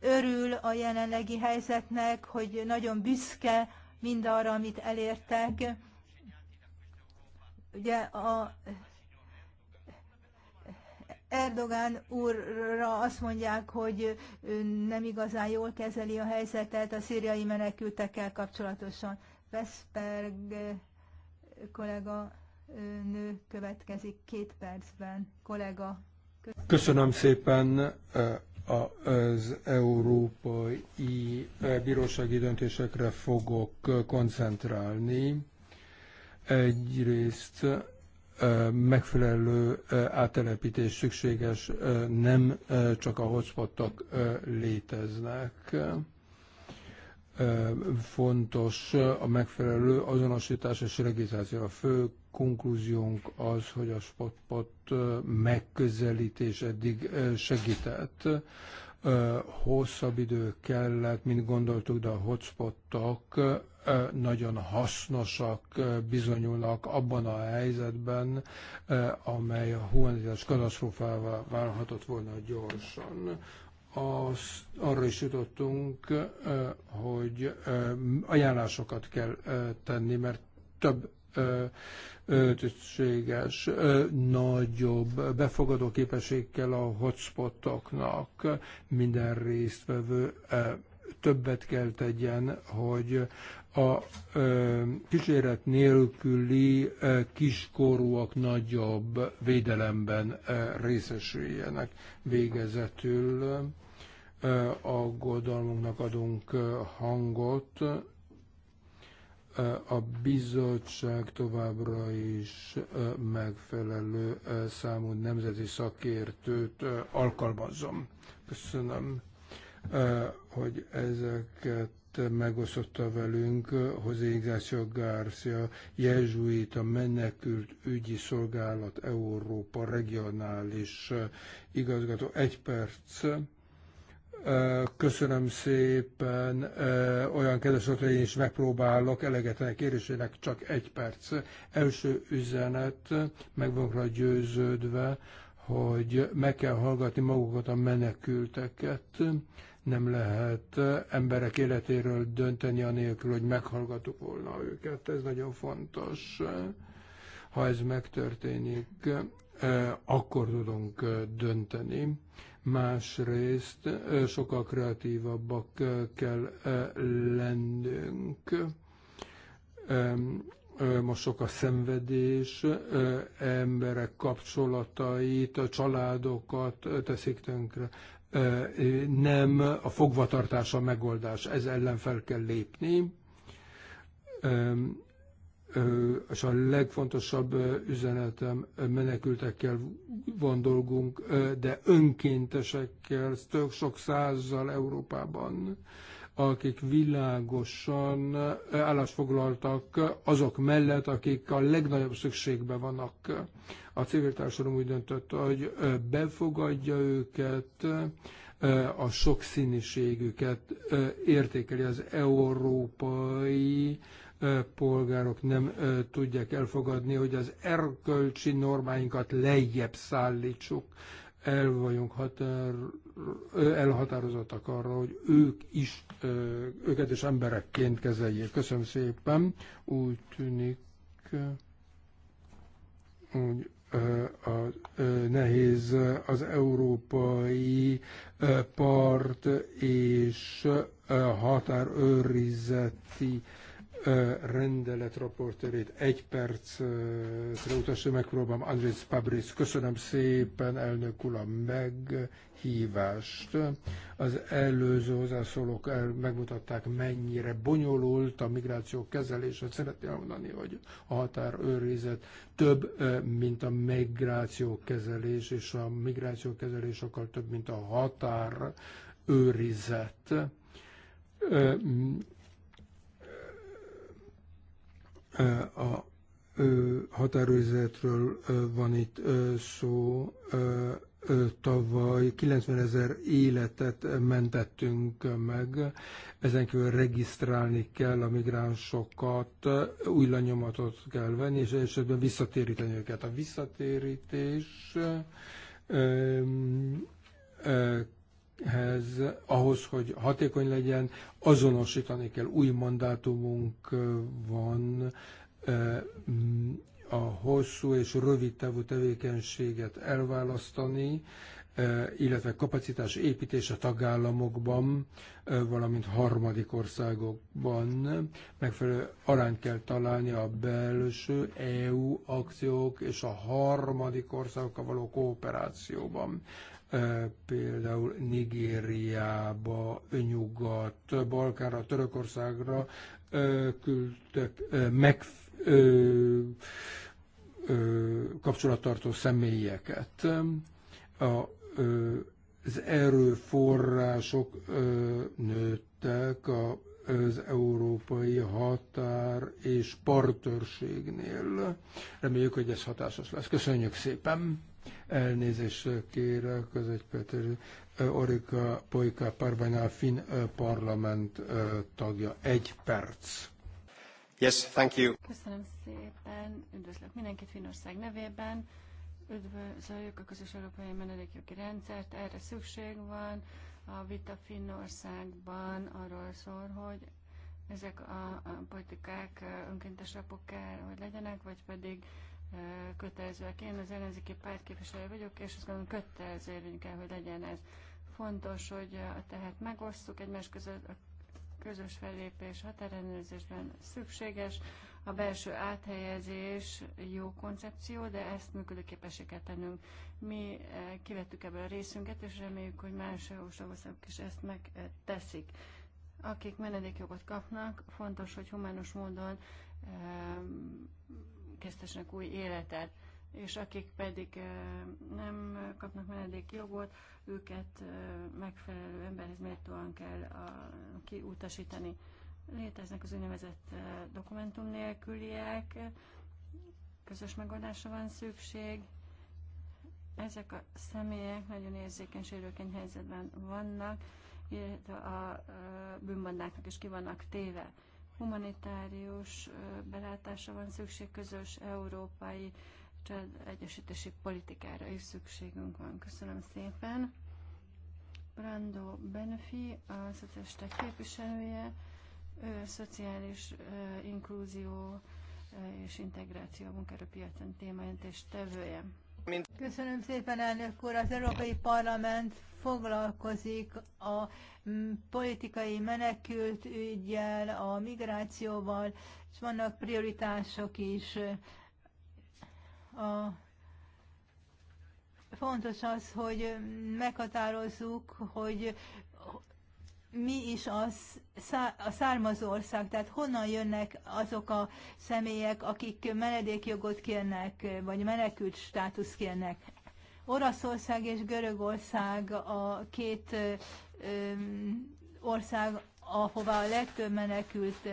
örül a jelenlegi helyzetnek, hogy nagyon büszke mind arra, amit elértek. Ugye a Erdogán úrra azt mondják, hogy nem igazán jól kezeli a helyzetet a szíriai menekültekkel kapcsolatosan. Veszperg kollega nő következik két percben. Kollega. Köszönöm, Köszönöm
szépen eh, az európai eh, bírósági döntésekre fogok eh, koncentrálni. Egyrészt megfelelő áttelepítés szükséges, nem csak a hotspotok léteznek fontos a megfelelő azonosítás és regisztráció. A fő konklúziónk az, hogy a spotpot megközelítés eddig segített. Hosszabb idő kellett, mint gondoltuk, de a hotspotok nagyon hasznosak bizonyulnak abban a helyzetben, amely a humanitás katasztrófával válhatott volna gyorsan az, arra is jutottunk, hogy ajánlásokat kell tenni, mert több tisztséges, nagyobb befogadó képesség kell a hotspotoknak. Minden résztvevő többet kell tegyen, hogy a ö, nélküli ö, kiskorúak nagyobb védelemben ö, részesüljenek végezetül aggodalmunknak adunk hangot. A bizottság továbbra is megfelelő számú nemzeti szakértőt alkalmazom. Köszönöm, hogy ezeket megosztotta velünk José Ignacio jezsuit, a menekült ügyi szolgálat Európa regionális igazgató. Egy perc. Köszönöm szépen, olyan hogy én is megpróbálok elegetlen kérésének csak egy perc. Első üzenet, meg vagyok rá győződve, hogy meg kell hallgatni magukat a menekülteket, nem lehet emberek életéről dönteni anélkül, hogy meghallgattuk volna őket. Ez nagyon fontos. Ha ez megtörténik, akkor tudunk dönteni másrészt sokkal kreatívabbak kell lennünk. Most sok a szenvedés, emberek kapcsolatait, a családokat teszik tönkre. Nem a fogvatartás a megoldás, ez ellen fel kell lépni és a legfontosabb üzenetem menekültekkel van dolgunk, de önkéntesekkel, tök sok százzal Európában, akik világosan állásfoglaltak azok mellett, akik a legnagyobb szükségben vannak. A civil társadalom úgy döntött, hogy befogadja őket, a sokszínűségüket értékeli az európai polgárok nem tudják elfogadni, hogy az erkölcsi normáinkat lejjebb szállítsuk. El vagyunk határ, elhatározottak arra, hogy ők is, őket is emberekként kezeljék. Köszönöm szépen. Úgy tűnik, hogy a, a, nehéz az európai part és határőrizeti rendelet raportőrét egy percre utasra megpróbálom. Andrész Pabrisz, köszönöm szépen, elnök úr, a meghívást. Az előző hozzászólók megmutatták, mennyire bonyolult a migráció kezelése. Szeretném mondani, hogy a határőrizet több, mint a migráció kezelés, és a migráció kezelés sokkal több, mint a határ őrizet a határozatról van itt szó. Tavaly 90 ezer életet mentettünk meg, ezen kívül regisztrálni kell a migránsokat, új lenyomatot kell venni, és esetben visszatéríteni őket. A visszatérítés ez, ahhoz, hogy hatékony legyen, azonosítani kell, új mandátumunk van, a hosszú és rövid távú tevékenységet elválasztani, illetve kapacitás építés a tagállamokban, valamint harmadik országokban. Megfelelő arányt kell találni a belső EU akciók és a harmadik országokkal való kooperációban például Nigériába, Nyugat, Balkára, Törökországra küldtek meg kapcsolattartó személyeket. A, az erőforrások nőttek a az európai határ és partőrségnél. Reméljük, hogy ez hatásos lesz. Köszönjük szépen! Elnézést kérek, az egy Péter Orika Poika Parvana, Finn parlament tagja. Egy perc. Yes, thank you.
Köszönöm szépen, üdvözlök mindenkit Finnország nevében. Üdvözöljük a közös európai menedékjogi rendszert, erre szükség van. A vita Finnországban arról szól, hogy ezek a, a politikák önkéntes apok kell, hogy legyenek, vagy pedig kötelezőek. Én az ellenzéki párt képviselő vagyok, és azt gondolom kötelező érvény kell, hogy legyen ez. Fontos, hogy a tehet megosztjuk egymás között, a közös fellépés határellenőrzésben szükséges, a belső áthelyezés jó koncepció, de ezt működőképessé kell tennünk. Mi kivettük ebből a részünket, és reméljük, hogy más országok is ezt megteszik. Akik menedékjogot kapnak, fontos, hogy humánus módon kezdhessenek új életet, és akik pedig nem kapnak menedékjogot, őket megfelelő emberhez méltóan kell a, kiutasítani. Léteznek az úgynevezett dokumentum nélküliek, közös megoldásra van szükség. Ezek a személyek nagyon érzékeny, sérülékeny helyzetben vannak, illetve a bűnbandáknak is ki vannak téve humanitárius belátásra van szükség, közös európai egyesítési politikára is szükségünk van. Köszönöm szépen. Brando Benefi, a szocialisták képviselője, ő a szociális inklúzió
és integráció a munkerőpiacon témajelentés tevője. Köszönöm szépen, elnök úr. Az Európai Parlament foglalkozik a mm, politikai menekült ügyjel, a migrációval, és vannak prioritások is. A fontos az, hogy meghatározzuk, hogy mi is az, a származó ország, tehát honnan jönnek azok a személyek, akik menedékjogot kérnek, vagy menekült státusz kérnek. Oroszország és Görögország a két ország, ahová a legtöbb menekült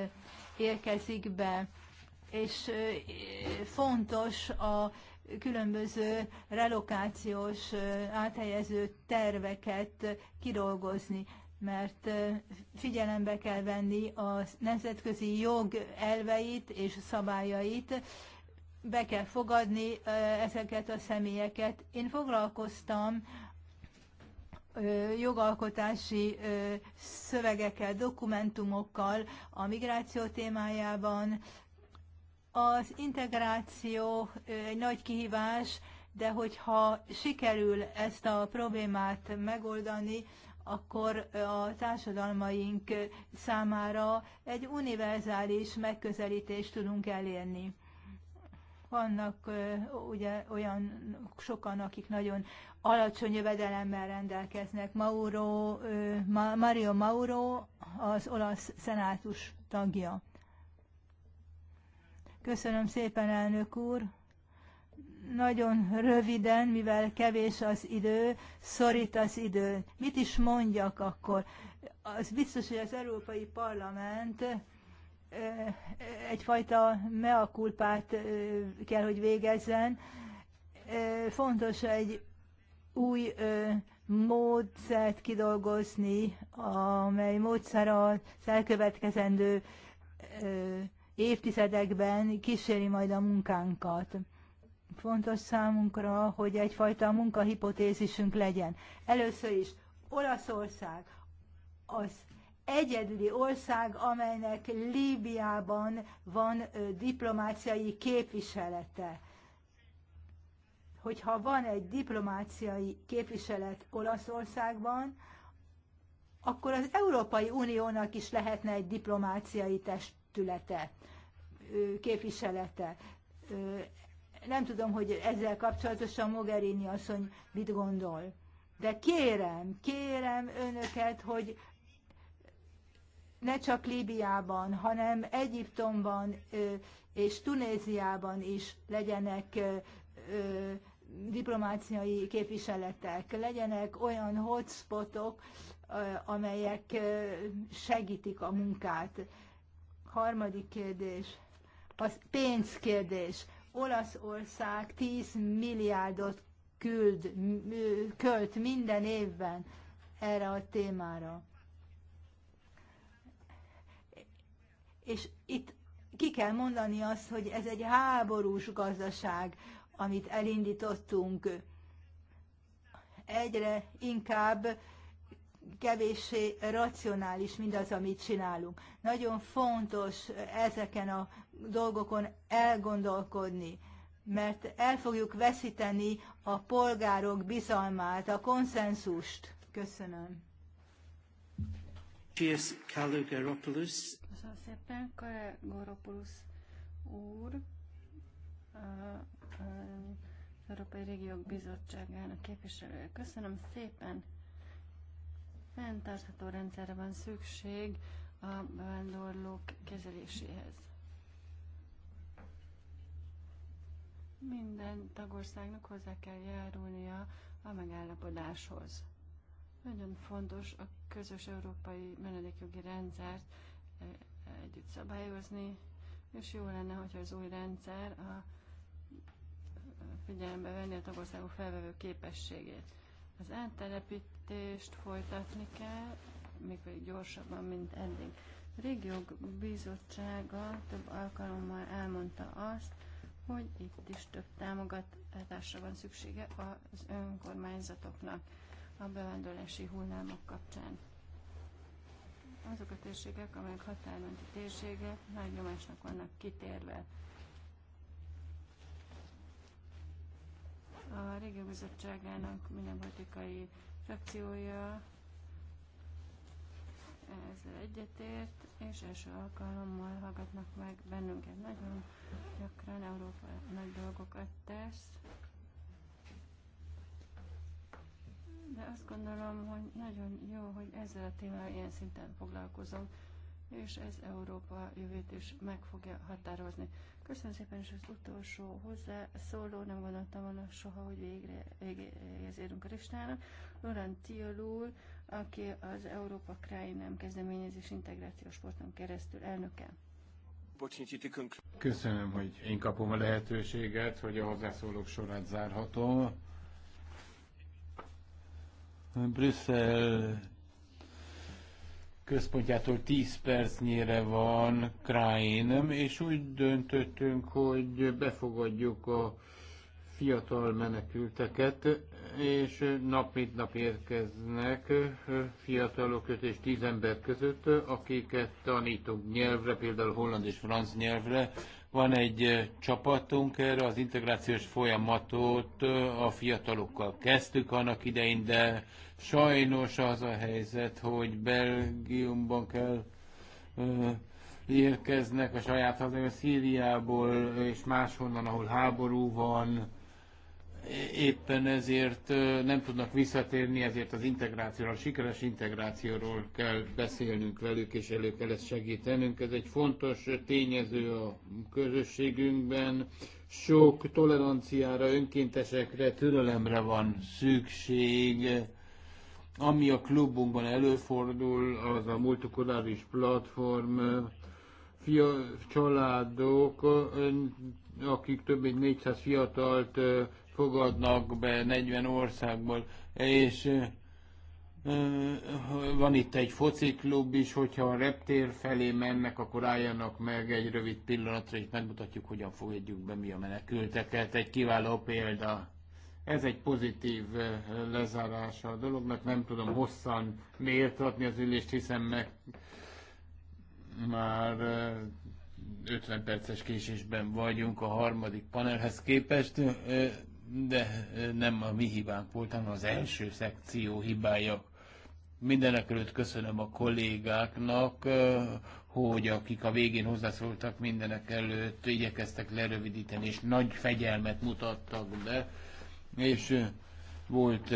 érkezik be, és fontos a különböző relokációs áthelyező terveket kidolgozni mert figyelembe kell venni a nemzetközi jog elveit és szabályait, be kell fogadni ezeket a személyeket. Én foglalkoztam jogalkotási szövegekkel, dokumentumokkal a migráció témájában. Az integráció egy nagy kihívás, de hogyha sikerül ezt a problémát megoldani, akkor a társadalmaink számára egy univerzális megközelítést tudunk elérni. Vannak ugye olyan sokan, akik nagyon alacsony jövedelemmel rendelkeznek. Mauro, Mario Mauro az olasz szenátus tagja. Köszönöm szépen, elnök úr! nagyon röviden, mivel kevés az idő, szorít az idő. Mit is mondjak akkor? Az biztos, hogy az Európai Parlament egyfajta meakulpát kell, hogy végezzen. Fontos egy új módszert kidolgozni, amely módszer az elkövetkezendő évtizedekben kíséri majd a munkánkat fontos számunkra, hogy egyfajta munkahipotézisünk legyen. Először is Olaszország az egyedüli ország, amelynek Líbiában van diplomáciai képviselete. Hogyha van egy diplomáciai képviselet Olaszországban, akkor az Európai Uniónak is lehetne egy diplomáciai testülete, képviselete nem tudom, hogy ezzel kapcsolatosan Mogherini asszony mit gondol. De kérem, kérem önöket, hogy ne csak Líbiában, hanem Egyiptomban és Tunéziában is legyenek diplomáciai képviseletek, legyenek olyan hotspotok, amelyek segítik a munkát. Harmadik kérdés, a pénzkérdés. Olaszország 10 milliárdot küld, költ minden évben erre a témára. És itt ki kell mondani azt, hogy ez egy háborús gazdaság, amit elindítottunk. Egyre inkább kevéssé racionális mindaz, amit csinálunk. Nagyon fontos ezeken a dolgokon elgondolkodni, mert el fogjuk veszíteni a polgárok bizalmát, a konszenzust. Köszönöm.
Köszönöm szépen,
Kalogeropoulos
úr. A, az Európai Régiók Bizottságának képviselője. Köszönöm szépen. Fentartható rendszerre van szükség a bevándorlók kezeléséhez. Minden tagországnak hozzá kell járulnia a megállapodáshoz. Nagyon fontos a közös európai menedékjogi rendszert eh, együtt szabályozni, és jó lenne, hogyha az új rendszer a eh, figyelembe venni a tagországok felvevő képességét. Az áttelepítést folytatni kell, még pedig gyorsabban, mint eddig. A régiók bizottsága több alkalommal elmondta azt, hogy itt is több támogatásra van szüksége az önkormányzatoknak a bevándorlási hullámok kapcsán. Azok a térségek, amelyek határmenti térségek, nagy nyomásnak vannak kitérve. A régió bizottságának minden politikai frakciója ezzel egyetért, és első alkalommal hallgatnak meg bennünket. Nagyon gyakran Európa nagy dolgokat tesz, de azt gondolom, hogy nagyon jó, hogy ezzel a témával ilyen szinten foglalkozom és ez Európa jövőt is meg fogja határozni. Köszönöm szépen, és az utolsó hozzá szóló, nem gondoltam volna soha, hogy végre, végéhez érünk a Ristának. Laurent Tiolul, aki az Európa Krái nem kezdeményezés integrációs sporton keresztül elnöke.
Köszönöm, hogy én kapom a lehetőséget, hogy a hozzászólók sorát zárhatom. Brüsszel központjától 10 percnyire van Kráinem, és úgy döntöttünk, hogy befogadjuk a fiatal menekülteket, és nap mint nap érkeznek fiatalok 5 és 10 ember között, akiket tanítunk nyelvre, például holland és franc nyelvre. Van egy csapatunk erre, az integrációs folyamatot a fiatalokkal kezdtük annak idején, de Sajnos az a helyzet, hogy Belgiumban kell ö, érkeznek a saját hazája Szíriából és máshonnan, ahol háború van. Éppen ezért nem tudnak visszatérni, ezért az integrációról, a sikeres integrációról kell beszélnünk velük, és elő kell ezt segítenünk. Ez egy fontos tényező a közösségünkben. Sok toleranciára, önkéntesekre, türelemre van szükség ami a klubunkban előfordul, az a multikuláris platform, fia, családok, akik több mint 400 fiatalt fogadnak be 40 országból, és van itt egy fociklub is, hogyha a reptér felé mennek, akkor álljanak meg egy rövid pillanatra, és megmutatjuk, hogyan fogadjuk be mi a menekülteket. Egy kiváló példa. Ez egy pozitív eh, lezárása a dolognak, nem tudom hosszan méltatni az ülést, hiszen meg már 50 eh, perces késésben vagyunk a harmadik panelhez képest, eh, de nem a mi hibánk volt, hanem az első szekció hibája. Mindenek előtt köszönöm a kollégáknak, hogy akik a végén hozzászóltak mindenek előtt, igyekeztek lerövidíteni, és nagy fegyelmet mutattak be és volt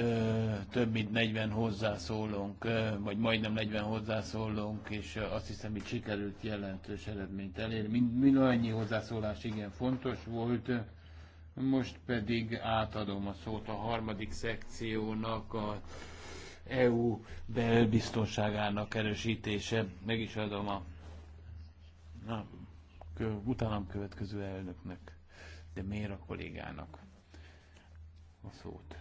több mint 40 hozzászólónk, vagy majdnem 40 hozzászólónk, és azt hiszem, hogy sikerült jelentős eredményt elérni. Mind, annyi hozzászólás igen fontos volt. Most pedig átadom a szót a harmadik szekciónak, a EU belbiztonságának erősítése. Meg is adom a, a kö, utánam következő
elnöknek, de miért a kollégának? a szót.